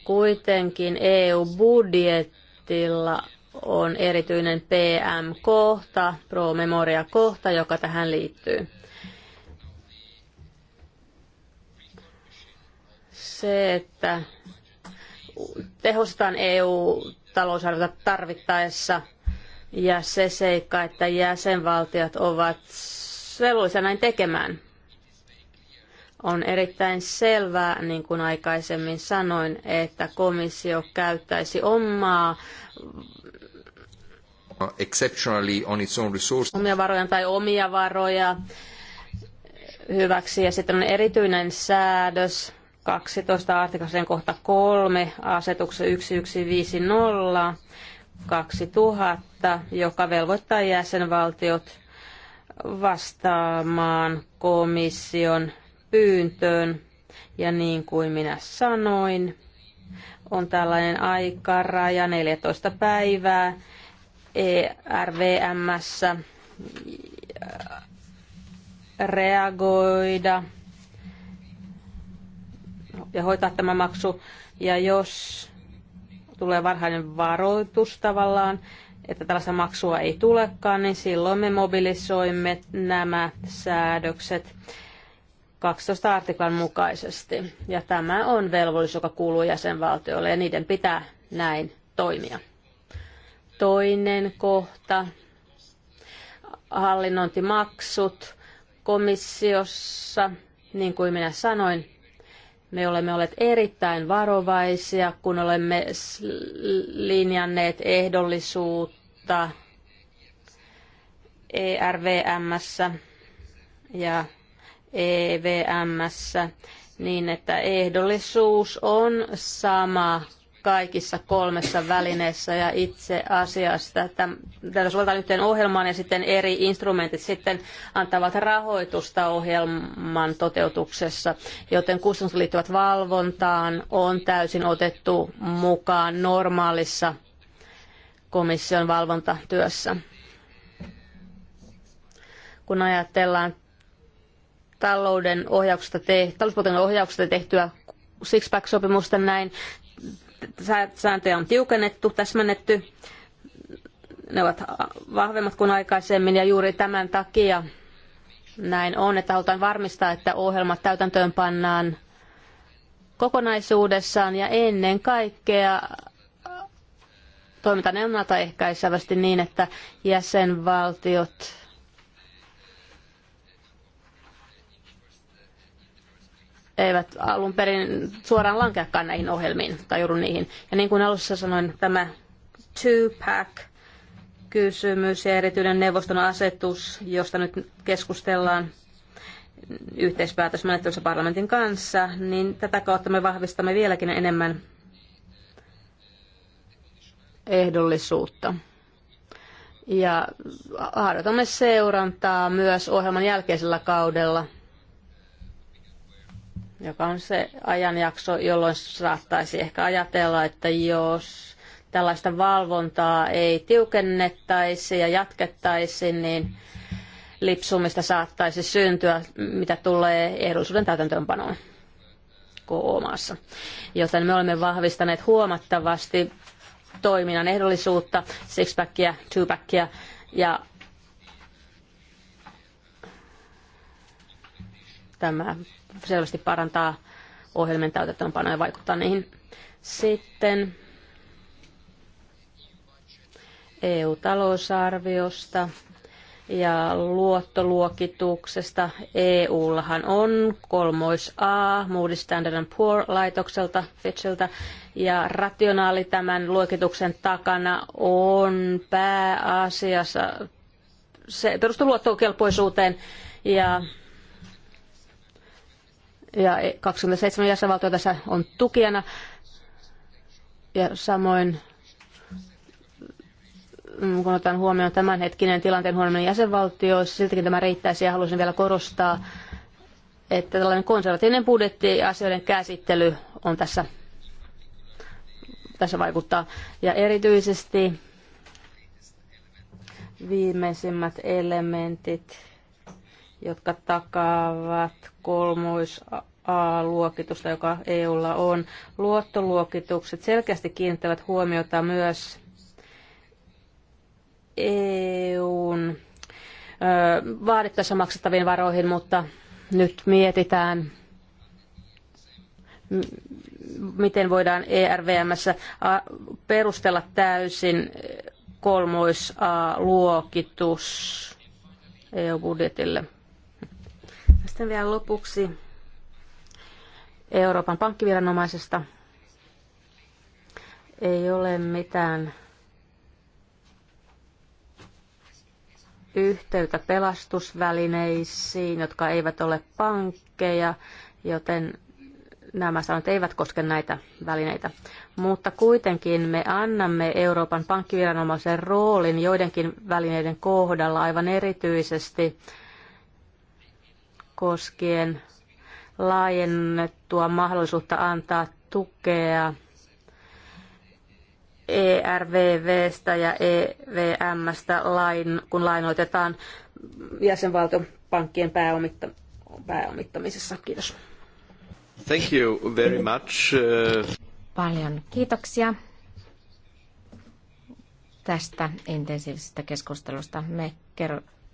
Kuitenkin EU-budjettilla on erityinen PM-kohta, Pro Memoria-kohta, joka tähän liittyy. Se, että tehostetaan EU-talousarviota tarvittaessa ja se seikka, että jäsenvaltiot ovat velvollisia näin tekemään. On erittäin selvää, niin kuin aikaisemmin sanoin, että komissio käyttäisi omaa exceptionally on its own resources. omia varoja tai omia varoja hyväksi. Ja sitten on erityinen säädös, 12 artiklan kohta 3 asetuksen 1150 2000, joka velvoittaa jäsenvaltiot vastaamaan komission pyyntöön. Ja niin kuin minä sanoin, on tällainen aikaraja 14 päivää ERVMssä äh, reagoida – ja hoitaa tämä maksu. Ja jos tulee varhainen varoitus tavallaan, että tällaista maksua ei tulekaan, niin silloin me mobilisoimme nämä säädökset 12 artiklan mukaisesti. Ja tämä on velvollisuus, joka kuuluu jäsenvaltioille, ja niiden pitää näin toimia. Toinen kohta, hallinnointimaksut komissiossa, niin kuin minä sanoin, me olemme olleet erittäin varovaisia, kun olemme linjanneet ehdollisuutta ERVMssä ja EVMssä niin, että ehdollisuus on sama kaikissa kolmessa välineessä ja itse asiassa tätä sovelletaan yhteen ohjelmaan ja sitten eri instrumentit sitten antavat rahoitusta ohjelman toteutuksessa, joten kustannukset liittyvät valvontaan on täysin otettu mukaan normaalissa komission valvontatyössä. Kun ajatellaan talouden ohjauksesta, te, talouspolitiikan ohjauksesta tehtyä six-pack-sopimusta näin sääntöjä on tiukennettu, täsmennetty. Ne ovat vahvemmat kuin aikaisemmin ja juuri tämän takia näin on, että halutaan varmistaa, että ohjelmat täytäntöön pannaan kokonaisuudessaan ja ennen kaikkea toimitaan ennaltaehkäisevästi niin, että jäsenvaltiot eivät alun perin suoraan lankeakaan näihin ohjelmiin tai joudu niihin. Ja niin kuin alussa sanoin, tämä two-pack kysymys ja erityinen neuvoston asetus, josta nyt keskustellaan yhteispäätösmenettelyssä parlamentin kanssa, niin tätä kautta me vahvistamme vieläkin enemmän ehdollisuutta. Ja harjoitamme seurantaa myös ohjelman jälkeisellä kaudella joka on se ajanjakso, jolloin saattaisi ehkä ajatella, että jos tällaista valvontaa ei tiukennettaisi ja jatkettaisi, niin lipsumista saattaisi syntyä, mitä tulee ehdollisuuden täytäntöönpanoon koko maassa. Joten me olemme vahvistaneet huomattavasti toiminnan ehdollisuutta, two-packia ja tämä selvästi parantaa ohjelmien täytäntöönpanoa ja vaikuttaa niihin. Sitten EU-talousarviosta ja luottoluokituksesta. EUllahan on kolmois A Moody's Standard Poor-laitokselta Fitchiltä ja rationaali tämän luokituksen takana on pääasiassa se perustuu luottokelpoisuuteen ja ja 27 jäsenvaltio tässä on tukijana. Ja samoin mm, kun otan huomioon tämänhetkinen tilanteen huomioon jäsenvaltioissa, siltikin tämä riittäisi ja haluaisin vielä korostaa, että tällainen konservatiivinen budjetti ja asioiden käsittely on tässä, tässä vaikuttaa. Ja erityisesti viimeisimmät elementit jotka takaavat kolmois A-luokitusta, joka EUlla on. Luottoluokitukset selkeästi kiinnittävät huomiota myös EUn ö, vaadittaessa maksettaviin varoihin, mutta nyt mietitään, miten voidaan ERVMssä perustella täysin kolmois A-luokitus EU-budjetille. Sitten vielä lopuksi Euroopan pankkiviranomaisesta. Ei ole mitään yhteyttä pelastusvälineisiin, jotka eivät ole pankkeja, joten nämä sanot eivät koske näitä välineitä. Mutta kuitenkin me annamme Euroopan pankkiviranomaisen roolin joidenkin välineiden kohdalla aivan erityisesti koskien laajennettua mahdollisuutta antaa tukea ERVVstä ja EVMstä, lain, kun lainoitetaan jäsenvaltiopankkien pääomitta, pääomittamisessa. Kiitos. Thank you very much. Uh, Paljon kiitoksia tästä intensiivisestä keskustelusta. Me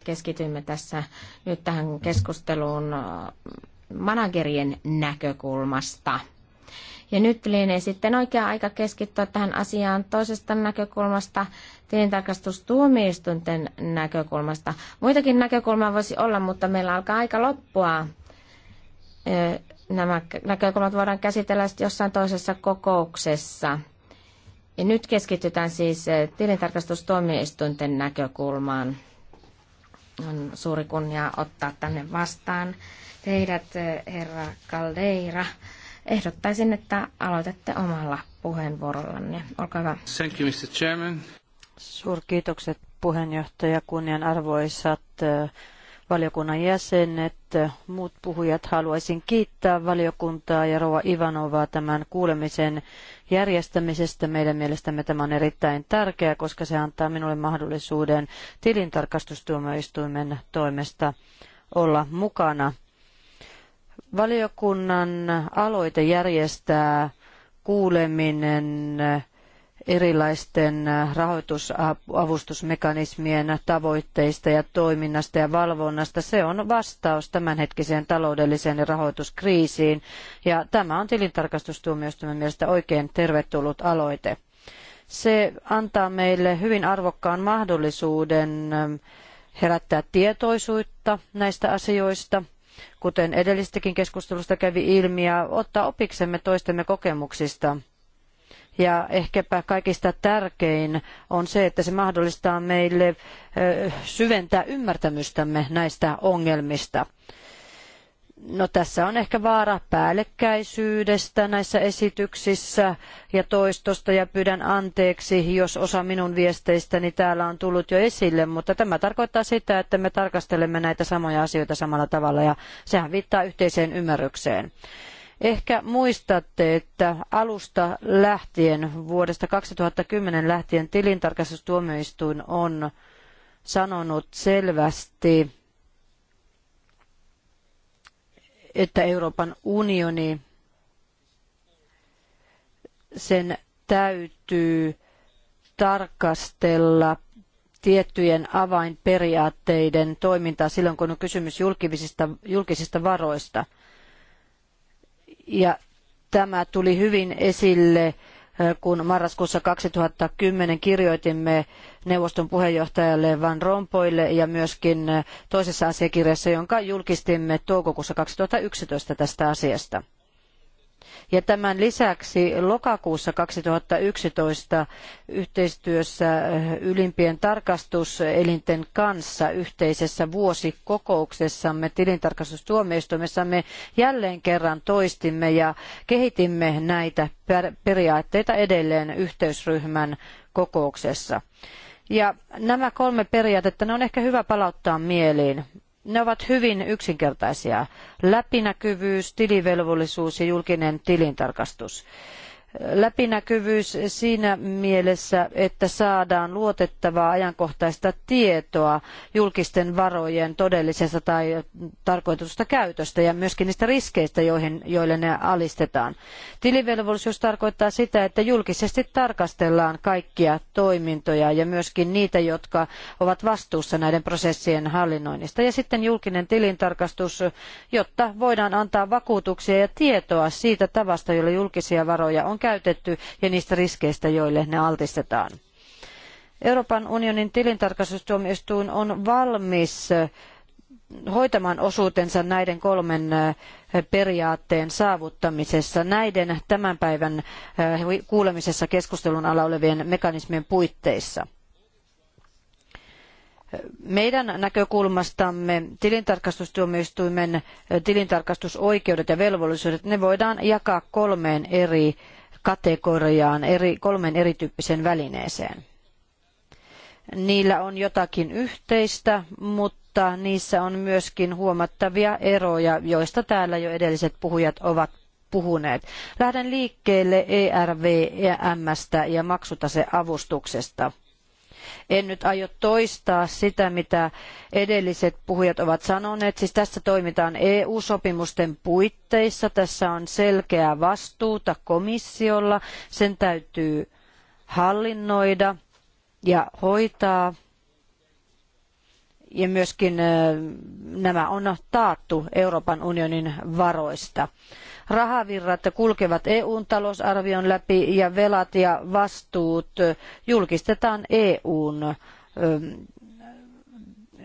keskitymme tässä nyt tähän keskusteluun äh, managerien näkökulmasta. Ja nyt lienee sitten oikea aika keskittyä tähän asiaan toisesta näkökulmasta, tilintarkastustuomioistuinten näkökulmasta. Muitakin näkökulmia voisi olla, mutta meillä alkaa aika loppua. Nämä näkökulmat voidaan käsitellä jossain toisessa kokouksessa. Ja nyt keskitytään siis tilintarkastustuomioistuinten näkökulmaan. On suuri kunnia ottaa tänne vastaan teidät, eh, herra Caldeira. Ehdottaisin, että aloitatte omalla puheenvuorollanne. Olkaa hyvä. Thank you, Mr. Chairman. Suurkiitokset puheenjohtaja, kunnianarvoisat eh, valiokunnan jäsenet, muut puhujat, haluaisin kiittää valiokuntaa ja Rova Ivanovaa tämän kuulemisen järjestämisestä. Meidän mielestämme tämä on erittäin tärkeää, koska se antaa minulle mahdollisuuden tilintarkastustuomioistuimen toimesta olla mukana. Valiokunnan aloite järjestää kuuleminen erilaisten äh, rahoitusavustusmekanismien tavoitteista ja toiminnasta ja valvonnasta. Se on vastaus tämänhetkiseen taloudelliseen ja rahoituskriisiin ja tämä on tilintarkastustuomioistuimen mielestä oikein tervetullut aloite. Se antaa meille hyvin arvokkaan mahdollisuuden ähm, herättää tietoisuutta näistä asioista kuten edellisestäkin keskustelusta kävi ilmi, ja ottaa opiksemme toistemme kokemuksista ja ehkäpä kaikista tärkein on se, että se mahdollistaa meille syventää ymmärtämystämme näistä ongelmista. No tässä on ehkä vaara päällekkäisyydestä näissä esityksissä ja toistosta ja pyydän anteeksi, jos osa minun viesteistäni täällä on tullut jo esille, mutta tämä tarkoittaa sitä, että me tarkastelemme näitä samoja asioita samalla tavalla ja sehän viittaa yhteiseen ymmärrykseen. Ehkä muistatte, että alusta lähtien, vuodesta 2010 lähtien, tilintarkastustuomioistuin on sanonut selvästi, että Euroopan unioni sen täytyy tarkastella tiettyjen avainperiaatteiden toimintaa silloin, kun on kysymys julkisista, julkisista varoista – ja tämä tuli hyvin esille, kun marraskuussa 2010 kirjoitimme neuvoston puheenjohtajalle Van Rompoille ja myöskin toisessa asiakirjassa, jonka julkistimme toukokuussa 2011 tästä asiasta. Ja tämän lisäksi lokakuussa 2011 yhteistyössä eh, ylimpien tarkastuselinten kanssa yhteisessä vuosikokouksessamme tilintarkastustuomioistuimessa me jälleen kerran toistimme ja kehitimme näitä periaatteita edelleen yhteysryhmän kokouksessa. Ja nämä kolme periaatetta on ehkä hyvä palauttaa mieliin ne ovat hyvin yksinkertaisia. Läpinäkyvyys, tilivelvollisuus ja julkinen tilintarkastus. Läpinäkyvyys siinä mielessä, että saadaan luotettavaa ajankohtaista tietoa julkisten varojen todellisesta tai tarkoitusta käytöstä ja myöskin niistä riskeistä, joihin, joille ne alistetaan. Tilivelvollisuus tarkoittaa sitä, että julkisesti tarkastellaan kaikkia toimintoja ja myöskin niitä, jotka ovat vastuussa näiden prosessien hallinnoinnista. Ja sitten julkinen tilintarkastus, jotta voidaan antaa vakuutuksia ja tietoa siitä tavasta, jolla julkisia varoja on käytetty ja niistä riskeistä, joille ne altistetaan. Euroopan unionin tilintarkastustuomioistuin on valmis hoitamaan osuutensa näiden kolmen periaatteen saavuttamisessa näiden tämän päivän kuulemisessa keskustelun alla olevien mekanismien puitteissa. Meidän näkökulmastamme tilintarkastustuomioistuimen tilintarkastusoikeudet ja velvollisuudet ne voidaan jakaa kolmeen eri kategoriaan, eri, kolmen erityyppisen välineeseen. Niillä on jotakin yhteistä, mutta niissä on myöskin huomattavia eroja, joista täällä jo edelliset puhujat ovat puhuneet. Lähden liikkeelle ERVMstä e ja maksutaseavustuksesta en nyt aio toistaa sitä, mitä edelliset puhujat ovat sanoneet. Siis tässä toimitaan EU-sopimusten puitteissa. Tässä on selkeää vastuuta komissiolla. Sen täytyy hallinnoida ja hoitaa ja myöskin nämä on taattu Euroopan unionin varoista rahavirrat kulkevat EUn talousarvion läpi ja velat ja vastuut julkistetaan EUn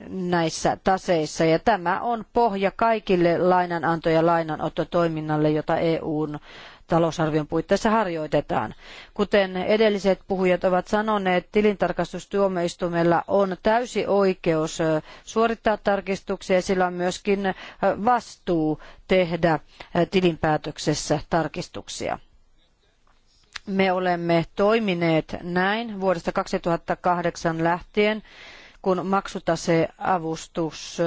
näissä taseissa. Ja tämä on pohja kaikille lainananto- ja lainanottotoiminnalle, jota EUn talousarvion puitteissa harjoitetaan. Kuten edelliset puhujat ovat sanoneet, tilintarkastustuomioistuimella on täysi oikeus suorittaa tarkistuksia ja sillä on myöskin vastuu tehdä tilinpäätöksessä tarkistuksia. Me olemme toimineet näin vuodesta 2008 lähtien, kun maksutaseavustus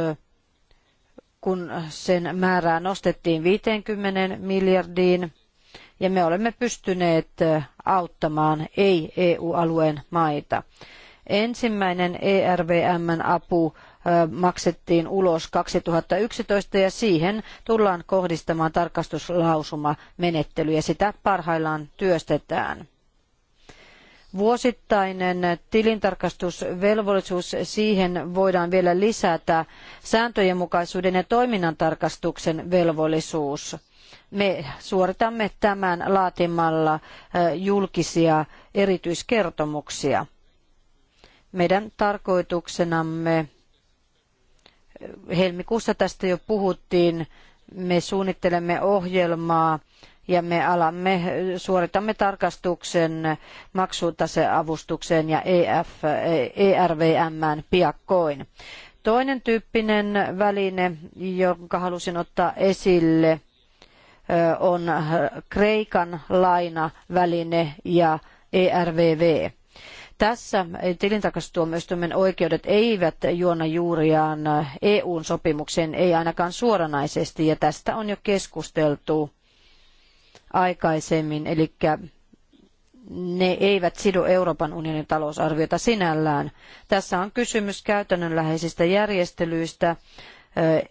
kun sen määrää nostettiin 50 miljardiin ja me olemme pystyneet auttamaan ei-EU-alueen maita. Ensimmäinen ERVMn apu maksettiin ulos 2011 ja siihen tullaan kohdistamaan tarkastuslausumamenettely ja sitä parhaillaan työstetään. Vuosittainen tilintarkastusvelvollisuus siihen voidaan vielä lisätä sääntöjenmukaisuuden ja toiminnan tarkastuksen velvollisuus me suoritamme tämän laatimalla julkisia erityiskertomuksia. Meidän tarkoituksenamme, helmikuussa tästä jo puhuttiin, me suunnittelemme ohjelmaa, ja me alamme, suoritamme tarkastuksen maksutaseavustukseen ja EF, ERVM e piakkoin. Toinen tyyppinen väline, jonka halusin ottaa esille, on Kreikan lainaväline ja ERVV. Tässä tilintarkastustuomioistuimen oikeudet eivät juona juuriaan EUn sopimukseen, ei ainakaan suoranaisesti, ja tästä on jo keskusteltu aikaisemmin, eli ne eivät sido Euroopan unionin talousarviota sinällään. Tässä on kysymys käytännönläheisistä järjestelyistä,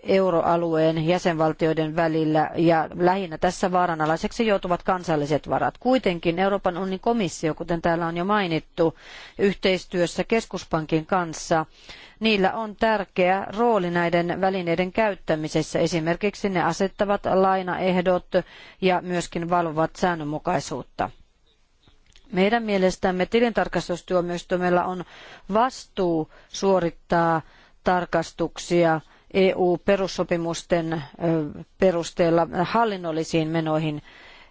euroalueen jäsenvaltioiden välillä ja lähinnä tässä vaaranalaiseksi joutuvat kansalliset varat. Kuitenkin Euroopan unionin komissio, kuten täällä on jo mainittu, yhteistyössä keskuspankin kanssa, niillä on tärkeä rooli näiden välineiden käyttämisessä. Esimerkiksi ne asettavat lainaehdot ja myöskin valvovat säännönmukaisuutta. Meidän mielestämme tilintarkastustuomioistuimella on vastuu suorittaa tarkastuksia EU-perussopimusten perusteella hallinnollisiin menoihin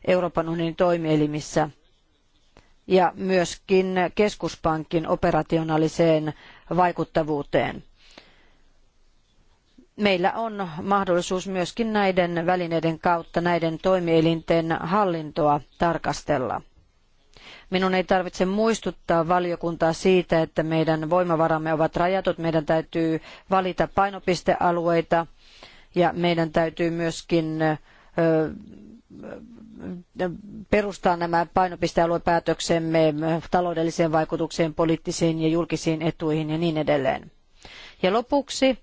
Euroopan unionin toimielimissä ja myöskin keskuspankin operationaaliseen vaikuttavuuteen. Meillä on mahdollisuus myöskin näiden välineiden kautta näiden toimielinten hallintoa tarkastella. Minun ei tarvitse muistuttaa valiokuntaa siitä, että meidän voimavaramme ovat rajatut. Meidän täytyy valita painopistealueita ja meidän täytyy myöskin perustaa nämä painopistealuepäätöksemme taloudelliseen vaikutukseen, poliittisiin ja julkisiin etuihin ja niin edelleen. Ja lopuksi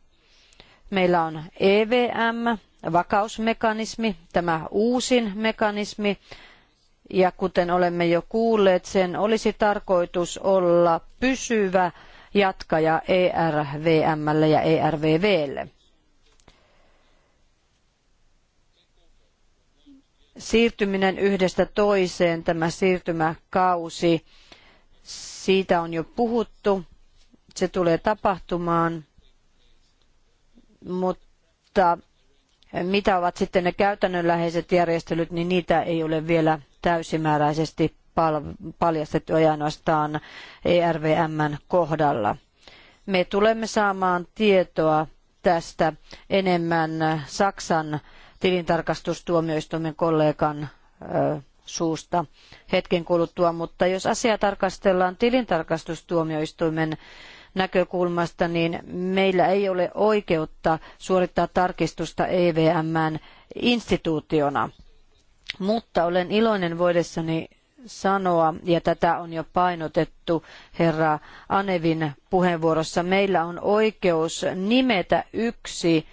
meillä on EVM, vakausmekanismi, tämä uusin mekanismi, ja kuten olemme jo kuulleet, sen olisi tarkoitus olla pysyvä jatkaja ERVMlle ja ERVVlle. Siirtyminen yhdestä toiseen, tämä siirtymäkausi, siitä on jo puhuttu. Se tulee tapahtumaan, mutta mitä ovat sitten ne käytännönläheiset järjestelyt, niin niitä ei ole vielä täysimääräisesti paljastettu ei ainoastaan ERVMn kohdalla. Me tulemme saamaan tietoa tästä enemmän Saksan tilintarkastustuomioistuimen kollegan suusta hetken kuluttua, mutta jos asiaa tarkastellaan tilintarkastustuomioistuimen näkökulmasta, niin meillä ei ole oikeutta suorittaa tarkistusta EVMn instituutiona. Mutta olen iloinen voidessani sanoa, ja tätä on jo painotettu herra Anevin puheenvuorossa, meillä on oikeus nimetä yksi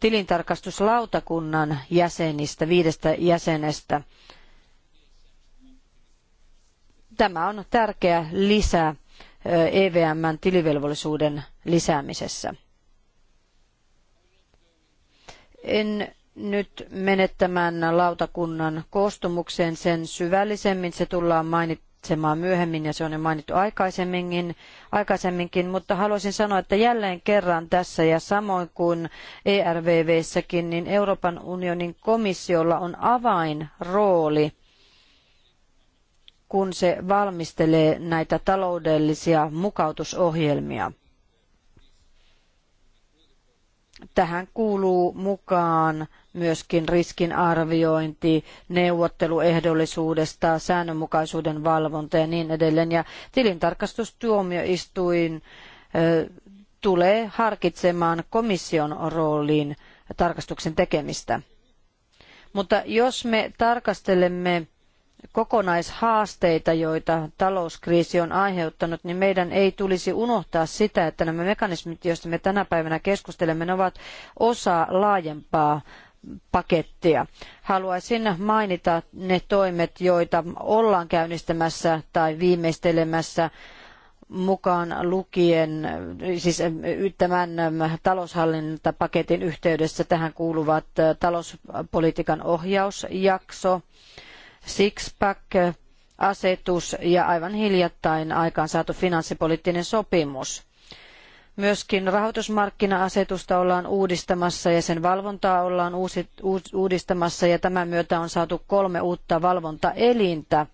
tilintarkastuslautakunnan jäsenistä, viidestä jäsenestä. Tämä on tärkeä lisä EVMn tilivelvollisuuden lisäämisessä. En nyt mene tämän lautakunnan koostumukseen sen syvällisemmin. Se tullaan mainitsemaan myöhemmin ja se on jo mainittu aikaisemminkin, aikaisemminkin mutta haluaisin sanoa, että jälleen kerran tässä ja samoin kuin ERVVssäkin, niin Euroopan unionin komissiolla on avainrooli – kun se valmistelee näitä taloudellisia mukautusohjelmia. Tähän kuuluu mukaan myöskin riskinarviointi, neuvotteluehdollisuudesta, säännönmukaisuuden valvonta ja niin edelleen. Ja tilintarkastustuomioistuin tulee harkitsemaan komission rooliin tarkastuksen tekemistä. Mutta jos me tarkastelemme kokonaishaasteita, joita talouskriisi on aiheuttanut, niin meidän ei tulisi unohtaa sitä, että nämä mekanismit, joista me tänä päivänä keskustelemme, ovat osa laajempaa pakettia. Haluaisin mainita ne toimet, joita ollaan käynnistämässä tai viimeistelemässä mukaan lukien, siis tämän taloushallintapaketin yhteydessä tähän kuuluvat talouspolitiikan ohjausjakso, Sixpack, asetus ja aivan hiljattain aikaansaatu finanssipoliittinen sopimus. Myöskin rahoitusmarkkina-asetusta ollaan uudistamassa ja sen valvontaa ollaan uudistamassa ja tämän myötä on saatu kolme uutta valvontaelintä.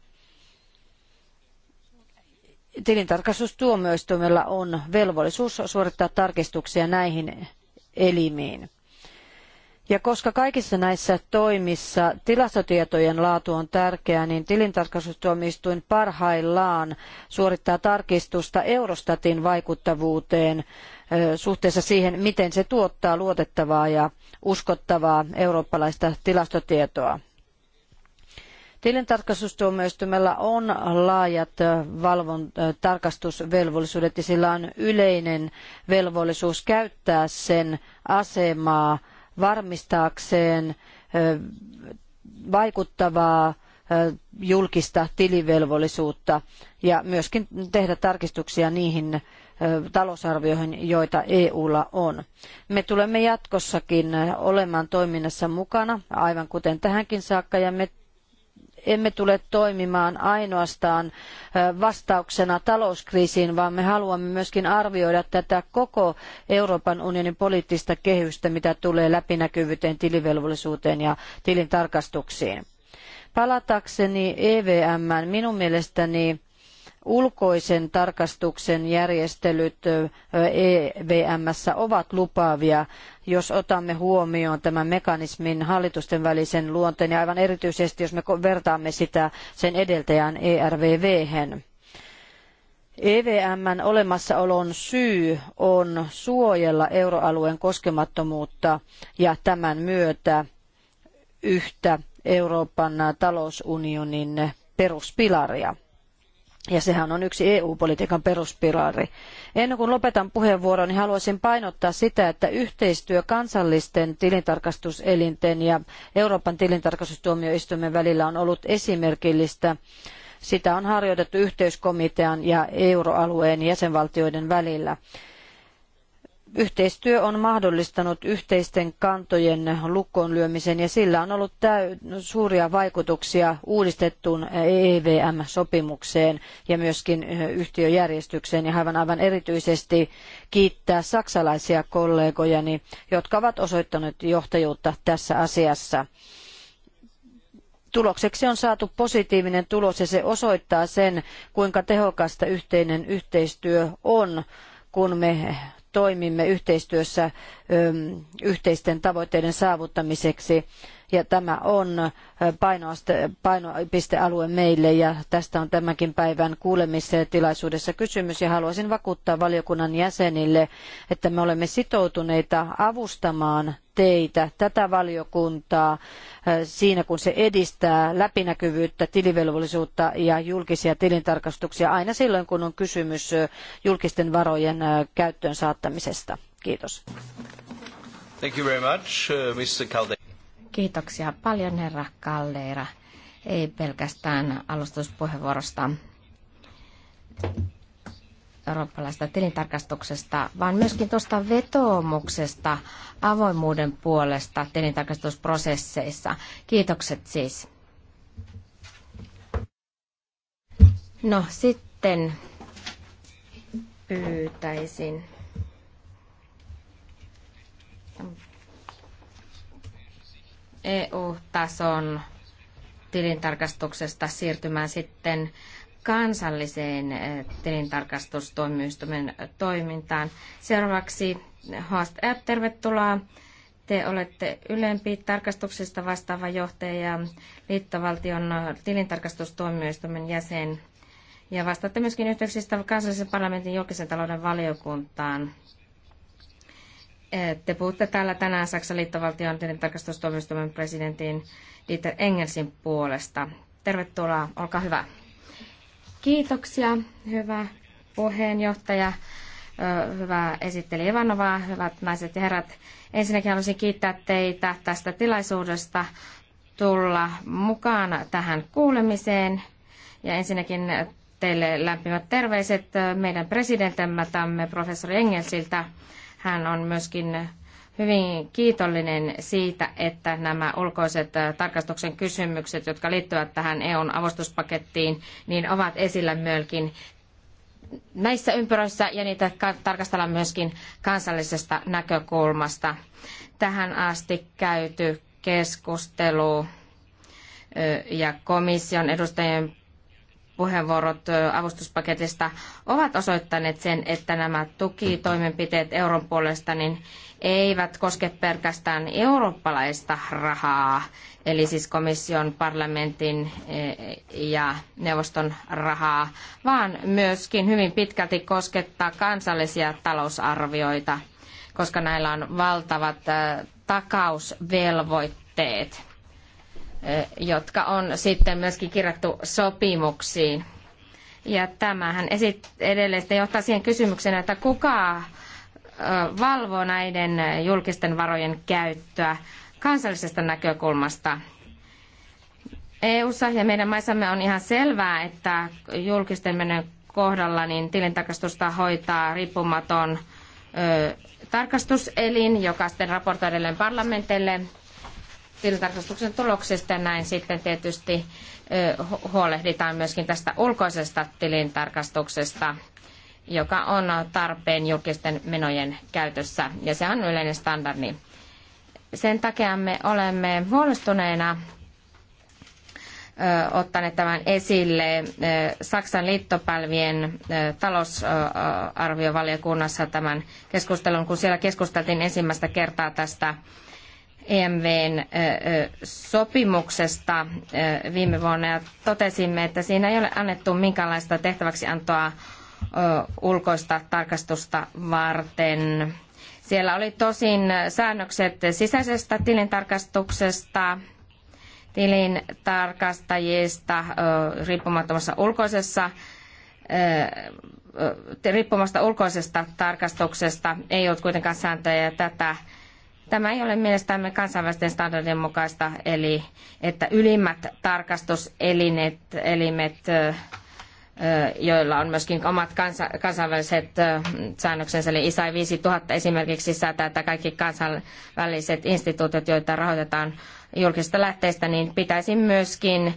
Tilintarkastustuomioistuimella on velvollisuus suorittaa tarkistuksia näihin elimiin. Ja koska kaikissa näissä toimissa tilastotietojen laatu on tärkeää, niin tilintarkastustuomioistuin parhaillaan suorittaa tarkistusta Eurostatin vaikuttavuuteen suhteessa siihen, miten se tuottaa luotettavaa ja uskottavaa eurooppalaista tilastotietoa. Tilintarkastustuomioistuimella on laajat valvon, tarkastusvelvollisuudet ja sillä on yleinen velvollisuus käyttää sen asemaa varmistaakseen vaikuttavaa julkista tilivelvollisuutta ja myöskin tehdä tarkistuksia niihin talousarvioihin, joita EUlla on. Me tulemme jatkossakin olemaan toiminnassa mukana, aivan kuten tähänkin saakka, ja me emme tule toimimaan ainoastaan vastauksena talouskriisiin, vaan me haluamme myöskin arvioida tätä koko Euroopan unionin poliittista kehystä, mitä tulee läpinäkyvyyteen, tilivelvollisuuteen ja tilintarkastuksiin. Palatakseni EVM, minun mielestäni ulkoisen tarkastuksen järjestelyt EVMssä ovat lupaavia, jos otamme huomioon tämän mekanismin hallitusten välisen luonteen ja aivan erityisesti, jos me vertaamme sitä sen edeltäjään ERVVhen. EVMn olemassaolon syy on suojella euroalueen koskemattomuutta ja tämän myötä yhtä Euroopan talousunionin peruspilaria. Ja sehän on yksi EU-politiikan peruspilari. Ennen kuin lopetan puheenvuoron, niin haluaisin painottaa sitä, että yhteistyö kansallisten tilintarkastuselinten ja Euroopan tilintarkastustuomioistuimen välillä on ollut esimerkillistä. Sitä on harjoitettu yhteiskomitean ja euroalueen jäsenvaltioiden välillä. Yhteistyö on mahdollistanut yhteisten kantojen lukkoon lyömisen ja sillä on ollut suuria vaikutuksia uudistettuun EVM-sopimukseen ja myöskin eh, yhtiöjärjestykseen. Ja aivan, aivan erityisesti kiittää saksalaisia kollegojani, jotka ovat osoittaneet johtajuutta tässä asiassa tulokseksi on saatu positiivinen tulos ja se osoittaa sen, kuinka tehokasta yhteinen yhteistyö on, kun me toimimme yhteistyössä yhteisten tavoitteiden saavuttamiseksi. Ja tämä on painopistealue meille ja tästä on tämänkin päivän kuulemistilaisuudessa kysymys. Ja haluaisin vakuuttaa valiokunnan jäsenille, että me olemme sitoutuneita avustamaan teitä, tätä valiokuntaa siinä, kun se edistää läpinäkyvyyttä, tilivelvollisuutta ja julkisia tilintarkastuksia aina silloin, kun on kysymys julkisten varojen käyttöön saattamisesta. Kiitos. Thank you very much, uh, Mr. Kiitoksia paljon, herra Kalleira. Ei pelkästään alustuspuheenvuorosta eurooppalaisesta tilintarkastuksesta, vaan myöskin tuosta vetoomuksesta avoimuuden puolesta tilintarkastusprosesseissa. Kiitokset siis. No sitten pyytäisin. EU-tason tilintarkastuksesta siirtymään sitten kansalliseen eh, tilintarkastustuomioistuimen toimintaan. Seuraavaksi Haast tervetuloa. Te olette ylempi tarkastuksesta vastaava johtaja ja liittovaltion eh, tilintarkastustuomioistuimen jäsen. Ja vastaatte myöskin yhteyksistä kansallisen parlamentin julkisen talouden valiokuntaan. Eh, te puhutte täällä tänään Saksan liittovaltion tilintarkastustuomioistuimen presidentin Dieter Engelsin puolesta. Tervetuloa, olkaa hyvä. Kiitoksia, hyvä puheenjohtaja, hyvä esitteli Ivanovaa, hyvät naiset ja herrat. Ensinnäkin haluaisin kiittää teitä tästä tilaisuudesta tulla mukaan tähän kuulemiseen. Ja ensinnäkin teille lämpimät terveiset meidän presidentämme professori Engelsiltä. Hän on myöskin hyvin kiitollinen siitä, että nämä ulkoiset äh, tarkastuksen kysymykset, jotka liittyvät tähän EUn avustuspakettiin, niin ovat esillä myöskin näissä ympyröissä ja niitä tarkastellaan myöskin kansallisesta näkökulmasta. Tähän asti käyty keskustelu ja komission edustajien puheenvuorot avustuspaketista ovat osoittaneet sen, että nämä tukitoimenpiteet euron puolesta niin eivät koske pelkästään eurooppalaista rahaa, eli siis komission, parlamentin e, ja neuvoston rahaa, vaan myöskin hyvin pitkälti koskettaa kansallisia talousarvioita, koska näillä on valtavat takausvelvoitteet. Eh, jotka on sitten myöskin kirjattu sopimuksiin. Ja tämähän esit- edelleen johtaa siihen kysymykseen, että kuka eh, valvoo näiden eh, julkisten varojen käyttöä kansallisesta näkökulmasta. EU:ssa ja meidän maissamme on ihan selvää, että julkisten menojen kohdalla niin tilintarkastusta hoitaa riippumaton ö, tarkastuselin, joka sitten raportoi edelleen parlamentille tilintarkastuksen tuloksista ja näin sitten tietysti huolehditaan myöskin tästä ulkoisesta tilintarkastuksesta, joka on tarpeen julkisten menojen käytössä ja se on yleinen standardi. Sen takia me olemme huolestuneena ottaneet tämän esille. Saksan liittopälvien talousarviovaliokunnassa tämän keskustelun, kun siellä keskusteltiin ensimmäistä kertaa tästä EMVn sopimuksesta viime vuonna ja totesimme, että siinä ei ole annettu minkäänlaista tehtäväksiantoa ulkoista tarkastusta varten. Siellä oli tosin säännökset sisäisestä tilintarkastuksesta, tilintarkastajista riippumattomassa ulkoisessa riippumasta ulkoisesta tarkastuksesta ei ollut kuitenkaan sääntöjä tätä Tämä ei ole mielestämme kansainvälisten standardien mukaista, eli että ylimmät tarkastuselimet, elimet, joilla on myöskin omat kansa, kansainväliset säännöksensä, eli ISAI 5000 esimerkiksi sisältää, että kaikki kansainväliset instituutiot, joita rahoitetaan julkisista lähteistä, niin pitäisi myöskin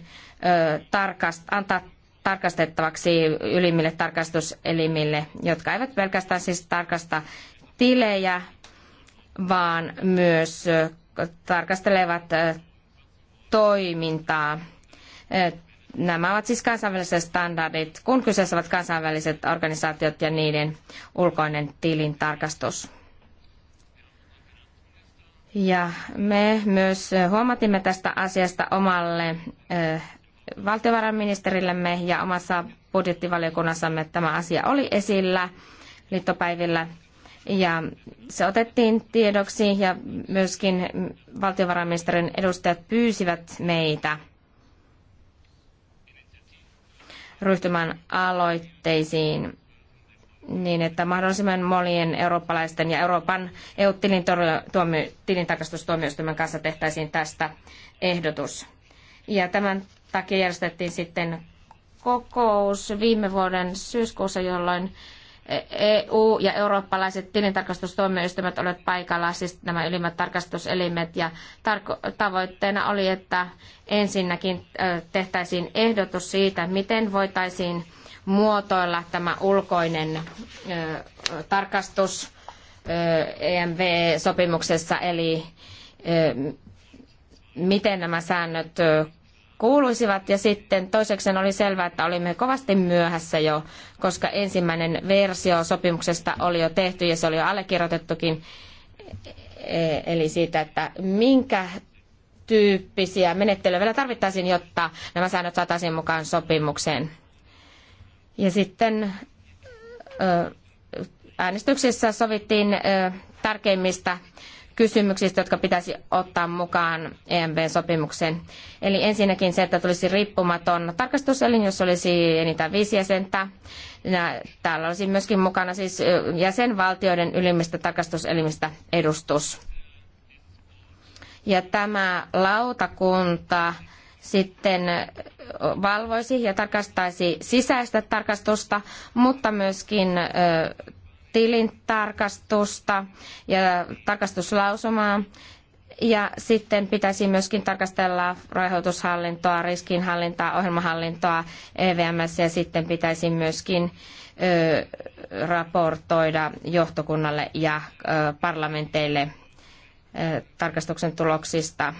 tarkast, antaa tarkastettavaksi ylimmille tarkastuselimille, jotka eivät pelkästään siis tarkasta tilejä, vaan myös tarkastelevat toimintaa. Nämä ovat siis kansainväliset standardit, kun kyseessä ovat kansainväliset organisaatiot ja niiden ulkoinen tilintarkastus. Ja me myös huomatimme tästä asiasta omalle valtiovarainministerillemme ja omassa budjettivaliokunnassamme tämä asia oli esillä liittopäivillä – ja se otettiin tiedoksi ja myöskin valtiovarainministeriön edustajat pyysivät meitä ryhtymään aloitteisiin niin, että mahdollisimman monien eurooppalaisten ja Euroopan EU-tilintarkastustuomioistuimen kanssa tehtäisiin tästä ehdotus. Ja tämän takia järjestettiin sitten kokous viime vuoden syyskuussa, jolloin EU e ja eurooppalaiset tilintarkastustuomioistuimet olivat paikalla, siis nämä ylimmät tarkastuselimet. Ja tavoitteena oli, että ensinnäkin tehtäisiin ehdotus siitä, miten voitaisiin muotoilla tämä ulkoinen tarkastus EMV-sopimuksessa, eli miten nämä säännöt kuuluisivat. Ja sitten toiseksi oli selvää, että olimme kovasti myöhässä jo, koska ensimmäinen versio sopimuksesta oli jo tehty ja se oli jo allekirjoitettukin. E, eli siitä, että minkä tyyppisiä menettelyjä vielä tarvittaisiin, jotta nämä säännöt saataisiin mukaan sopimukseen. Ja sitten äänestyksessä sovittiin tärkeimmistä kysymyksistä, jotka pitäisi ottaa mukaan EMB-sopimukseen. Eli ensinnäkin se, että tulisi riippumaton tarkastuselin, jos olisi enintään viisi jäsentä. Ja täällä olisi myöskin mukana siis jäsenvaltioiden ylimmistä tarkastuselimistä edustus. Ja tämä lautakunta sitten valvoisi ja tarkastaisi sisäistä tarkastusta, mutta myöskin tilintarkastusta ja tarkastuslausumaa. Ja sitten pitäisi myöskin tarkastella rahoitushallintoa, riskinhallintaa, ohjelmahallintoa EVMS ja sitten pitäisi myöskin ö, raportoida johtokunnalle ja ö, parlamenteille ö, tarkastuksen tuloksista.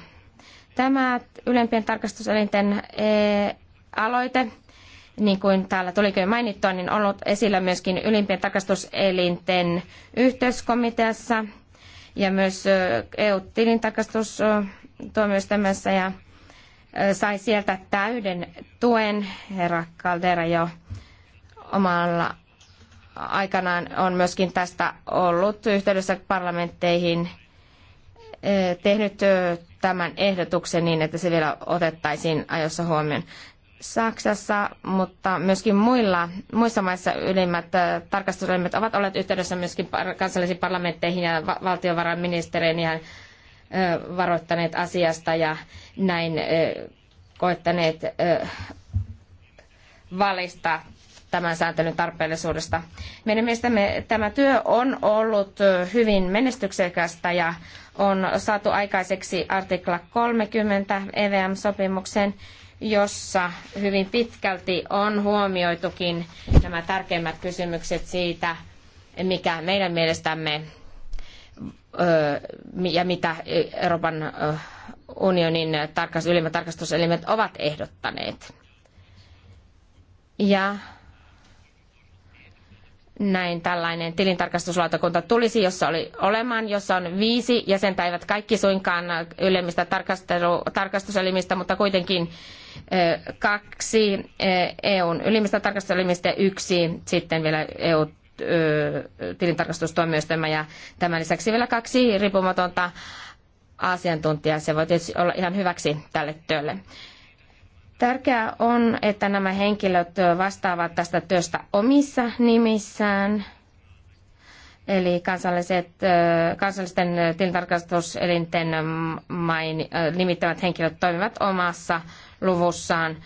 Tämä ylempien tarkastuselinten e, aloite niin kuin täällä tulikin jo mainittua, niin ollut esillä myöskin ylimpien tarkastuselinten yhteyskomiteassa ja myös EU-tilintarkastustuomioistuimessa ja sai sieltä täyden tuen. Herra Caldera jo omalla aikanaan on myöskin tästä ollut yhteydessä parlamentteihin tehnyt tämän ehdotuksen niin, että se vielä otettaisiin ajoissa huomioon. Saksassa, mutta myöskin muilla, muissa maissa ylimmät äh, tarkastuselimet ovat olleet yhteydessä myöskin kansallisiin parlamentteihin ja valtiovarainministeriin ihan äh, varoittaneet asiasta ja näin äh, koettaneet valista tämän sääntelyn tarpeellisuudesta. Meidän mielestämme tämä työ on ollut hyvin menestyksekästä ja on saatu aikaiseksi artikla 30 EVM-sopimukseen jossa hyvin pitkälti on huomioitukin nämä tärkeimmät kysymykset siitä, mikä meidän mielestämme ja mitä Euroopan unionin tarkas, ylimmät tarkastuselimet ovat ehdottaneet. Ja näin tällainen tilintarkastuslautakunta tulisi, jossa oli olemaan, jossa on viisi jäsentä, eivät kaikki suinkaan ylemmistä tarkastuselimistä, mutta kuitenkin kaksi EUn ylimmistä tarkastuselimistä ja yksi sitten vielä EU tilintarkastustuomioistuimen ja tämän lisäksi vielä kaksi riippumatonta asiantuntijaa. Se voi tietysti olla ihan hyväksi tälle työlle. Tärkeää on, että nämä henkilöt vastaavat tästä työstä omissa nimissään, eli kansalliset, kansallisten tilintarkastuselinten main, nimittävät henkilöt toimivat omassa luvussaan.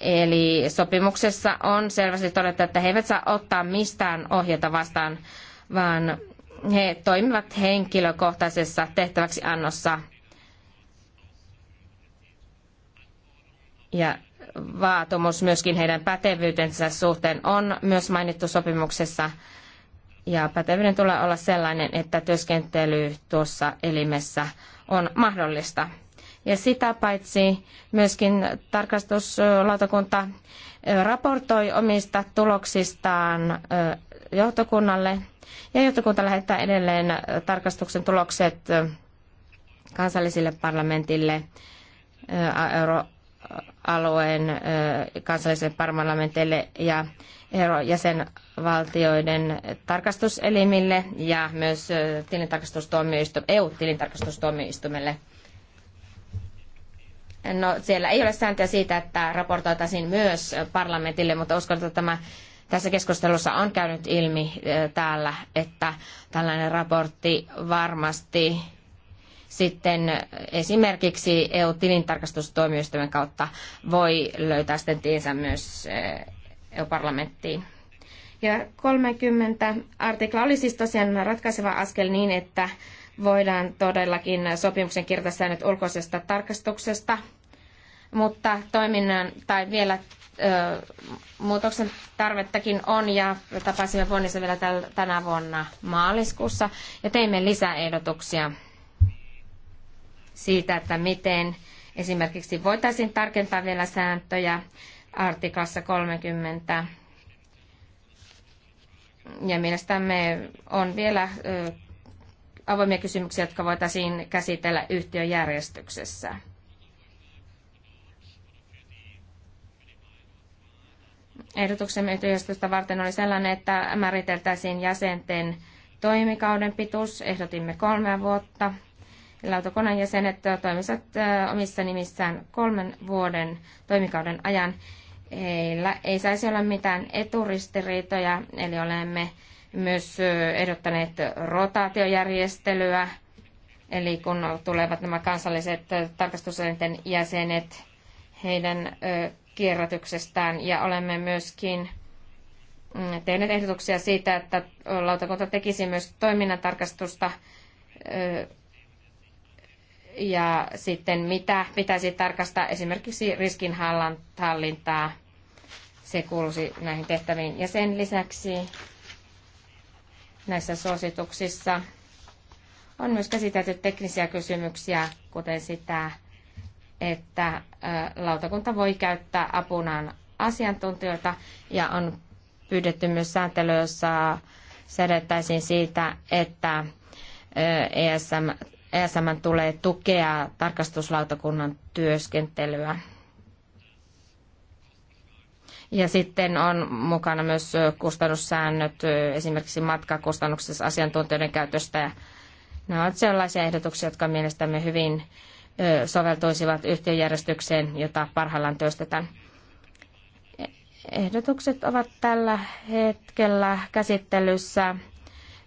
Eli sopimuksessa on selvästi todettu, että he eivät saa ottaa mistään ohjeita vastaan, vaan he toimivat henkilökohtaisessa tehtäväksi annossa ja vaatimus myöskin heidän pätevyytensä suhteen on myös mainittu sopimuksessa. Ja pätevyyden tulee olla sellainen, että työskentely tuossa elimessä on mahdollista. Ja sitä paitsi myöskin tarkastuslautakunta raportoi omista tuloksistaan johtokunnalle. Ja johtokunta lähettää edelleen tarkastuksen tulokset kansallisille parlamentille, alueen kansallisille parlamenteille ja jäsenvaltioiden tarkastuselimille ja myös tilintarkastustuomioistu, EU-tilintarkastustuomioistuimelle. No, siellä ei ole sääntöä siitä, että raportoitaisiin myös parlamentille, mutta uskon, että tämä tässä keskustelussa on käynyt ilmi täällä, että tällainen raportti varmasti sitten esimerkiksi EU-tilintarkastustuomioistuimen kautta voi löytää sitten tiensä myös eh, EU-parlamenttiin. Ja 30 artikla oli siis tosiaan ratkaiseva askel niin, että voidaan todellakin sopimuksen kirjata säännöt ulkoisesta tarkastuksesta, mutta toiminnan tai vielä ö, muutoksen tarvettakin on ja tapasimme Bonnissa vielä tänä vuonna maaliskuussa ja teimme lisäehdotuksia siitä, että miten esimerkiksi voitaisiin tarkentaa vielä sääntöjä artikassa 30. Ja mielestämme on vielä avoimia kysymyksiä, jotka voitaisiin käsitellä yhtiöjärjestyksessä. Ehdotuksemme yhtiöjärjestystä varten oli sellainen, että määriteltäisiin jäsenten toimikauden pituus. Ehdotimme kolmea vuotta lautakunnan jäsenet äh, toimisivat äh, omissa nimissään kolmen vuoden toimikauden ajan. Heillä ei saisi olla mitään eturistiriitoja, eli olemme myös äh, ehdottaneet rotaatiojärjestelyä, eli kun tulevat nämä kansalliset tarkastuselinten jäsenet heidän kierrätyksestään, ja olemme myöskin mm, tehneet ehdotuksia siitä, että lautakunta tekisi myös toiminnan tarkastusta ja sitten mitä pitäisi tarkastaa esimerkiksi riskinhallintaa, se kuuluisi näihin tehtäviin. Ja sen lisäksi näissä suosituksissa on myös käsitelty teknisiä kysymyksiä, kuten sitä, että lautakunta voi käyttää apunaan asiantuntijoita ja on pyydetty myös sääntelyä, jossa säädettäisiin siitä, että ESM ESM tulee tukea tarkastuslautakunnan työskentelyä. Ja sitten on mukana myös kustannussäännöt esimerkiksi matkakustannuksessa asiantuntijoiden käytöstä. Nämä ovat sellaisia ehdotuksia, jotka mielestämme hyvin soveltuisivat yhtiöjärjestykseen, jota parhaillaan työstetään. Ehdotukset ovat tällä hetkellä käsittelyssä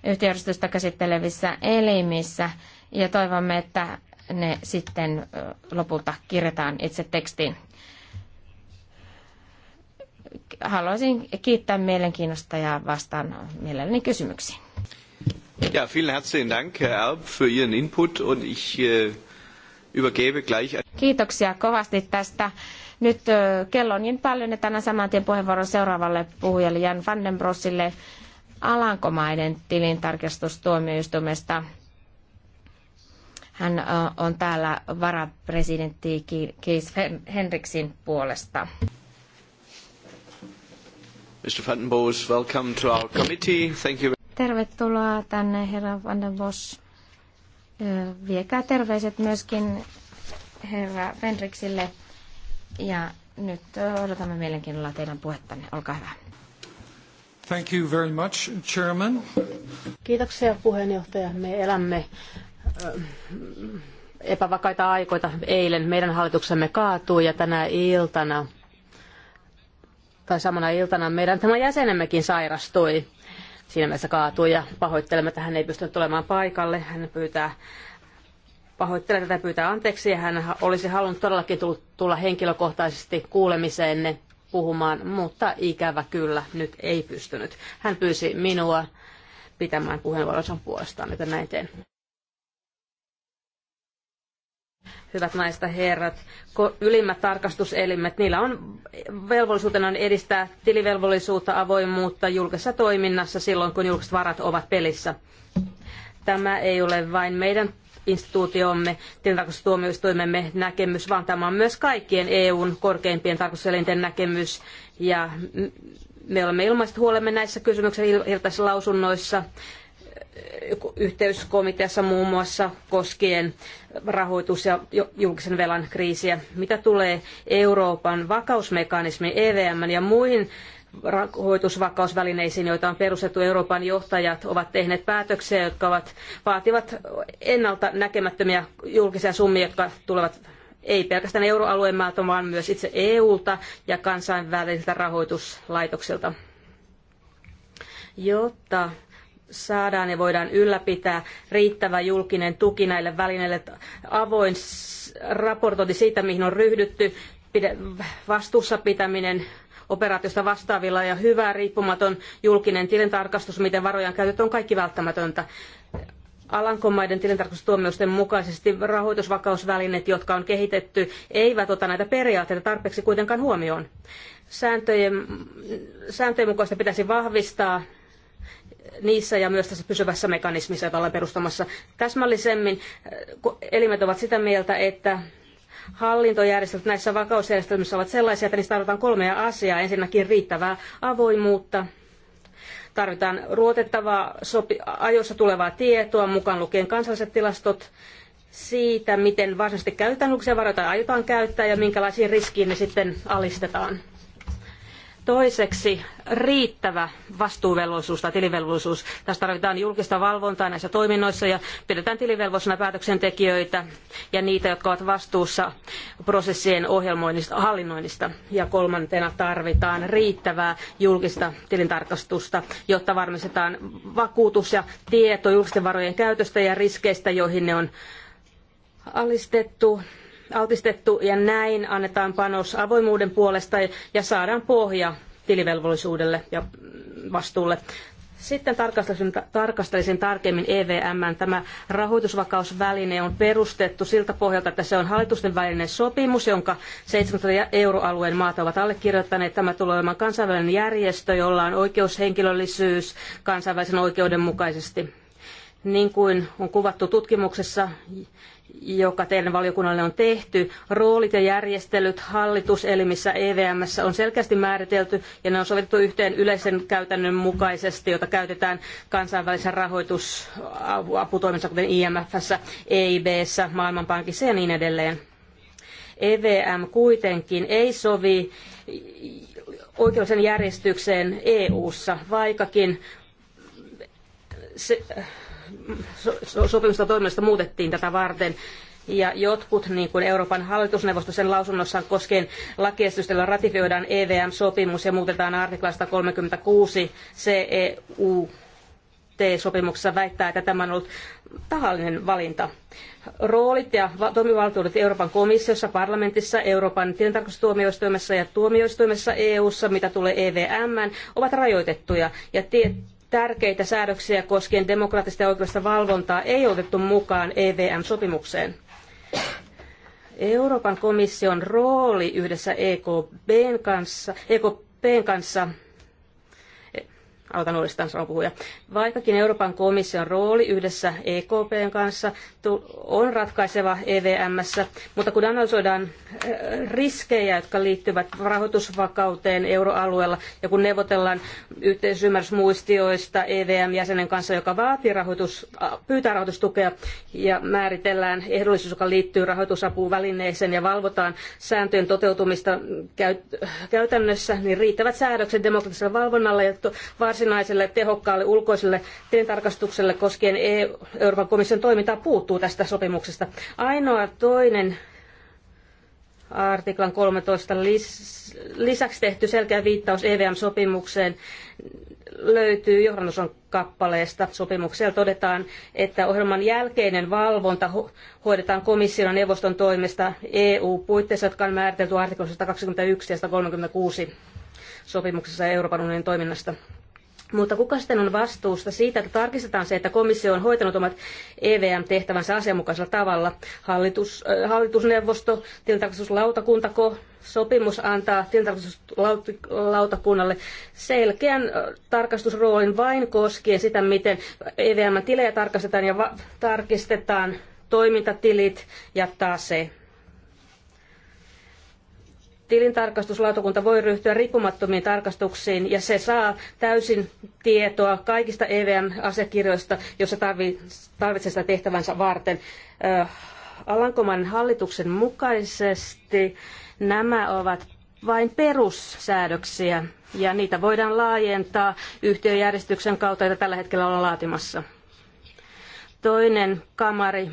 yhtiöjärjestystä käsittelevissä elimissä ja toivomme, että ne sitten lopulta kirjataan itse tekstiin. Haluaisin kiittää mielenkiinnosta ja vastaan mielelläni kysymyksiin. Ja, vielen herzlichen Dank, Herr Erb, für Ihren Input und ich äh, übergebe gleich... Kiitoksia kovasti tästä. Nyt kello on niin paljon, että annan saman tien puheenvuoron seuraavalle puhujalle Jan Vandenbrossille Alankomaiden tilintarkastustuomioistuimesta. Hän on täällä varapresidentti Keith Henriksin puolesta. Mr. Van Bos, welcome to our committee. Thank you. Tervetuloa tänne, herra Van den Bos. Viekää terveiset myöskin herra Henriksille. Ja nyt odotamme mielenkiinnolla teidän puhettanne. Olkaa hyvä. Thank you very much, Chairman. Kiitoksia puheenjohtaja. Me elämme epävakaita aikoita. Eilen meidän hallituksemme kaatui ja tänä iltana tai samana iltana meidän tämä jäsenemmekin sairastui. Siinä mielessä kaatui ja pahoittelemme, että hän ei pystynyt tulemaan paikalle. Hän pyytää pahoittelee tätä pyytää anteeksi ja hän olisi halunnut todellakin tulla henkilökohtaisesti kuulemiseenne puhumaan, mutta ikävä kyllä nyt ei pystynyt. Hän pyysi minua pitämään puheenvuoronsa puolestaan, joten näin teen hyvät naista herrat, ylimmät tarkastuselimet, niillä on velvollisuutena edistää tilivelvollisuutta, avoimuutta julkisessa toiminnassa silloin, kun julkiset varat ovat pelissä. Tämä ei ole vain meidän instituutiomme, tilintarkastustuomioistuimemme näkemys, vaan tämä on myös kaikkien EUn korkeimpien tarkastuselinten näkemys. Ja me olemme ilmaiset huolemme näissä kysymyksissä iltaisissa lausunnoissa yhteyskomiteassa muun muassa koskien rahoitus- ja julkisen velan kriisiä. Mitä tulee Euroopan vakausmekanismiin, EVM ja muihin rahoitusvakausvälineisiin, joita on perustettu Euroopan johtajat, ovat tehneet päätöksiä, jotka ovat, vaativat ennalta näkemättömiä julkisia summia, jotka tulevat ei pelkästään euroalueen maalta, vaan myös itse EU: EUlta ja kansainvälisiltä rahoituslaitoksilta. Jotta saadaan ja voidaan ylläpitää riittävä julkinen tuki näille välineille, avoin raportointi siitä, mihin on ryhdytty, vastuussa pitäminen operaatiosta vastaavilla ja hyvä riippumaton julkinen tilintarkastus, miten varoja on käytetty, on kaikki välttämätöntä. Alankomaiden tilintarkastustuomioisten mukaisesti rahoitusvakausvälineet, jotka on kehitetty, eivät ota näitä periaatteita tarpeeksi kuitenkaan huomioon. Sääntöjen, sääntöjen mukaista pitäisi vahvistaa niissä ja myös tässä pysyvässä mekanismissa, jota ollaan perustamassa täsmällisemmin. Eh, elimet ovat sitä mieltä, että hallintojärjestelmät näissä vakausjärjestelmissä ovat sellaisia, että niissä tarvitaan kolmea asiaa. Ensinnäkin riittävää avoimuutta, tarvitaan ruotettavaa sopi- ajoissa tulevaa tietoa, mukaan lukien kansalliset tilastot siitä, miten varsinaisesti käytetään lukuisia varoja tai aiotaan käyttää ja minkälaisiin riskiin ne sitten alistetaan. Toiseksi riittävä vastuuvelvollisuus tai tilivelvollisuus. Tässä tarvitaan julkista valvontaa näissä toiminnoissa ja pidetään tilivelvollisena päätöksentekijöitä ja niitä, jotka ovat vastuussa prosessien ohjelmoinnista, hallinnoinnista. Ja kolmantena tarvitaan riittävää julkista tilintarkastusta, jotta varmistetaan vakuutus ja tieto julkisten varojen käytöstä ja riskeistä, joihin ne on alistettu altistettu ja näin annetaan panos avoimuuden puolesta ja saadaan pohja tilivelvollisuudelle ja vastuulle. Sitten tarkastelisin, tarkastelisin tarkemmin EVM. Tämä rahoitusvakausväline on perustettu siltä pohjalta, että se on hallitusten välinen sopimus, jonka 17 euroalueen maat ovat allekirjoittaneet. Tämä tulee olemaan kansainvälinen järjestö, jolla on oikeushenkilöllisyys kansainvälisen oikeuden mukaisesti. Niin kuin on kuvattu tutkimuksessa, joka teidän valiokunnalle on tehty. Roolit ja järjestelyt hallituselimissä EVMssä on selkeästi määritelty ja ne on sovitettu yhteen yleisen käytännön mukaisesti, jota käytetään kansainvälisen rahoitusaputoimissa, kuten IMFssä, EIBssä, Maailmanpankissa ja niin edelleen. EVM kuitenkin ei sovi oikeusen järjestykseen EU:ssa, vaikkakin se, so, sopimusta toiminnasta muutettiin tätä varten. Ja jotkut, niin kuin Euroopan hallitusneuvosto sen lausunnossaan koskien lakiesitystä, ratifioidaan EVM-sopimus ja muutetaan artiklasta 36 CEU sopimuksessa väittää, että tämä on ollut tahallinen valinta. Roolit ja toimivaltuudet Euroopan komissiossa, parlamentissa, Euroopan tilintarkastustuomioistuimessa ja tuomioistuimessa EU-ssa, mitä tulee EVM, ovat rajoitettuja ja tietty tärkeitä säädöksiä koskien demokraattista ja oikeudellista valvontaa ei otettu mukaan EVM-sopimukseen. Euroopan komission rooli yhdessä EKPn kanssa, EKPn kanssa Aloitan uudestaan, sanon puhuja. Vaikkakin Euroopan komission rooli yhdessä EKPn kanssa on ratkaiseva EVMssä, mutta kun analysoidaan äh, riskejä, jotka liittyvät rahoitusvakauteen euroalueella, ja kun neuvotellaan yhteisymmärrysmuistioista EVM-jäsenen kanssa, joka vaatii rahoitus, pyytää rahoitustukea, ja määritellään ehdollisuus, joka liittyy rahoitusapuvälineeseen, ja valvotaan sääntöjen toteutumista käytännössä, niin riittävät säädökset demokraattisella valvonnalla ja varsin varsinaiselle tehokkaalle ulkoiselle tilintarkastukselle koskien e- Euroopan komission toimintaa puuttuu tästä sopimuksesta. Ainoa toinen artiklan 13 lisäksi tehty selkeä viittaus EVM-sopimukseen löytyy johdannoson kappaleesta. Sopimuksella todetaan, että ohjelman jälkeinen valvonta hoidetaan komission ja neuvoston toimesta EU-puitteissa, jotka on määritelty artikloissa 121 ja 136 sopimuksessa Euroopan unionin toiminnasta. Mutta kuka sitten on vastuusta siitä, että tarkistetaan se, että komissio on hoitanut omat EVM-tehtävänsä asianmukaisella tavalla? Hallitus, äh, hallitusneuvosto, tilintarkastuslautakuntako sopimus antaa tilintarkastuslautakunnalle selkeän äh, tarkastusroolin vain koskien sitä, miten EVM-tilejä tarkastetaan ja tarkistetaan toimintatilit ja tase. Tilintarkastuslautakunta voi ryhtyä riippumattomiin tarkastuksiin ja se saa täysin tietoa kaikista EVM-asiakirjoista, jos se tarvitsee sitä tehtävänsä varten. Alankomaiden hallituksen mukaisesti nämä ovat vain perussäädöksiä ja niitä voidaan laajentaa yhtiöjärjestyksen kautta, jota tällä hetkellä ollaan laatimassa. Toinen kamari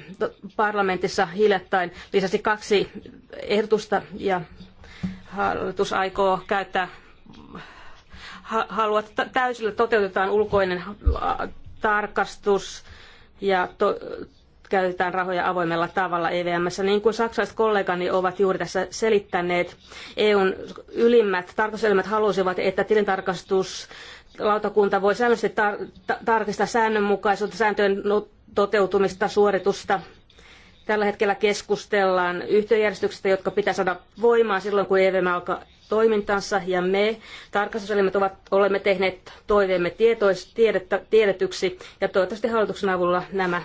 parlamentissa hiljattain lisäsi kaksi ehdotusta ja hallitus aikoo käyttää haluat täysillä toteutetaan ulkoinen tarkastus ja to, käytetään rahoja avoimella tavalla EVMssä. Niin kuin saksalaiset kollegani ovat juuri tässä selittäneet, EUn ylimmät tarkastuselimet halusivat, että tilintarkastus lautakunta voi säännöllisesti tar- tarkistaa säännönmukaisuutta, sääntöjen no, toteutumista, suoritusta Tällä hetkellä keskustellaan yhtiöjärjestyksistä, jotka pitää saada voimaan silloin, kun EVM alkaa toimintansa ja me tarkastuselimet ovat, olemme tehneet toiveemme tietois, tiedettä, tiedetyksi ja toivottavasti hallituksen avulla nämä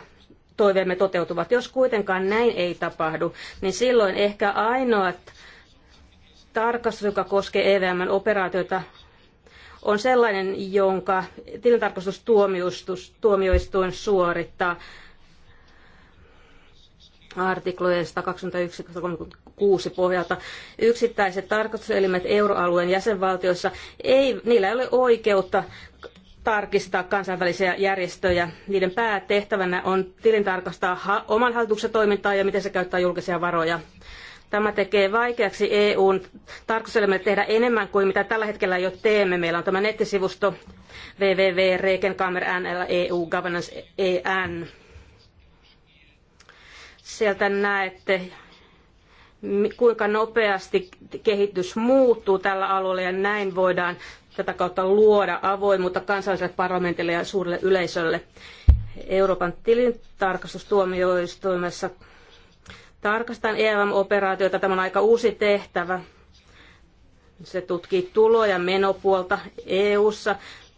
toiveemme toteutuvat. Jos kuitenkaan näin ei tapahdu, niin silloin ehkä ainoat tarkastus, joka koskee EVMn operaatioita, on sellainen, jonka tilintarkastustuomioistuin suorittaa artiklojen 121-136 pohjalta. Yksittäiset tarkastuselimet euroalueen jäsenvaltioissa, ei, niillä ei ole oikeutta tarkistaa kansainvälisiä järjestöjä. Niiden päätehtävänä on tilintarkastaa oman hallituksen toimintaa ja miten se käyttää julkisia varoja. Tämä tekee vaikeaksi EUn tarkoituselimelle tehdä enemmän kuin mitä tällä hetkellä jo teemme. Meillä on tämä nettisivusto www.rekenkammer.nl EU Governance EN. Sieltä näette, kuinka nopeasti kehitys muuttuu tällä alueella ja näin voidaan tätä kautta luoda avoimuutta kansalliselle parlamentille ja suurelle yleisölle. Euroopan tilintarkastustuomioistuimessa tarkastan EVM-operaatioita. Tämä on aika uusi tehtävä. Se tutkii tulo- ja menopuolta EU-ssa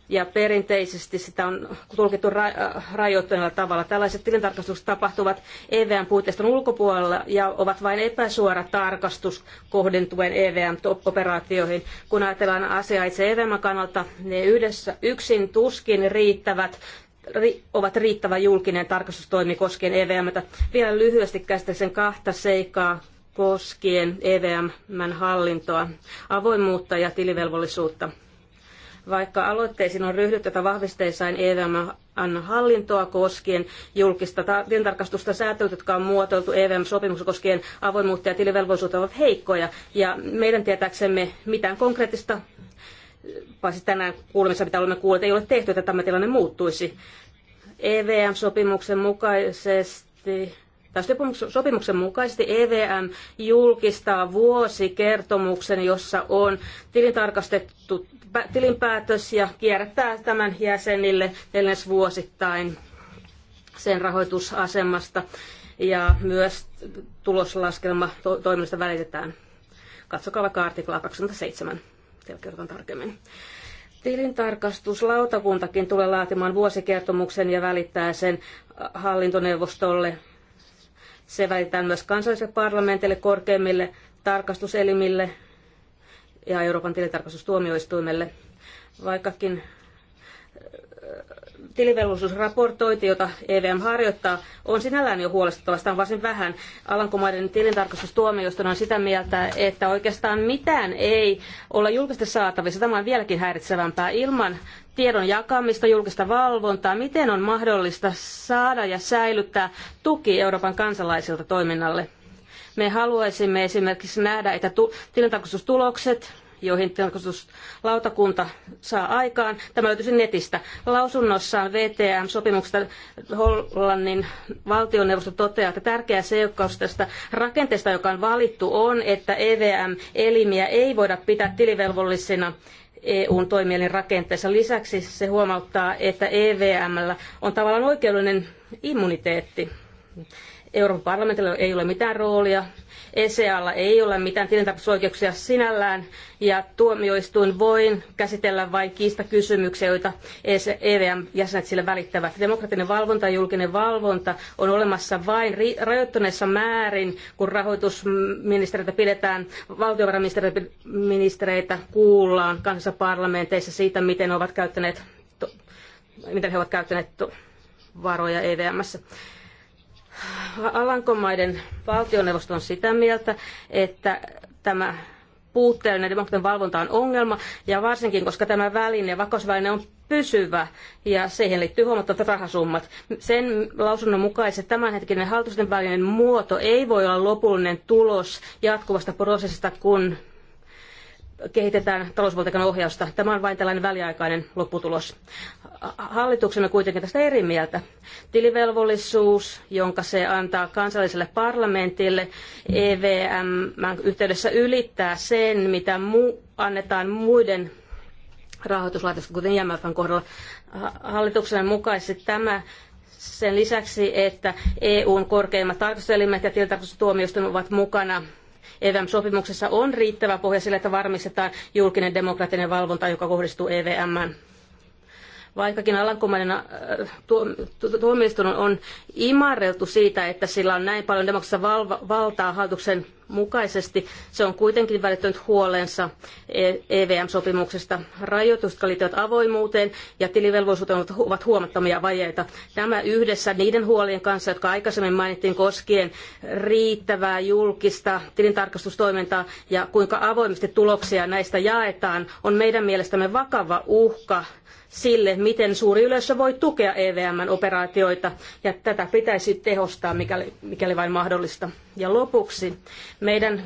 ja perinteisesti sitä on tulkittu ra- rajoittuneella tavalla. Tällaiset tilintarkastukset tapahtuvat EVM puitteiston ulkopuolella ja ovat vain epäsuora tarkastus kohdentuen EVM-operaatioihin. Kun ajatellaan asiaa itse EVM kannalta, ne yhdessä, yksin tuskin riittävät ri, ovat riittävä julkinen tarkastustoimi koskien EVMtä. Vielä lyhyesti käsittelen kahta seikkaa koskien EVMn hallintoa, avoimuutta ja tilivelvollisuutta. Vaikka aloitteisiin on ryhdytty tätä vahvisteissain EVM hallintoa koskien julkista tilintarkastusta säätelyt, jotka on muotoiltu EVM-sopimuksen koskien avoimuutta ja tilivelvollisuutta ovat heikkoja. Ja meidän tietääksemme mitään konkreettista paitsi tänään kuulemissa, mitä olemme kuulleet, ei ole tehty, että tämä tilanne muuttuisi. EVM-sopimuksen mukaisesti Tästä sopimuksen mukaisesti EVM julkistaa vuosikertomuksen, jossa on tilintarkastettu tilinpäätös ja kierrättää tämän jäsenille vuosittain sen rahoitusasemasta ja myös tuloslaskelma toiminnasta välitetään. Katsokaa vaikka artiklaa 27, teillä kerrotaan tarkemmin. Tilintarkastuslautakuntakin tulee laatimaan vuosikertomuksen ja välittää sen hallintoneuvostolle se välitetään myös kansallisille parlamenteille, korkeimmille tarkastuselimille ja Euroopan tilintarkastustuomioistuimelle. Vaikkakin tilivelvollisuusraportointi, jota EVM harjoittaa, on sinällään jo huolestuttavasta on varsin vähän. Alankomaiden tilintarkastustuomioistuin on sitä mieltä, että oikeastaan mitään ei ole julkisesti saatavissa. Tämä on vieläkin häiritsevämpää ilman tiedon jakamista, julkista valvontaa. Miten on mahdollista saada ja säilyttää tuki Euroopan kansalaisilta toiminnalle? Me haluaisimme esimerkiksi nähdä, että tilintarkastustulokset joihin tarkastuslautakunta saa aikaan. Tämä löytyisi netistä. Lausunnossaan VTM-sopimuksesta Hollannin valtioneuvosto toteaa, että tärkeä seikkaus tästä rakenteesta, joka on valittu, on, että EVM-elimiä ei voida pitää tilivelvollisina EUn toimielin rakenteessa. Lisäksi se huomauttaa, että EVMllä on tavallaan oikeudellinen immuniteetti. Euroopan parlamentilla ei ole mitään roolia ESEAlla ei ole mitään tilintarkastusoikeuksia sinällään ja tuomioistuin voi käsitellä vain kiistakysymyksiä, joita EVM-jäsenet e sille välittävät. Demokraattinen valvonta ja julkinen valvonta on olemassa vain rajoittuneessa määrin, kun rahoitusministeriötä pidetään, valtiovarainministereitä kuullaan kanssa parlamenteissa siitä, miten ovat käyttäneet miten he ovat käyttäneet varoja EVMssä. Alankomaiden valtioneuvosto on sitä mieltä, että tämä puutteellinen demokratian valvonta on ongelma, ja varsinkin, koska tämä väline, vakausväline on pysyvä, ja siihen liittyy huomattavat rahasummat. Sen lausunnon mukaisesti tämänhetkinen hallitusten välinen muoto ei voi olla lopullinen tulos jatkuvasta prosessista, kun kehitetään talouspolitiikan ohjausta. Tämä on vain tällainen väliaikainen lopputulos. Hallituksena kuitenkin tästä eri mieltä. Tilivelvollisuus, jonka se antaa kansalliselle parlamentille EVM yhteydessä ylittää sen, mitä mu- annetaan muiden rahoituslaitosten, kuten IMFn kohdalla. Hallituksen mukaisesti tämä sen lisäksi, että EUn korkeimmat tarkastuselimet ja tilintarkastustuomioistuin ovat mukana EVM-sopimuksessa on riittävä pohja sille, että varmistetaan julkinen demokraattinen valvonta, joka kohdistuu EVMään vaikkakin Alankomainen äh, tuomioistuin on imarreltu siitä, että sillä on näin paljon demokraattista valtaa hallituksen mukaisesti. Se on kuitenkin välittänyt huolensa EVM-sopimuksesta. E Rajoitukset, jotka liittyvät avoimuuteen ja tilivelvollisuuteen, ovat huomattavia vajeita. Tämä yhdessä niiden huolien kanssa, jotka aikaisemmin mainittiin koskien riittävää julkista tilintarkastustoimintaa ja kuinka avoimesti tuloksia näistä jaetaan, on meidän mielestämme vakava uhka sille, miten suuri yleisö voi tukea EVMn operaatioita, ja tätä pitäisi tehostaa, mikäli, mikäli vain mahdollista. Ja lopuksi meidän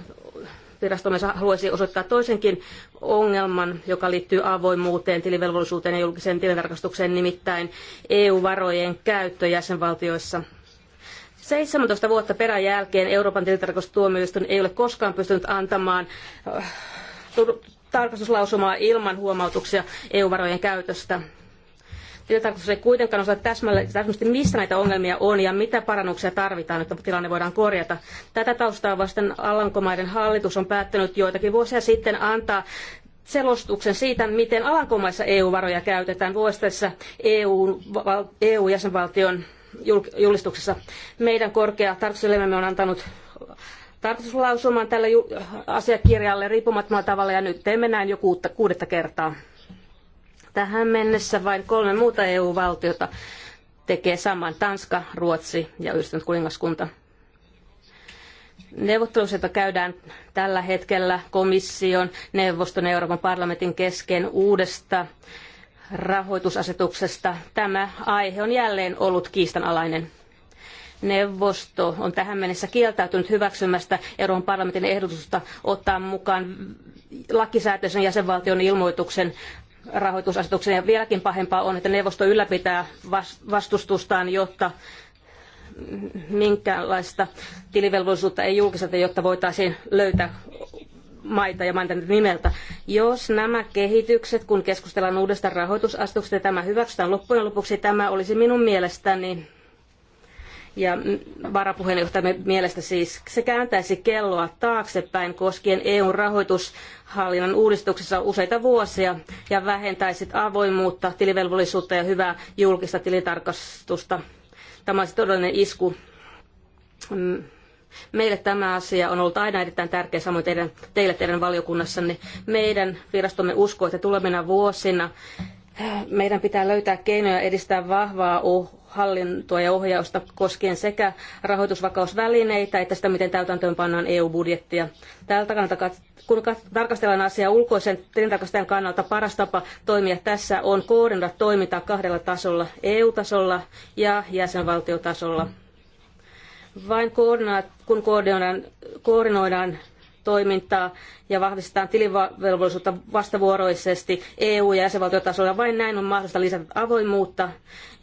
virastomme haluaisi osoittaa toisenkin ongelman, joka liittyy avoimuuteen, tilivelvollisuuteen ja julkiseen tilintarkastukseen, nimittäin EU-varojen käyttö jäsenvaltioissa. 17 vuotta peräjälkeen Euroopan tilintarkastustuomioistuin ei ole koskaan pystynyt antamaan äh, tarkastuslausumaa ilman huomautuksia EU-varojen käytöstä. Tilintarkastus ei kuitenkaan osata täsmällisesti, missä näitä ongelmia on ja mitä parannuksia tarvitaan, jotta tilanne voidaan korjata. Tätä taustaa vasten Alankomaiden hallitus on päättänyt joitakin vuosia sitten antaa selostuksen siitä, miten Alankomaissa EU-varoja käytetään vuosittaisessa EU-jäsenvaltion julistuksessa. Meidän korkea tarkastuselimämme on antanut tarkastuslausuman tälle asiakirjalle riippumattomalla tavalla ja nyt teemme näin jo kuutta, kuudetta kertaa. Tähän mennessä vain kolme muuta EU-valtiota tekee saman, Tanska, Ruotsi ja Yhdistynyt kuningaskunta. Neuvottelut, käydään tällä hetkellä komission, neuvoston ja Euroopan parlamentin kesken uudesta rahoitusasetuksesta. Tämä aihe on jälleen ollut kiistanalainen. Neuvosto on tähän mennessä kieltäytynyt hyväksymästä Euroopan parlamentin ehdotusta ottaa mukaan lakisääteisen jäsenvaltion ilmoituksen rahoitusasetuksen. Ja vieläkin pahempaa on, että neuvosto ylläpitää vastustustaan, jotta minkäänlaista tilivelvollisuutta ei julkiseta, jotta voitaisiin löytää maita ja mainita nimeltä. Jos nämä kehitykset, kun keskustellaan uudesta rahoitusasetuksesta, tämä hyväksytään loppujen lopuksi, tämä olisi minun mielestäni ja varapuheenjohtajamme mielestä siis se kääntäisi kelloa taaksepäin koskien EUn rahoitushallinnan uudistuksessa useita vuosia ja vähentäisi avoimuutta, tilivelvollisuutta ja hyvää julkista tilintarkastusta. Tämä olisi todellinen isku. Mm, meille tämä asia on ollut aina erittäin tärkeä, samoin teidän, teille teidän valiokunnassanne. Meidän virastomme uskoo, että tulevina vuosina meidän pitää löytää keinoja edistää vahvaa oh-, hallintoa ja ohjausta koskien sekä rahoitusvakausvälineitä että sitä, miten täytäntöön pannaan EU-budjettia. Tältä kannalta, kun tarkastellaan asiaa ulkoisen tilintarkastajan kannalta, paras tapa toimia tässä on koordinoida toimintaa kahdella tasolla, EU-tasolla ja jäsenvaltiotasolla. Vain kun koordinoidaan, koordinoidaan toimintaa ja vahvistetaan tilivelvollisuutta vastavuoroisesti EU- ja jäsenvaltiotasolla. Vain näin on mahdollista lisätä avoimuutta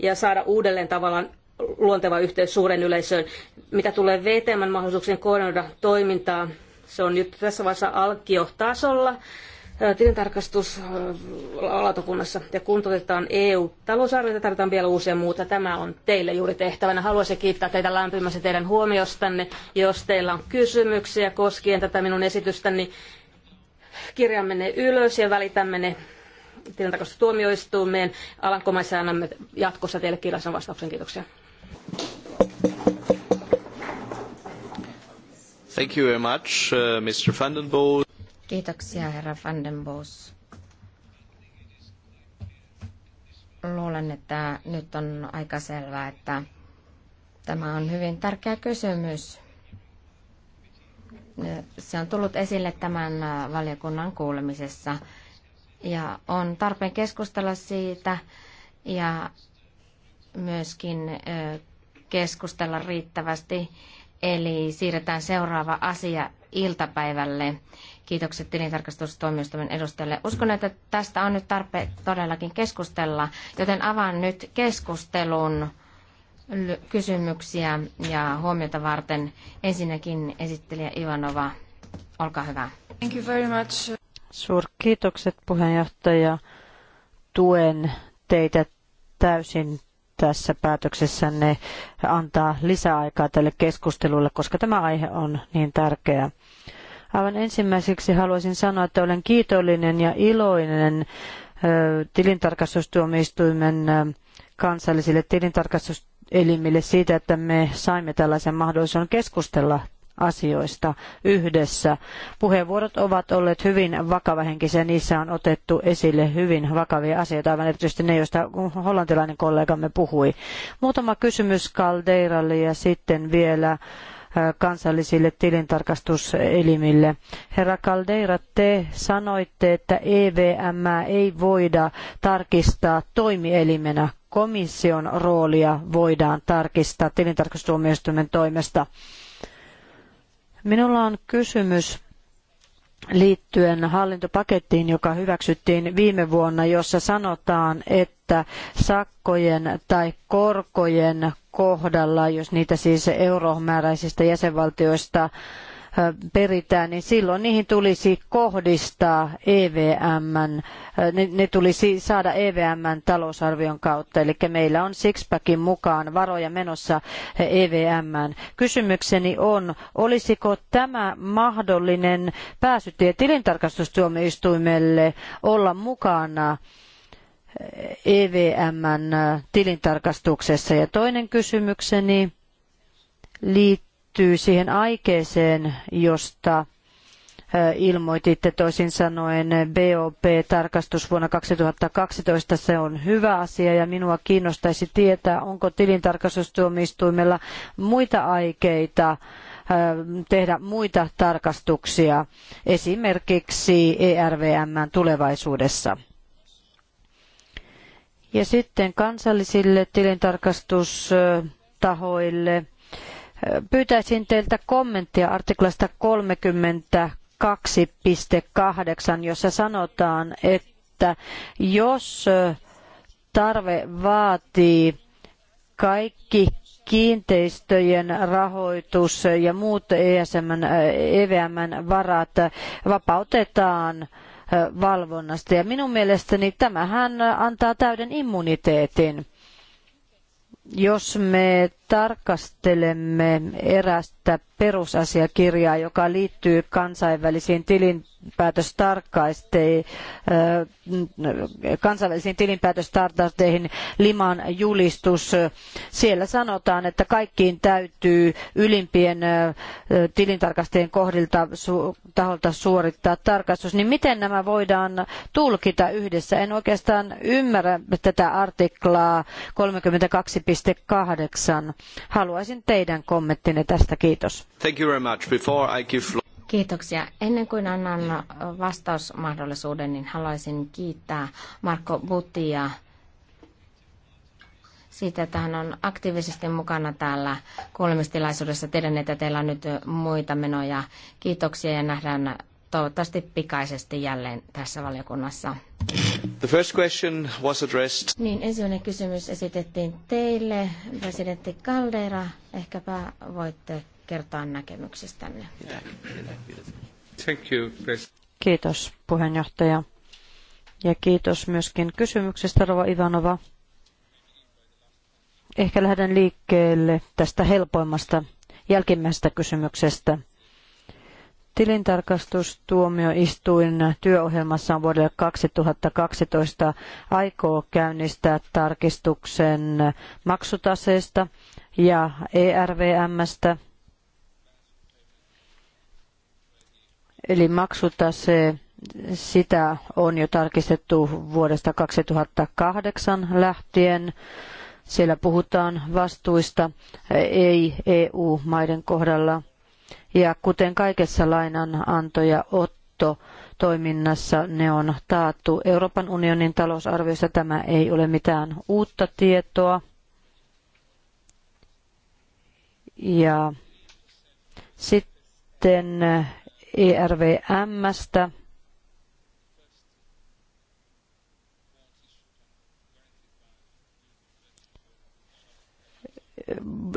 ja saada uudelleen tavallaan luonteva yhteys suuren yleisöön. Mitä tulee VTMn mahdollisuuksien koordinoida toimintaa, se on nyt tässä vaiheessa alkiotasolla. tasolla tilintarkastuslautakunnassa ja kun toteutetaan EU-talousarviota, tarvitaan vielä uusia muuta. Tämä on teille juuri tehtävänä. Haluaisin kiittää teitä lämpimästi teidän huomiostanne. Jos teillä on kysymyksiä koskien tätä minun esitystäni, niin kirjaamme ne ylös ja välitämme ne tilintarkastustuomioistuimeen. Alankomaissa annamme jatkossa teille kirjallisen vastauksen. Kiitoksia. Thank you very much, uh, Mr. Vandenbo. Kiitoksia, herra Vandenbos. Luulen, että nyt on aika selvää, että tämä on hyvin tärkeä kysymys. Se on tullut esille tämän valiokunnan kuulemisessa ja on tarpeen keskustella siitä ja myöskin keskustella riittävästi. Eli siirretään seuraava asia iltapäivälle. Kiitokset tilintarkastustoimistomen edustajalle. Uskon, että tästä on nyt tarpe todellakin keskustella, joten avaan nyt keskustelun kysymyksiä ja huomiota varten. Ensinnäkin esittelijä Ivanova, olkaa hyvä. Thank you very much. Suurkiitokset puheenjohtaja. Tuen teitä täysin tässä päätöksessänne antaa lisäaikaa tälle keskustelulle, koska tämä aihe on niin tärkeä. Aivan ensimmäiseksi haluaisin sanoa, että olen kiitollinen ja iloinen tilintarkastustuomioistuimen kansallisille tilintarkastuselimille siitä, että me saimme tällaisen mahdollisuuden keskustella asioista yhdessä. Puheenvuorot ovat olleet hyvin vakavahenkisiä, niissä on otettu esille hyvin vakavia asioita, aivan erityisesti ne, joista hollantilainen kollegamme puhui. Muutama kysymys Caldeiralle ja sitten vielä kansallisille tilintarkastuselimille. Herra Caldeira, te sanoitte, että EVM ei voida tarkistaa toimielimenä. Komission roolia voidaan tarkistaa tilintarkastustuomioistuimen toimesta. Minulla on kysymys liittyen hallintopakettiin, joka hyväksyttiin viime vuonna, jossa sanotaan, että sakkojen tai korkojen kohdalla, jos niitä siis euromääräisistä jäsenvaltioista peritään, niin silloin niihin tulisi kohdistaa EVM, ne, ne tulisi saada EVMn talousarvion kautta. Eli meillä on Sixpackin mukaan varoja menossa EVMn. Kysymykseni on, olisiko tämä mahdollinen pääsytie tilintarkastustuomioistuimelle olla mukana EVMn tilintarkastuksessa? Ja toinen kysymykseni liittyy liittyy siihen aikeeseen, josta ilmoititte toisin sanoen BOP-tarkastus vuonna 2012. Se on hyvä asia ja minua kiinnostaisi tietää, onko tilintarkastustuomioistuimella muita aikeita tehdä muita tarkastuksia, esimerkiksi ERVMn tulevaisuudessa. Ja sitten kansallisille tilintarkastustahoille – Pyytäisin teiltä kommenttia artiklasta 32.8, jossa sanotaan, että jos tarve vaatii kaikki kiinteistöjen rahoitus ja muut ESM, EVMn varat vapautetaan valvonnasta. Ja minun mielestäni tämähän antaa täyden immuniteetin. Jos me tarkastelemme erästä perusasiakirjaa, joka liittyy kansainvälisiin äh, kansainvälisiin tilinpäätöstartasteihin Liman julistus. Siellä sanotaan, että kaikkiin täytyy ylimpien äh, tilintarkastajien kohdilta taholta suorittaa tarkastus. Niin miten nämä voidaan tulkita yhdessä? En oikeastaan ymmärrä tätä artiklaa 32.8. Haluaisin teidän kommenttinne tästä. Kiitos. Thank you very much. Before I give... Kiitoksia. Ennen kuin annan vastausmahdollisuuden, niin haluaisin kiittää Marko Butia siitä, että hän on aktiivisesti mukana täällä kuulemistilaisuudessa. Tiedän, että teillä on nyt muita menoja. Kiitoksia ja nähdään toivottavasti pikaisesti jälleen tässä valiokunnassa. The first question was addressed. Niin, ensimmäinen kysymys esitettiin teille, presidentti Caldera. Ehkäpä voitte kertoa näkemyksistänne. Thank you, Kiitos puheenjohtaja. Ja kiitos myöskin kysymyksestä, Rova Ivanova. Ehkä lähden liikkeelle tästä helpoimmasta jälkimmäisestä kysymyksestä – Tilintarkastustuomioistuin työohjelmassaan vuodelle 2012 aikoo käynnistää tarkistuksen maksutaseesta ja ERVMstä. Eli maksutase, sitä on jo tarkistettu vuodesta 2008 lähtien. Siellä puhutaan vastuista ei EU-maiden kohdalla – ja kuten kaikessa lainananto ja otto toiminnassa ne on taattu Euroopan unionin talousarviossa. Tämä ei ole mitään uutta tietoa. Ja sitten ERVMstä.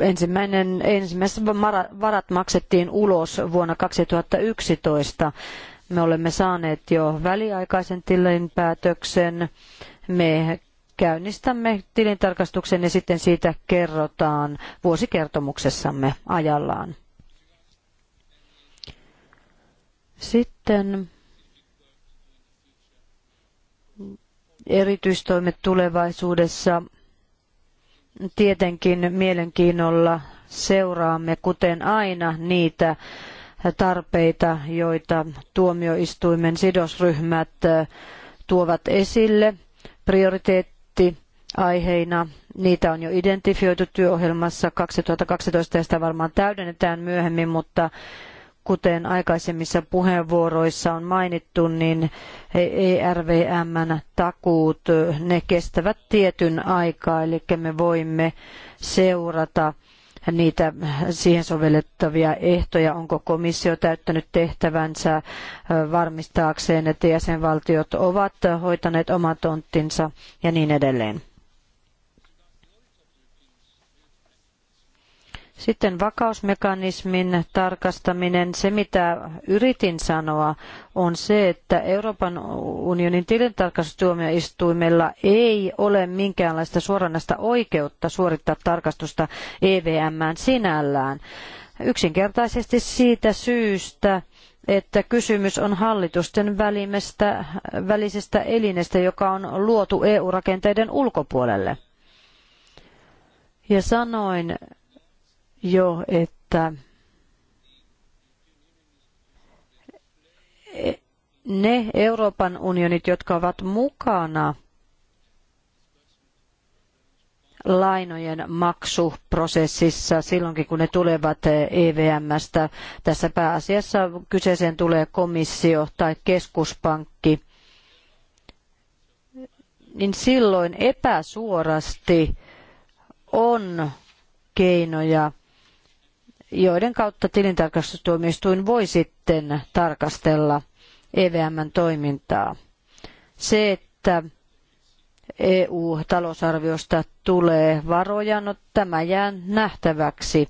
ensimmäinen, ensimmäiset varat maksettiin ulos vuonna 2011. Me olemme saaneet jo väliaikaisen tilinpäätöksen. Me käynnistämme tilintarkastuksen ja sitten siitä kerrotaan vuosikertomuksessamme ajallaan. Sitten erityistoimet tulevaisuudessa tietenkin mielenkiinnolla seuraamme, kuten aina, niitä tarpeita, joita tuomioistuimen sidosryhmät tuovat esille prioriteetti aiheina. Niitä on jo identifioitu työohjelmassa 2012 ja sitä varmaan täydennetään myöhemmin, mutta kuten aikaisemmissa puheenvuoroissa on mainittu, niin ERVMn takuut, ne kestävät tietyn aikaa, eli me voimme seurata niitä siihen sovellettavia ehtoja, onko komissio täyttänyt tehtävänsä varmistaakseen, että jäsenvaltiot ovat hoitaneet oman tonttinsa ja niin edelleen. Sitten vakausmekanismin tarkastaminen. Se, mitä yritin sanoa, on se, että Euroopan unionin tilintarkastustuomioistuimella ei ole minkäänlaista suoranaista oikeutta suorittaa tarkastusta EVMään sinällään. Yksinkertaisesti siitä syystä, että kysymys on hallitusten välimestä, välisestä elinestä, joka on luotu EU-rakenteiden ulkopuolelle. Ja sanoin jo, että ne Euroopan unionit, jotka ovat mukana lainojen maksuprosessissa silloinkin, kun ne tulevat EVMstä. Tässä pääasiassa kyseeseen tulee komissio tai keskuspankki. Niin silloin epäsuorasti on keinoja joiden kautta tilintarkastustuomioistuin voi sitten tarkastella EVMn toimintaa. Se, että EU-talousarviosta tulee varoja, no tämä jää nähtäväksi.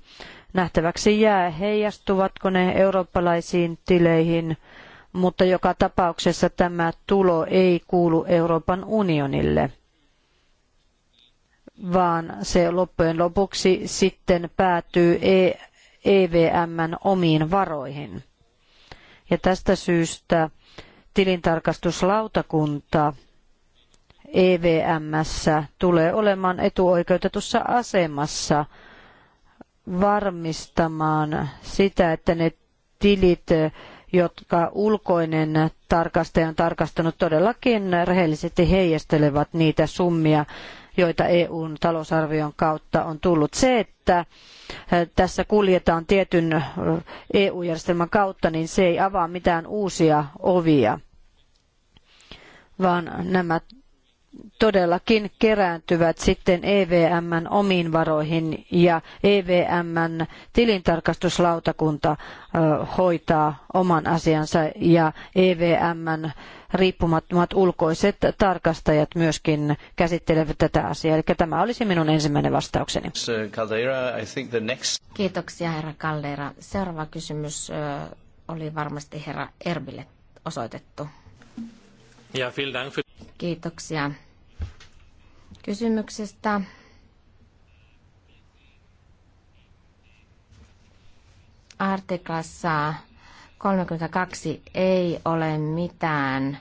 Nähtäväksi jää, heijastuvatko ne eurooppalaisiin tileihin, mutta joka tapauksessa tämä tulo ei kuulu Euroopan unionille, vaan se loppujen lopuksi sitten päätyy EVMn omiin varoihin. Ja tästä syystä tilintarkastuslautakunta EVMssä tulee olemaan etuoikeutetussa asemassa varmistamaan sitä, että ne tilit, jotka ulkoinen tarkastaja on tarkastanut, todellakin rehellisesti heijastelevat niitä summia, joita EUn talousarvion kautta on tullut. Se, että tässä kuljetaan tietyn EU-järjestelmän kautta, niin se ei avaa mitään uusia ovia vaan nämä todellakin kerääntyvät sitten EVMn omiin varoihin ja EVMn tilintarkastuslautakunta hoitaa oman asiansa ja EVMn riippumattomat ulkoiset tarkastajat myöskin käsittelevät tätä asiaa. Eli tämä olisi minun ensimmäinen vastaukseni. Kiitoksia herra Caldera. Seuraava kysymys oli varmasti herra Erbille osoitettu. Ja, vielen Kiitoksia kysymyksestä. Artiklassa 32 ei ole mitään,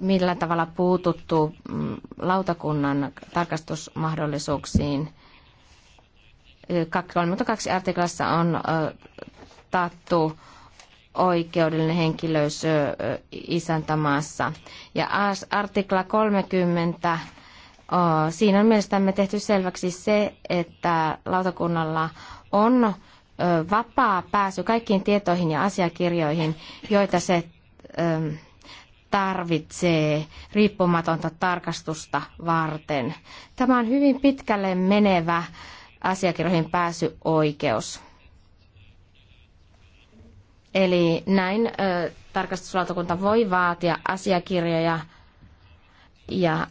millä tavalla puututtu mm, lautakunnan tarkastusmahdollisuuksiin. 32 artiklassa on taattu oikeudellinen henkilöys isäntämaassa. Ja artikla 30, siinä on mielestämme tehty selväksi se, että lautakunnalla on vapaa pääsy kaikkiin tietoihin ja asiakirjoihin, joita se tarvitsee riippumatonta tarkastusta varten. Tämä on hyvin pitkälle menevä asiakirjoihin pääsyoikeus. Eli näin ö, tarkastuslautakunta voi vaatia asiakirjoja ja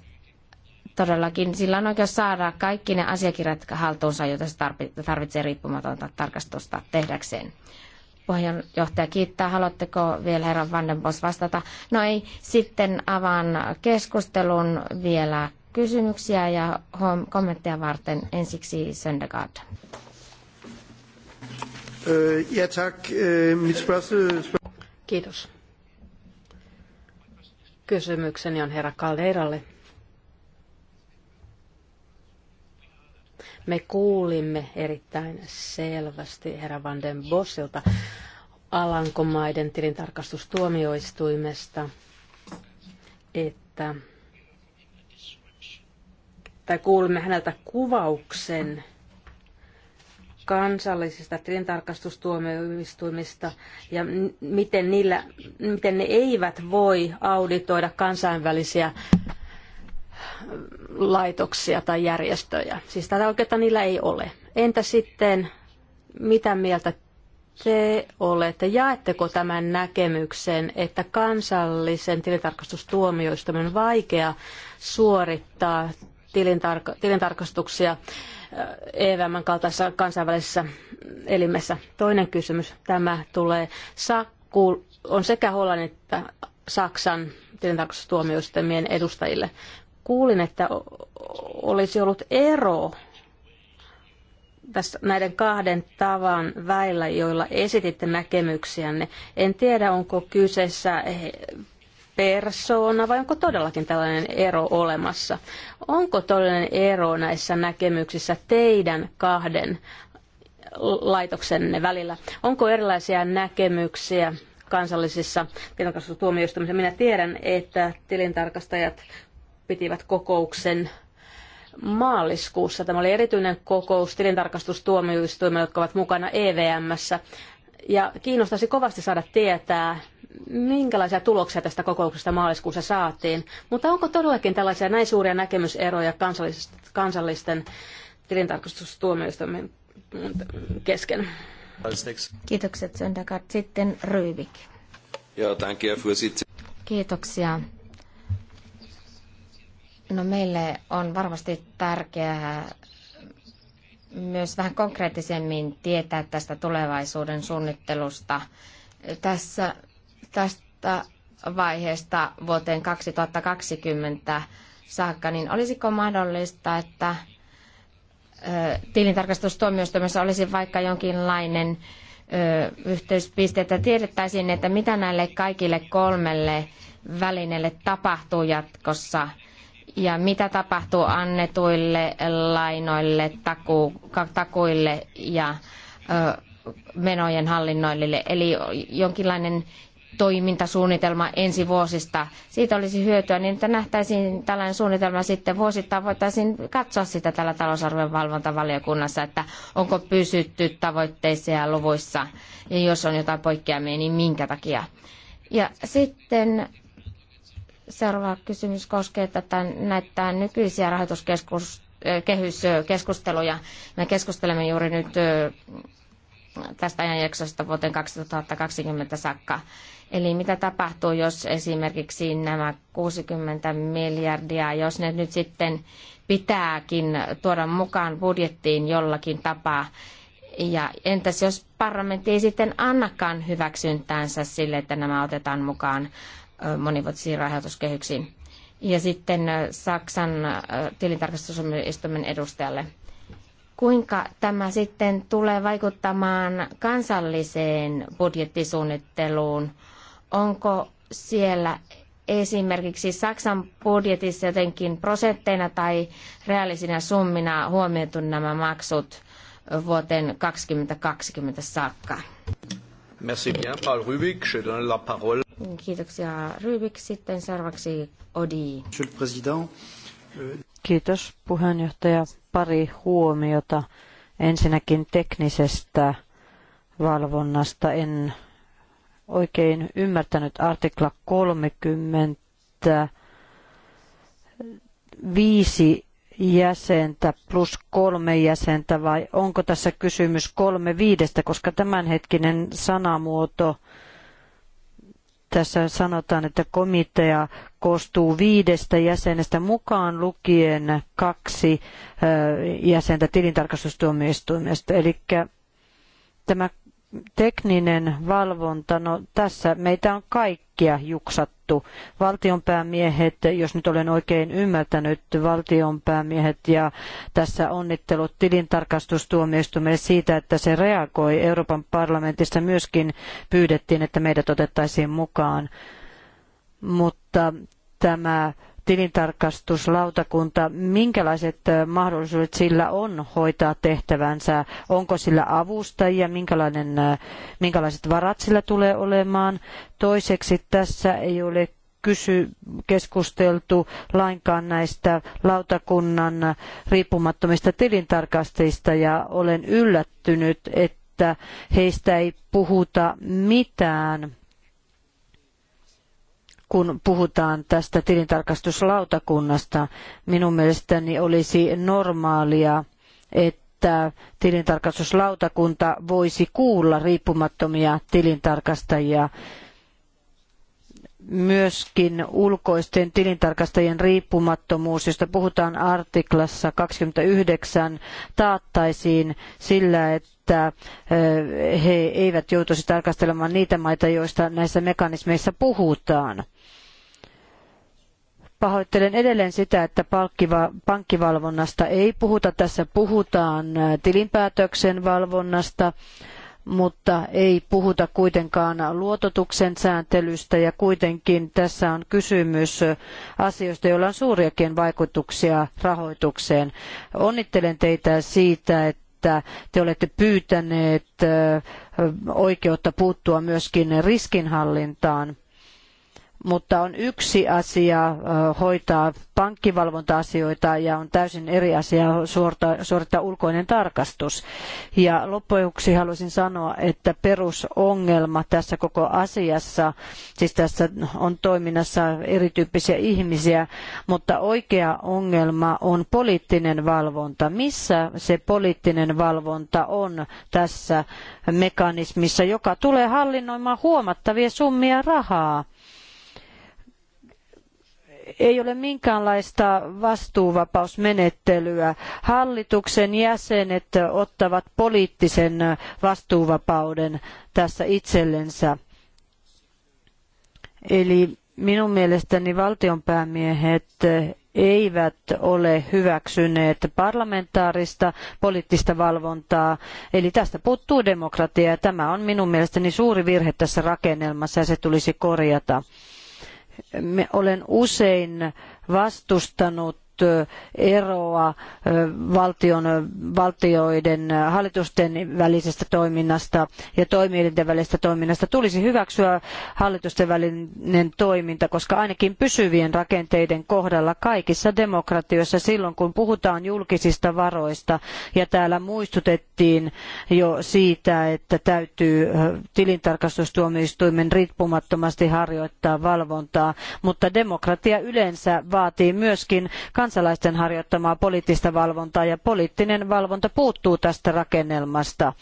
todellakin sillä on oikeus saada kaikki ne asiakirjat haltuunsa, joita se tarvitsee riippumatonta tarkastusta tehdäkseen. Puheenjohtaja kiittää. Haluatteko vielä herra Vandenbos vastata? No ei, sitten avaan keskustelun vielä kysymyksiä ja kommentteja varten ensiksi Söndergaard. Äh, ja, tack. Äh, Mitt spørgsmål... Kiitos. Kysymykseni on herra Kaldeiralle. Me kuulimme erittäin selvästi herra Van den Bossilta Alankomaiden tilintarkastustuomioistuimesta, että tai kuulimme häneltä kuvauksen kansallisista tilintarkastustuomioistuimista ja miten, niillä, miten ne eivät voi auditoida kansainvälisiä äh, laitoksia tai järjestöjä. Siis tätä oikeutta niillä ei ole. Entä sitten, mitä mieltä te olette, jaetteko tämän näkemyksen, että kansallisen tilintarkastustuomioistuimen on vaikea suorittaa tilintarkastuksia EVMn kaltaisessa kansainvälisessä elimessä. Toinen kysymys, tämä tulee sakku, on sekä Hollannin että Saksan tilintarkastustuomioistuimien edustajille. Kuulin, että olisi ollut ero tässä näiden kahden tavan väillä, joilla esititte näkemyksiänne. En tiedä, onko kyseessä persoona vai onko todellakin tällainen ero olemassa? Onko todellinen ero näissä näkemyksissä teidän kahden laitoksenne välillä? Onko erilaisia näkemyksiä kansallisissa tilintarkastustuomioistuimissa? Minä tiedän, että tilintarkastajat pitivät kokouksen maaliskuussa. Tämä oli erityinen kokous tilintarkastustuomioistuimia, jotka ovat mukana EVMssä. Ja kiinnostaisi kovasti saada tietää, minkälaisia tuloksia tästä kokouksesta maaliskuussa saatiin. Mutta onko todellakin tällaisia näin suuria näkemyseroja kansallisten tilintarkastustuomioistuimen kesken? Kiitokset Söndagard. Sitten Ryvik. Kiitoksia. No meille on varmasti tärkeää myös vähän konkreettisemmin tietää tästä tulevaisuuden suunnittelusta. Tässä tästä vaiheesta vuoteen 2020 saakka, niin olisiko mahdollista, että tilintarkastustuomioistuimessa olisi vaikka jonkinlainen yhteyspiste, että tiedettäisiin, että mitä näille kaikille kolmelle välineelle tapahtuu jatkossa ja mitä tapahtuu annetuille lainoille, taku, takuille ja menojen hallinnoille. Eli jonkinlainen toimintasuunnitelma ensi vuosista. Siitä olisi hyötyä, niin että nähtäisiin tällainen suunnitelma sitten vuosittain. Voitaisiin katsoa sitä tällä talousarvion valvontavaliokunnassa, että onko pysytty tavoitteissa ja luvuissa. Ja jos on jotain poikkeamia, niin minkä takia. Ja sitten seuraava kysymys koskee tätä, näitä nykyisiä rahoituskeskusteluja. Me keskustelemme juuri nyt tästä ajanjaksosta vuoteen 2020 saakka. Eli mitä tapahtuu, jos esimerkiksi nämä 60 miljardia, jos ne nyt sitten pitääkin tuoda mukaan budjettiin jollakin tapaa, ja entäs jos parlamentti ei sitten annakaan hyväksyntäänsä sille, että nämä otetaan mukaan monivuotisiin rahoituskehyksiin? Ja sitten Saksan tilintarkastusomistuimen edustajalle – kuinka tämä sitten tulee vaikuttamaan kansalliseen budjettisuunnitteluun? Onko siellä esimerkiksi Saksan budjetissa jotenkin prosentteina tai reaalisina summina huomioitu nämä maksut vuoteen 2020 saakka? Merci bien, Paul Rubik. Je donne la parole. Kiitoksia Rubik. Sitten seuraavaksi Odi. Monsieur le Président, euh, Kiitos puheenjohtaja. Pari huomiota. Ensinnäkin teknisestä valvonnasta. En oikein ymmärtänyt artikla 30 viisi jäsentä plus kolme jäsentä vai onko tässä kysymys kolme viidestä, koska tämänhetkinen sanamuoto tässä sanotaan, että komitea koostuu viidestä jäsenestä mukaan lukien kaksi jäsentä tilintarkastustuomioistuimesta. Eli tämä tekninen valvonta, no tässä meitä on kaikkia juksattu. Valtionpäämiehet, jos nyt olen oikein ymmärtänyt, valtionpäämiehet ja tässä onnittelut tilintarkastustuomioistuimelle siitä, että se reagoi. Euroopan parlamentissa myöskin pyydettiin, että meidät otettaisiin mukaan. Mutta tämä tilintarkastuslautakunta, minkälaiset mahdollisuudet sillä on hoitaa tehtävänsä? Onko sillä avustajia? Minkälainen, minkälaiset varat sillä tulee olemaan? Toiseksi tässä ei ole kysy, keskusteltu lainkaan näistä lautakunnan riippumattomista tilintarkastajista ja olen yllättynyt, että heistä ei puhuta mitään kun puhutaan tästä tilintarkastuslautakunnasta. Minun mielestäni olisi normaalia, että tilintarkastuslautakunta voisi kuulla riippumattomia tilintarkastajia myöskin ulkoisten tilintarkastajien riippumattomuus, josta puhutaan artiklassa 29, taattaisiin sillä, että että äh, he eivät joutuisi tarkastelemaan niitä maita, joista näissä mekanismeissa puhutaan. Pahoittelen edelleen sitä, että pankkivalvonnasta ei puhuta. Tässä puhutaan äh, tilinpäätöksen valvonnasta mutta ei puhuta kuitenkaan luototuksen sääntelystä ja kuitenkin tässä on kysymys äh, asioista, joilla on suuriakin vaikutuksia rahoitukseen. Onnittelen teitä siitä, että että te olette pyytäneet oikeutta puuttua myöskin riskinhallintaan mutta on yksi asia hoitaa pankkivalvonta-asioita ja on täysin eri asia suorittaa, ulkoinen tarkastus. Ja loppujuksi haluaisin sanoa, että perusongelma tässä koko asiassa, siis tässä on toiminnassa erityyppisiä ihmisiä, mutta oikea ongelma on poliittinen valvonta. Missä se poliittinen valvonta on tässä mekanismissa, joka tulee hallinnoimaan huomattavia summia rahaa? ei ole minkäänlaista vastuuvapausmenettelyä. Hallituksen jäsenet ottavat poliittisen vastuuvapauden tässä itsellensä. Eli minun mielestäni valtionpäämiehet eivät ole hyväksyneet parlamentaarista poliittista valvontaa. Eli tästä puuttuu demokratia ja tämä on minun mielestäni suuri virhe tässä rakennelmassa ja se tulisi korjata. Me olen usein vastustanut eroa valtion, valtioiden hallitusten välisestä toiminnasta ja toimielinten välisestä toiminnasta. Tulisi hyväksyä hallitusten välinen toiminta, koska ainakin pysyvien rakenteiden kohdalla kaikissa demokratioissa silloin, kun puhutaan julkisista varoista ja täällä muistutettiin jo siitä, että täytyy tilintarkastustuomioistuimen riippumattomasti harjoittaa valvontaa, mutta demokratia yleensä vaatii myöskin kans- kansalaisten harjoittamaa poliittista valvontaa ja poliittinen valvonta puuttuu tästä rakennelmasta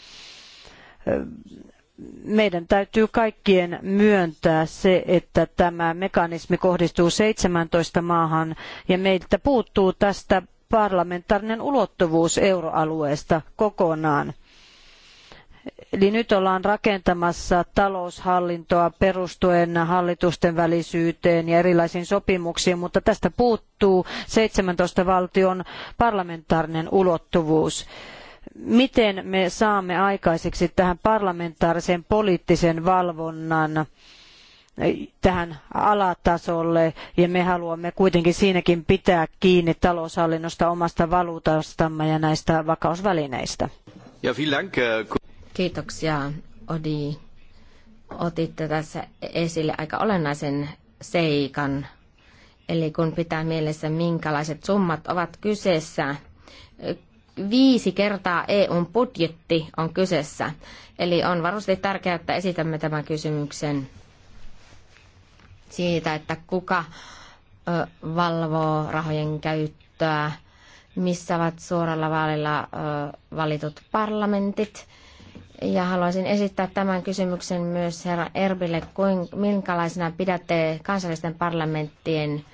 meidän täytyy kaikkien myöntää se, että tämä mekanismi kohdistuu 17 maahan ja meiltä puuttuu tästä parlamentaarinen ulottuvuus euroalueesta kokonaan. Eli nyt ollaan rakentamassa taloushallintoa perustuen hallitusten välisyyteen ja erilaisiin sopimuksiin, mutta tästä puuttuu 17 valtion parlamentaarinen ulottuvuus miten me saamme aikaiseksi tähän parlamentaarisen poliittisen valvonnan eh, tähän alatasolle ja me haluamme kuitenkin siinäkin pitää kiinni taloushallinnosta omasta valuutastamme ja näistä vakausvälineistä. Ja, dank, eh, Kiitoksia, Odi. Otitte tässä esille aika olennaisen seikan. Eli kun pitää mielessä, minkälaiset summat ovat kyseessä, viisi kertaa EUn budjetti on kyseessä. Eli on varmasti tärkeää, että esitämme tämän kysymyksen siitä, että kuka valvoo rahojen käyttöä, missä ovat suoralla vaalilla valitut parlamentit – ja haluaisin esittää tämän kysymyksen myös herra Erbille, kuin, minkälaisena pidätte kansallisten parlamenttien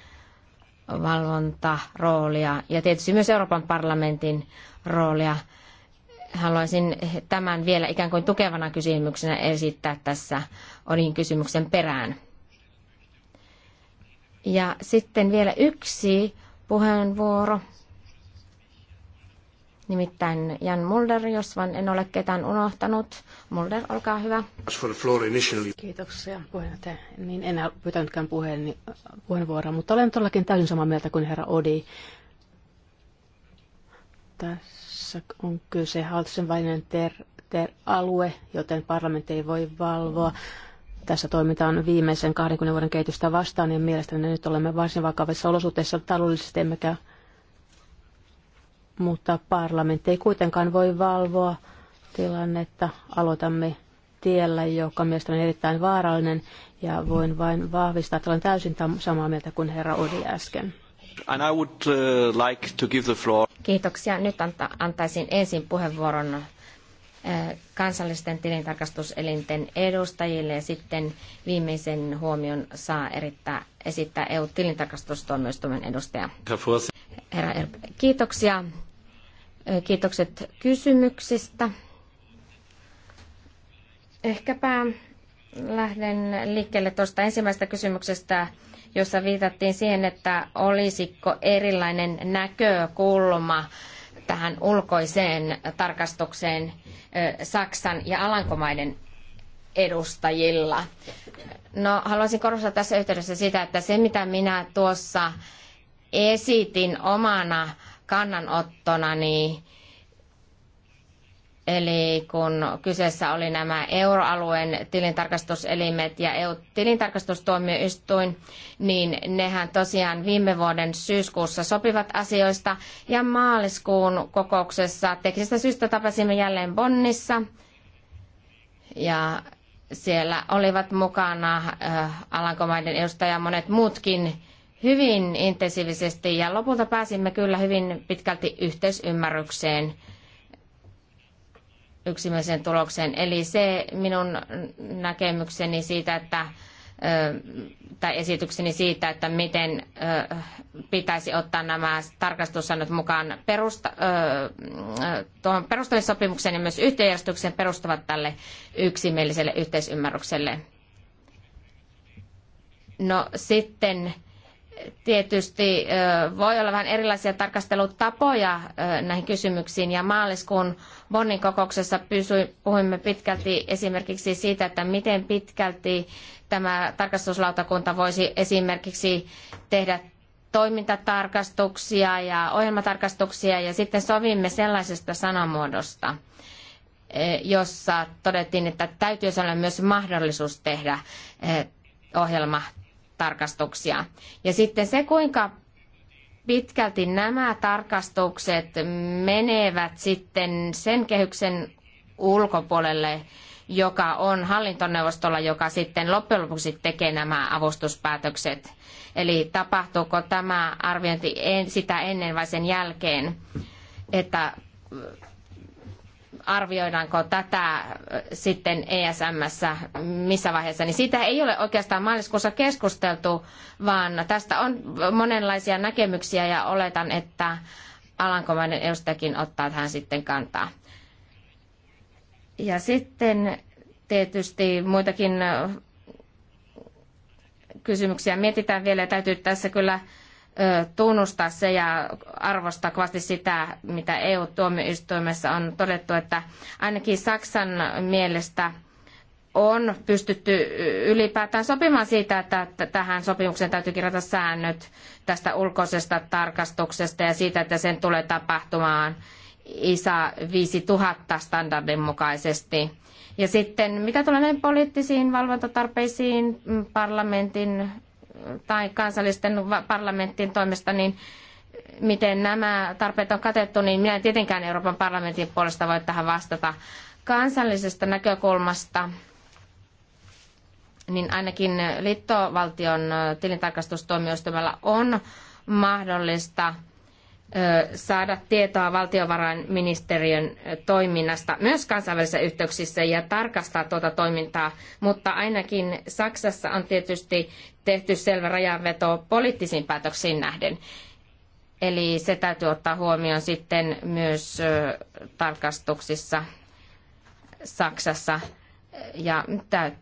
valvontaroolia ja tietysti myös Euroopan parlamentin roolia. Haluaisin tämän vielä ikään kuin tukevana kysymyksenä esittää tässä Odin kysymyksen perään. Ja sitten vielä yksi puheenvuoro nimittäin Jan Mulder, jos vaan en ole ketään unohtanut. Mulder, olkaa hyvä. Kiitoksia puheenjohtaja. Niin en enää pyytänytkään puheen, puheenvuoroa, mutta olen todellakin täysin samaa mieltä kuin herra Odi. Tässä on kyse hallituksen välinen ter, ter, alue, joten parlamentti ei voi valvoa. Tässä toimitaan viimeisen 20 vuoden kehitystä vastaan ja mielestäni nyt olemme varsin vakavissa olosuhteissa taloudellisesti emmekä mutta parlamentti ei kuitenkaan voi valvoa tilannetta. Aloitamme tiellä, joka mielestäni on erittäin vaarallinen, ja voin vain vahvistaa, että olen täysin samaa mieltä kuin herra Odi äsken. And I would, uh, like to give the floor. Kiitoksia. Nyt anta, antaisin ensin puheenvuoron uh, kansallisten tilintarkastuselinten edustajille ja sitten viimeisen huomion saa erittää, esittää EU-tilintarkastustuomioistuimen edustaja. Herra Erp, kiitoksia Kiitokset kysymyksistä. Ehkäpä lähden liikkeelle tuosta ensimmäisestä kysymyksestä, jossa viitattiin siihen, että olisiko erilainen näkökulma tähän ulkoiseen tarkastukseen Saksan ja Alankomaiden edustajilla. No, haluaisin korostaa tässä yhteydessä sitä, että se mitä minä tuossa esitin omana niin Eli kun kyseessä oli nämä euroalueen tilintarkastuselimet ja EU-tilintarkastustuomioistuin, niin nehän tosiaan viime vuoden syyskuussa sopivat asioista. Ja maaliskuun kokouksessa teknisestä syystä tapasimme jälleen Bonnissa. Ja siellä olivat mukana äh, Alankomaiden edustaja ja monet muutkin hyvin intensiivisesti ja lopulta pääsimme kyllä hyvin pitkälti yhteisymmärrykseen yksimieliseen tulokseen. Eli se minun näkemykseni siitä, että tai esitykseni siitä, että miten pitäisi ottaa nämä tarkastussäännöt mukaan perusta, tuohon ja myös yhteenjärjestykseen perustuvat tälle yksimieliselle yhteisymmärrykselle. No sitten tietysti voi olla vähän erilaisia tarkastelutapoja näihin kysymyksiin ja maaliskuun Bonnin kokouksessa puhuimme pitkälti esimerkiksi siitä, että miten pitkälti tämä tarkastuslautakunta voisi esimerkiksi tehdä toimintatarkastuksia ja ohjelmatarkastuksia ja sitten sovimme sellaisesta sanamuodosta, jossa todettiin, että täytyisi olla myös mahdollisuus tehdä ohjelma tarkastuksia. Ja sitten se, kuinka pitkälti nämä tarkastukset menevät sitten sen kehyksen ulkopuolelle, joka on hallintoneuvostolla, joka sitten loppujen lopuksi tekee nämä avustuspäätökset. Eli tapahtuuko tämä arviointi sitä ennen vai sen jälkeen, että arvioidaanko tätä äh, sitten ESMssä missä vaiheessa, niin siitä ei ole oikeastaan maaliskuussa keskusteltu, vaan tästä on monenlaisia näkemyksiä ja oletan, että Alankomainen edustajakin ottaa tähän sitten kantaa. Ja sitten tietysti muitakin äh, kysymyksiä mietitään vielä ja täytyy tässä kyllä tunnustaa se ja arvostaa kovasti sitä, mitä EU-tuomioistuimessa on todettu, että ainakin Saksan mielestä on pystytty ylipäätään sopimaan siitä, että tähän sopimukseen täytyy kirjata säännöt tästä ulkoisesta tarkastuksesta ja siitä, että sen tulee tapahtumaan ISA 5000 standardin mukaisesti. Ja sitten mitä tulee näihin poliittisiin valvontatarpeisiin mm, parlamentin tai kansallisten parlamenttien toimesta, niin miten nämä tarpeet on katettu, niin minä en tietenkään Euroopan parlamentin puolesta voi tähän vastata. Kansallisesta näkökulmasta niin ainakin liittovaltion tilintarkastustuomioistuimella on mahdollista saada tietoa valtiovarainministeriön toiminnasta myös kansainvälisissä yhteyksissä ja tarkastaa tuota toimintaa, mutta ainakin Saksassa on tietysti tehty selvä rajanveto poliittisiin päätöksiin nähden. Eli se täytyy ottaa huomioon sitten myös tarkastuksissa Saksassa. Ja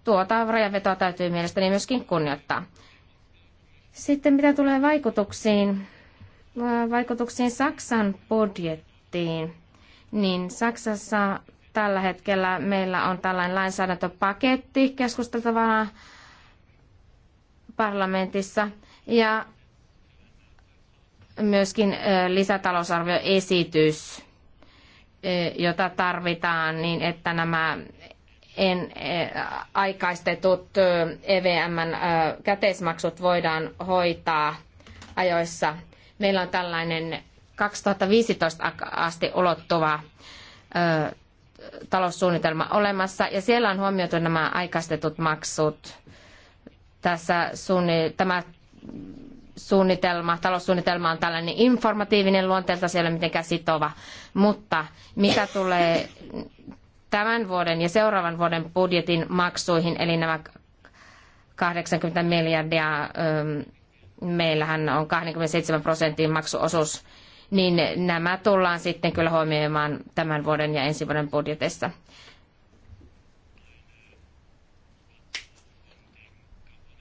tuota rajanvetoa täytyy mielestäni myöskin kunnioittaa. Sitten mitä tulee vaikutuksiin, Äh, vaikutuksiin Saksan budjettiin, niin Saksassa tällä hetkellä meillä on tällainen lainsäädäntöpaketti keskusteltavana parlamentissa ja myöskin äh, lisätalousarvioesitys, äh, jota tarvitaan niin, että nämä en, aikaistetut EVMn käteismaksut voidaan hoitaa ajoissa – Meillä on tällainen 2015 asti ulottuva ö, taloussuunnitelma olemassa ja siellä on huomioitu nämä aikaistetut maksut. Tässä suunni, tämä suunnitelma, taloussuunnitelma on tällainen informatiivinen luonteelta, siellä, ei ole mitenkään sitova, mutta mitä tulee tämän vuoden ja seuraavan vuoden budjetin maksuihin, eli nämä 80 miljardia ö, meillähän on 27 prosentin maksuosuus, niin nämä tullaan sitten kyllä huomioimaan tämän vuoden ja ensi vuoden budjetissa.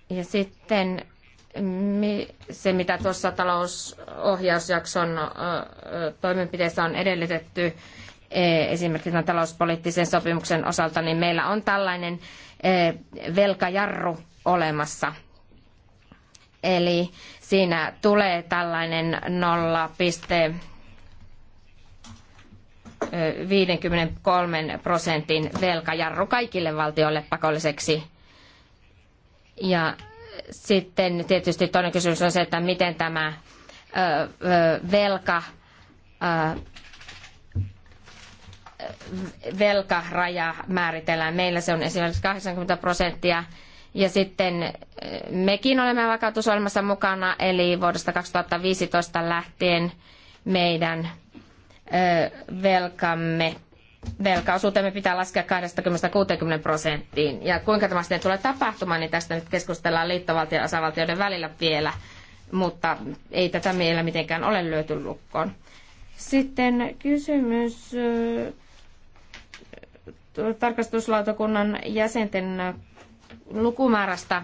Ja sitten se, mitä tuossa talousohjausjakson toimenpiteessä on edellytetty, e, esimerkiksi tämän talouspoliittisen sopimuksen osalta, niin meillä on tällainen e, velkajarru olemassa – Eli siinä tulee tällainen 0,53 prosentin velkajarru kaikille valtioille pakolliseksi. Ja sitten tietysti toinen kysymys on se, että miten tämä velka velkaraja määritellään. Meillä se on esimerkiksi 80 prosenttia ja sitten eh, mekin olemme vakautusohjelmassa mukana, eli vuodesta 2015 lähtien meidän eh, velkamme, velkaosuutemme pitää laskea 20-60 prosenttiin. Ja kuinka tämä sitten tulee tapahtumaan, niin tästä nyt keskustellaan liittovaltion ja osavaltioiden välillä vielä, mutta ei tätä meillä mitenkään ole lyöty lukkoon. Sitten kysymys eh, tarkastuslautakunnan jäsenten lukumäärästä,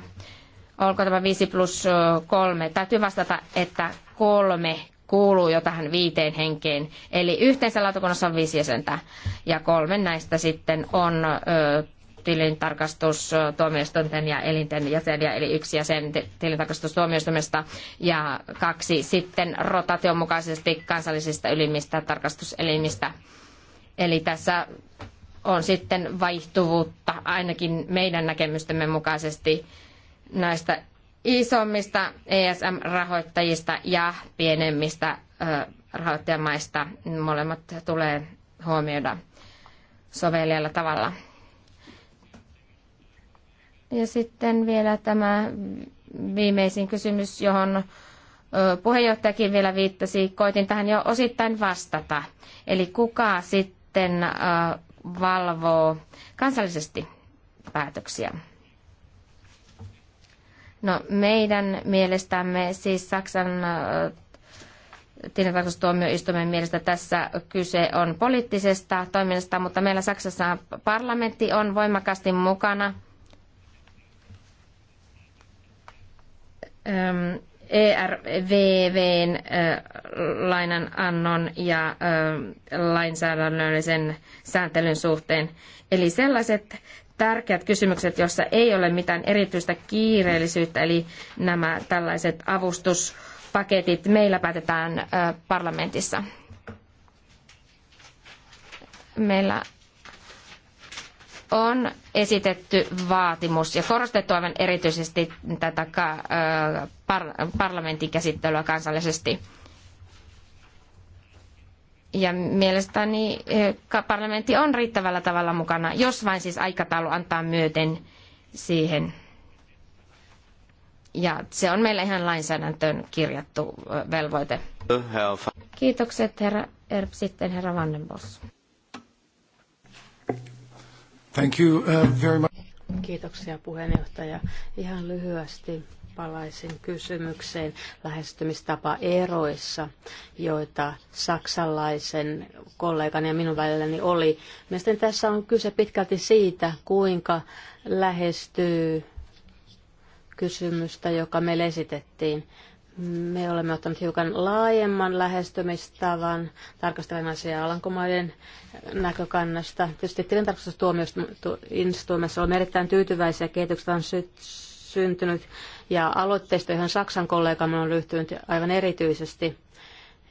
olko tämä 5 plus 3, täytyy vastata, että kolme kuuluu jo tähän viiteen henkeen. Eli yhteensä lautakunnassa on viisi jäsentä ja kolme näistä sitten on ö, tilintarkastus tuomioistuinten ja elinten jäseniä, eli yksi jäsen tilintarkastustuomioistuimesta ja kaksi sitten rotaation mukaisesti kansallisista ylimmistä tarkastuselimistä. Eli tässä on sitten vaihtuvuutta ainakin meidän näkemystemme mukaisesti näistä isommista ESM-rahoittajista ja pienemmistä rahoittajamaista. Molemmat tulee huomioida sovelijalla tavalla. Ja sitten vielä tämä viimeisin kysymys, johon puheenjohtajakin vielä viittasi. Koitin tähän jo osittain vastata. Eli kuka sitten valvoo kansallisesti päätöksiä. No, meidän mielestämme, siis Saksan äh, tilintarkastustuomioistuimen mielestä tässä kyse on poliittisesta toiminnasta, mutta meillä Saksassa parlamentti on voimakkaasti mukana. ERVVn lainanannon ja lainsäädännöllisen sääntelyn suhteen. Eli sellaiset tärkeät kysymykset, joissa ei ole mitään erityistä kiireellisyyttä, eli nämä tällaiset avustuspaketit meillä päätetään parlamentissa. Meillä on esitetty vaatimus ja korostettu aivan erityisesti tätä parlamentin käsittelyä kansallisesti. Ja mielestäni parlamentti on riittävällä tavalla mukana, jos vain siis aikataulu antaa myöten siihen. Ja se on meillä ihan lainsäädäntöön kirjattu velvoite. Kiitokset herra sitten herra Vandenbos. Thank you uh, very much. Kiitoksia puheenjohtaja. Ihan lyhyesti palaisin kysymykseen lähestymistapa eroissa, joita saksalaisen kollegan ja minun välilläni oli. Mielestäni tässä on kyse pitkälti siitä, kuinka lähestyy kysymystä, joka meille esitettiin. Me olemme ottaneet hiukan laajemman lähestymistavan tarkastelemaan asiaa Alankomaiden näkökannasta. Tietysti tilintarkastustuomioistuimessa olemme erittäin tyytyväisiä kehityksestä on sy- syntynyt ja aloitteista, johon Saksan kollegamme on ryhtynyt aivan erityisesti.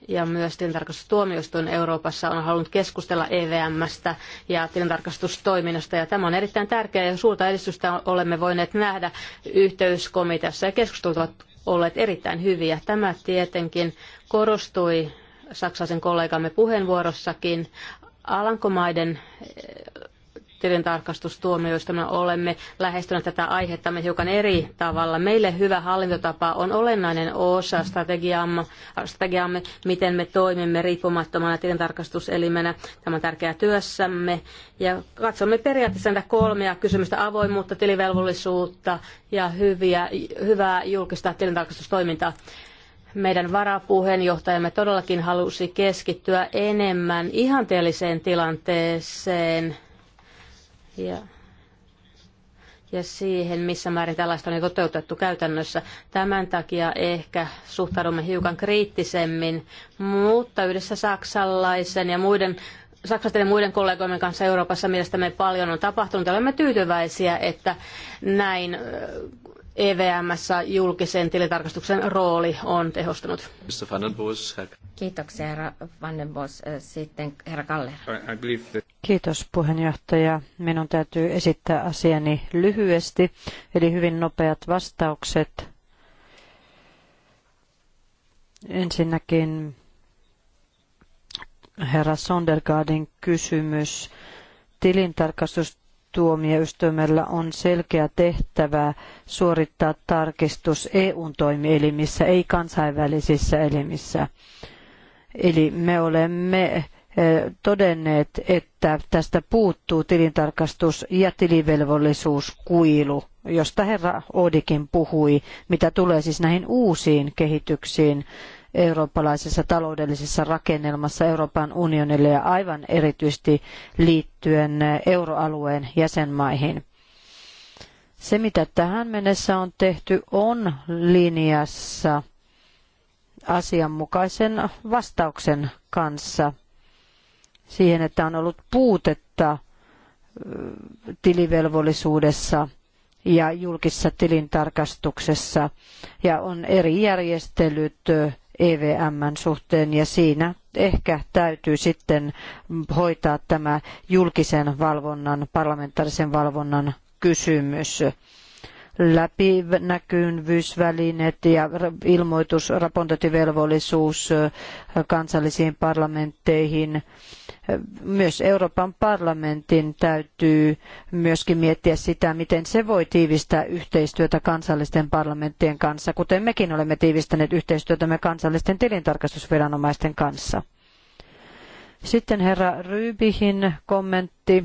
Ja myös tilintarkastustuomioistuin Euroopassa on halunnut keskustella EVMstä ja tilintarkastustoiminnasta. Ja tämä on erittäin tärkeää ja suurta edistystä olemme voineet nähdä yhteyskomiteassa ja keskustelut ovat olleet erittäin hyviä. Tämä tietenkin korostui saksalaisen kollegamme puheenvuorossakin. Alankomaiden tilintarkastustuomioistuimena olemme lähestyneet tätä aihettamme hiukan eri tavalla. Meille hyvä hallintotapa on olennainen osa strategiaamme, strategiamme, miten me toimimme riippumattomana tilintarkastuselimenä. Tämä on tärkeää työssämme. Ja katsomme periaatteessa näitä kolmea kysymystä, avoimuutta, tilivelvollisuutta ja hyviä, hyvää julkista tilintarkastustoimintaa meidän varapuheenjohtajamme todellakin halusi keskittyä enemmän ihanteelliseen tilanteeseen ja, ja siihen, missä määrin tällaista on jo toteutettu käytännössä. Tämän takia ehkä suhtaudumme hiukan kriittisemmin, mutta yhdessä saksalaisen ja muiden Saksasta ja muiden kollegoiden kanssa Euroopassa mielestämme paljon on tapahtunut ja olemme tyytyväisiä, että näin EVMssä julkisen tilitarkastuksen rooli on tehostunut. Kiitoksia, herra Vannenbos. Äh, sitten herra Kaller. Kiitos, puheenjohtaja. Minun täytyy esittää asiani lyhyesti, eli hyvin nopeat vastaukset. Ensinnäkin herra Sondergaardin kysymys tilintarkastus tuomioistuimella on selkeä tehtävä suorittaa tarkistus eu toimielimissä, ei kansainvälisissä elimissä. Eli me olemme eh, todenneet, että tästä puuttuu tilintarkastus- ja tilivelvollisuuskuilu, josta herra Odikin puhui, mitä tulee siis näihin uusiin kehityksiin eurooppalaisessa taloudellisessa rakennelmassa Euroopan unionille ja aivan erityisesti liittyen euroalueen jäsenmaihin. Se, mitä tähän mennessä on tehty, on linjassa asianmukaisen vastauksen kanssa siihen, että on ollut puutetta tilivelvollisuudessa ja julkisessa tilintarkastuksessa ja on eri järjestelyt EVMn suhteen ja siinä ehkä täytyy sitten hoitaa tämä julkisen valvonnan, parlamentaarisen valvonnan kysymys läpinäkyvyysvälineet ja ilmoitus, raportointivelvollisuus kansallisiin parlamentteihin. Myös Euroopan parlamentin täytyy myöskin miettiä sitä, miten se voi tiivistää yhteistyötä kansallisten parlamenttien kanssa, kuten mekin olemme tiivistäneet yhteistyötämme kansallisten tilintarkastusviranomaisten kanssa. Sitten herra Rybihin kommentti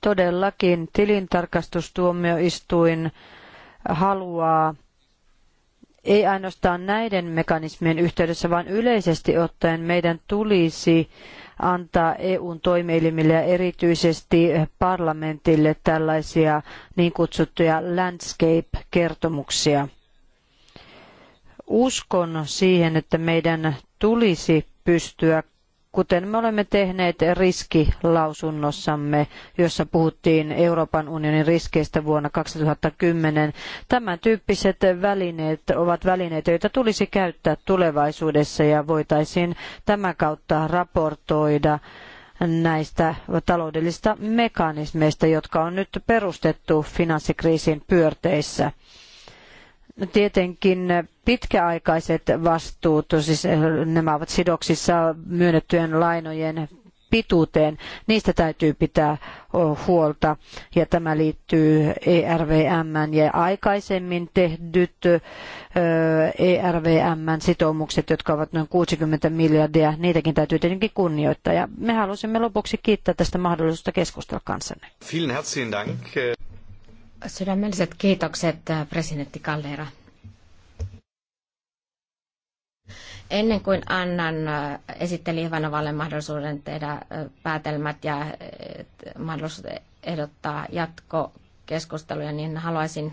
Todellakin tilintarkastustuomioistuin haluaa ei ainoastaan näiden mekanismien yhteydessä, vaan yleisesti ottaen meidän tulisi antaa EUn toimielimille ja erityisesti parlamentille tällaisia niin kutsuttuja landscape-kertomuksia. Uskon siihen, että meidän tulisi pystyä kuten me olemme tehneet riskilausunnossamme, jossa puhuttiin Euroopan unionin riskeistä vuonna 2010. Tämän tyyppiset välineet ovat välineitä, joita tulisi käyttää tulevaisuudessa ja voitaisiin tämän kautta raportoida näistä taloudellisista mekanismeista, jotka on nyt perustettu finanssikriisin pyörteissä tietenkin pitkäaikaiset vastuut, siis nämä ovat sidoksissa myönnettyjen lainojen pituuteen, niistä täytyy pitää huolta. Ja tämä liittyy ERVM ja aikaisemmin tehdyt ERVM sitoumukset, jotka ovat noin 60 miljardia, niitäkin täytyy tietenkin kunnioittaa. Ja me halusimme lopuksi kiittää tästä mahdollisuudesta keskustella kanssanne. Sydämelliset kiitokset, äh, presidentti Kalleera. Ennen kuin annan äh, esitteli Ivanovalle mahdollisuuden tehdä äh, päätelmät ja mahdollisuus ehdottaa jatkokeskusteluja, niin haluaisin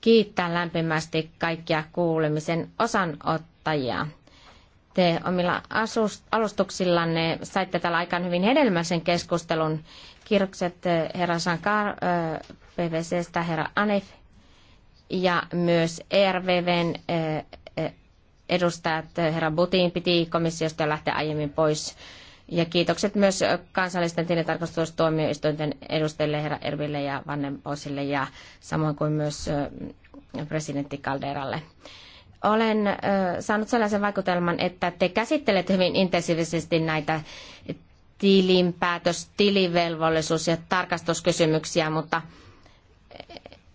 kiittää lämpimästi kaikkia kuulemisen osanottajia. Te omilla alustuksillanne saitte täällä aikaan hyvin hedelmällisen keskustelun Kiitokset eh, herra Sankar eh, PVCstä, herra Anef ja myös ERVVn eh, edustajat, herra Butin piti komissiosta lähteä aiemmin pois. Ja kiitokset myös kansallisten tilintarkastustuomioistuinten edustajille, herra Erville ja Vannenposille ja samoin kuin myös presidentti Calderalle. Olen saanut sellaisen vaikutelman, että te käsittelette hyvin intensiivisesti näitä tilinpäätös, tilivelvollisuus ja tarkastuskysymyksiä, mutta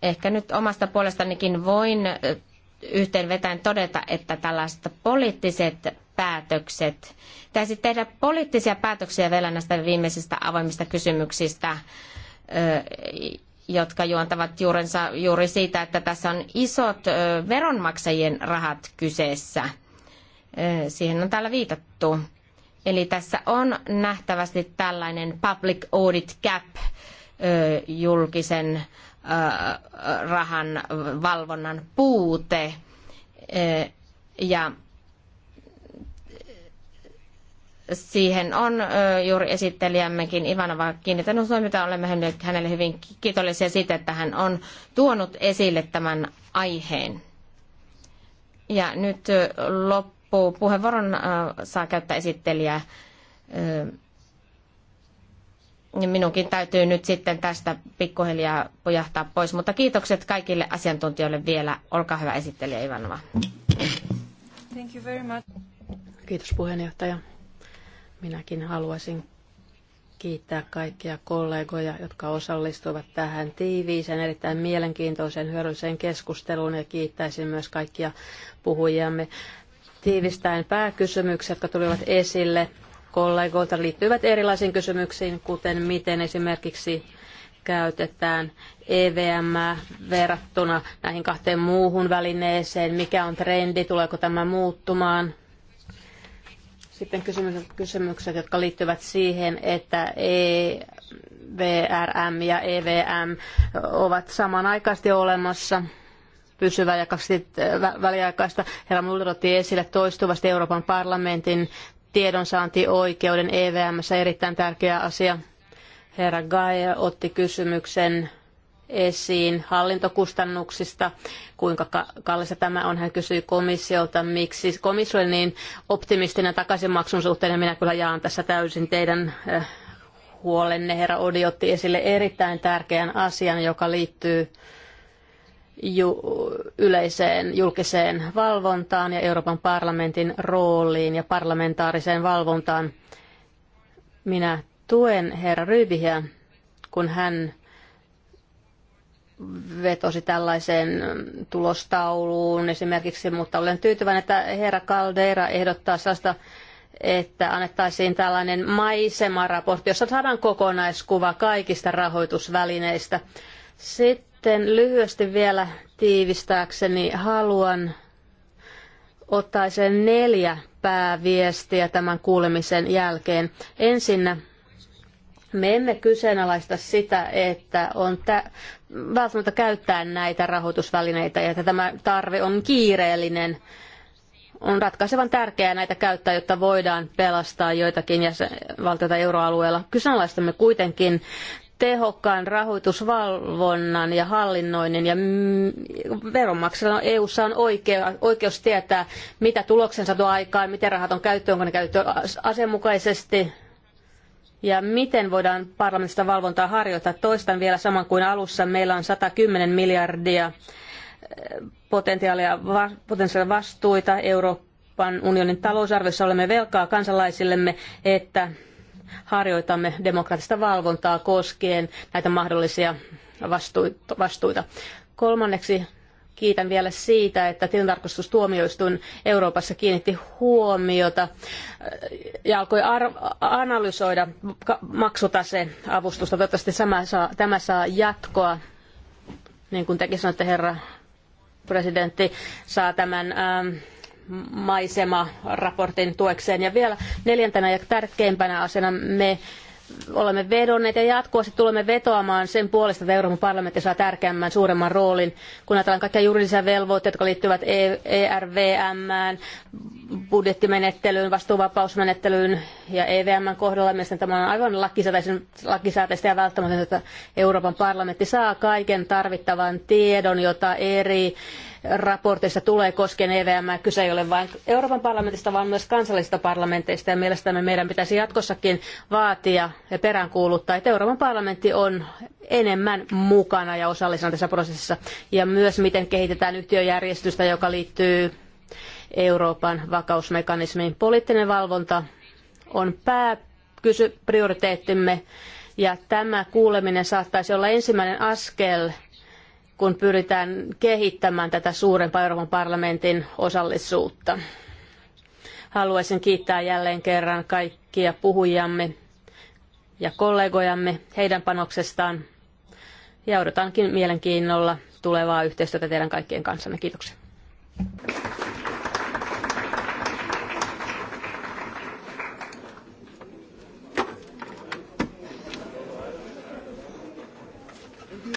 ehkä nyt omasta puolestanikin voin yhteenvetäen todeta, että tällaiset poliittiset päätökset, pitäisi tehdä poliittisia päätöksiä vielä näistä viimeisistä avoimista kysymyksistä, jotka juontavat juurensa juuri siitä, että tässä on isot veronmaksajien rahat kyseessä. Siihen on täällä viitattu. Eli tässä on nähtävästi tällainen public audit gap julkisen rahan valvonnan puute. Ja siihen on juuri esittelijämmekin Ivanova kiinnittänyt huomiota. Olemme hänelle hyvin kiitollisia siitä, että hän on tuonut esille tämän aiheen. Ja nyt loppuun loppupuheenvuoron äh, saa käyttää esittelijä. Äh, minunkin täytyy nyt sitten tästä pikkuhiljaa pojahtaa pois, mutta kiitokset kaikille asiantuntijoille vielä. Olkaa hyvä esittelijä Ivanova. Thank you very much. Kiitos puheenjohtaja. Minäkin haluaisin kiittää kaikkia kollegoja, jotka osallistuivat tähän tiiviiseen, erittäin mielenkiintoiseen, hyödylliseen keskusteluun ja kiittäisin myös kaikkia puhujiamme tiivistäen pääkysymykset, jotka tulivat esille kollegoilta, liittyvät erilaisiin kysymyksiin, kuten miten esimerkiksi käytetään EVM verrattuna näihin kahteen muuhun välineeseen, mikä on trendi, tuleeko tämä muuttumaan. Sitten kysymykset, kysymykset jotka liittyvät siihen, että EVRM ja EVM ovat samanaikaisesti olemassa – pysyvää ja kaksi väliaikaista. Herra Mulder otti esille toistuvasti Euroopan parlamentin tiedonsaantioikeuden EVMssä erittäin tärkeä asia. Herra Gaia otti kysymyksen esiin hallintokustannuksista, kuinka kallista tämä on. Hän kysyi komissiolta, miksi komissio oli niin optimistinen takaisinmaksun suhteen, ja minä kyllä jaan tässä täysin teidän eh, huolenne. Herra Odi otti esille erittäin tärkeän asian, joka liittyy ju- yleiseen julkiseen valvontaan ja Euroopan parlamentin rooliin ja parlamentaariseen valvontaan. Minä tuen herra Ryybihiä, kun hän vetosi tällaiseen tulostauluun esimerkiksi, mutta olen tyytyväinen, että herra Caldera ehdottaa sellaista, että annettaisiin tällainen maisemaraportti, jossa saadaan kokonaiskuva kaikista rahoitusvälineistä. Sitten sitten lyhyesti vielä tiivistääkseni haluan ottaa sen neljä pääviestiä tämän kuulemisen jälkeen. Ensinnä me emme kyseenalaista sitä, että on tä- välttämättä käyttää näitä rahoitusvälineitä ja että tämä tarve on kiireellinen. On ratkaisevan tärkeää näitä käyttää, jotta voidaan pelastaa joitakin jäsenvaltioita euroalueella. Kyseenalaistamme kuitenkin tehokkaan rahoitusvalvonnan ja hallinnoinnin ja veronmaksajilla EU:ssa on oikeus tietää, mitä tuloksensa saatu aikaan, miten rahat on käytetty, onko ne käytetty asianmukaisesti ja miten voidaan parlamentista valvontaa harjoittaa. Toistan vielä saman kuin alussa. Meillä on 110 miljardia eh, potentiaalia, potentiaalia vastuita Euroopan unionin talousarviossa olemme velkaa kansalaisillemme, että harjoitamme demokraattista valvontaa koskien näitä mahdollisia vastuita. Kolmanneksi kiitän vielä siitä, että tilintarkastustuomioistuin Euroopassa kiinnitti huomiota äh, ja alkoi analysoida maksutaseavustusta. Toivottavasti tämä saa, tämä saa jatkoa, niin kuin tekin sanoitte herra presidentti, saa tämän ähm, maisemaraportin tuekseen. Ja vielä neljäntenä ja tärkeimpänä asiana me olemme vedonneet ja jatkuvasti tulemme vetoamaan sen puolesta, että Euroopan parlamentti saa tärkeämmän, suuremman roolin, kun ajatellaan kaikkia juridisia velvoitteita, jotka liittyvät ERVM, e budjettimenettelyyn, vastuuvapausmenettelyyn ja EVMn kohdalla. Mielestäni tämä on aivan lakisääteistä ja välttämätöntä, että Euroopan parlamentti saa kaiken tarvittavan tiedon, jota eri raporteista tulee koskien EVM. Kyse ei ole vain Euroopan parlamentista, vaan myös kansallisista parlamenteista. Ja mielestämme meidän pitäisi jatkossakin vaatia ja peräänkuuluttaa, että Euroopan parlamentti on enemmän mukana ja osallisena tässä prosessissa. Ja myös miten kehitetään yhtiöjärjestystä, joka liittyy Euroopan vakausmekanismiin. Poliittinen valvonta on pääkysy prioriteettimme ja tämä kuuleminen saattaisi olla ensimmäinen askel kun pyritään kehittämään tätä suurempaa Euroopan parlamentin osallisuutta. Haluaisin kiittää jälleen kerran kaikkia puhujamme ja kollegojamme heidän panoksestaan ja odotankin mielenkiinnolla tulevaa yhteistyötä teidän kaikkien kanssanne. Kiitoksia.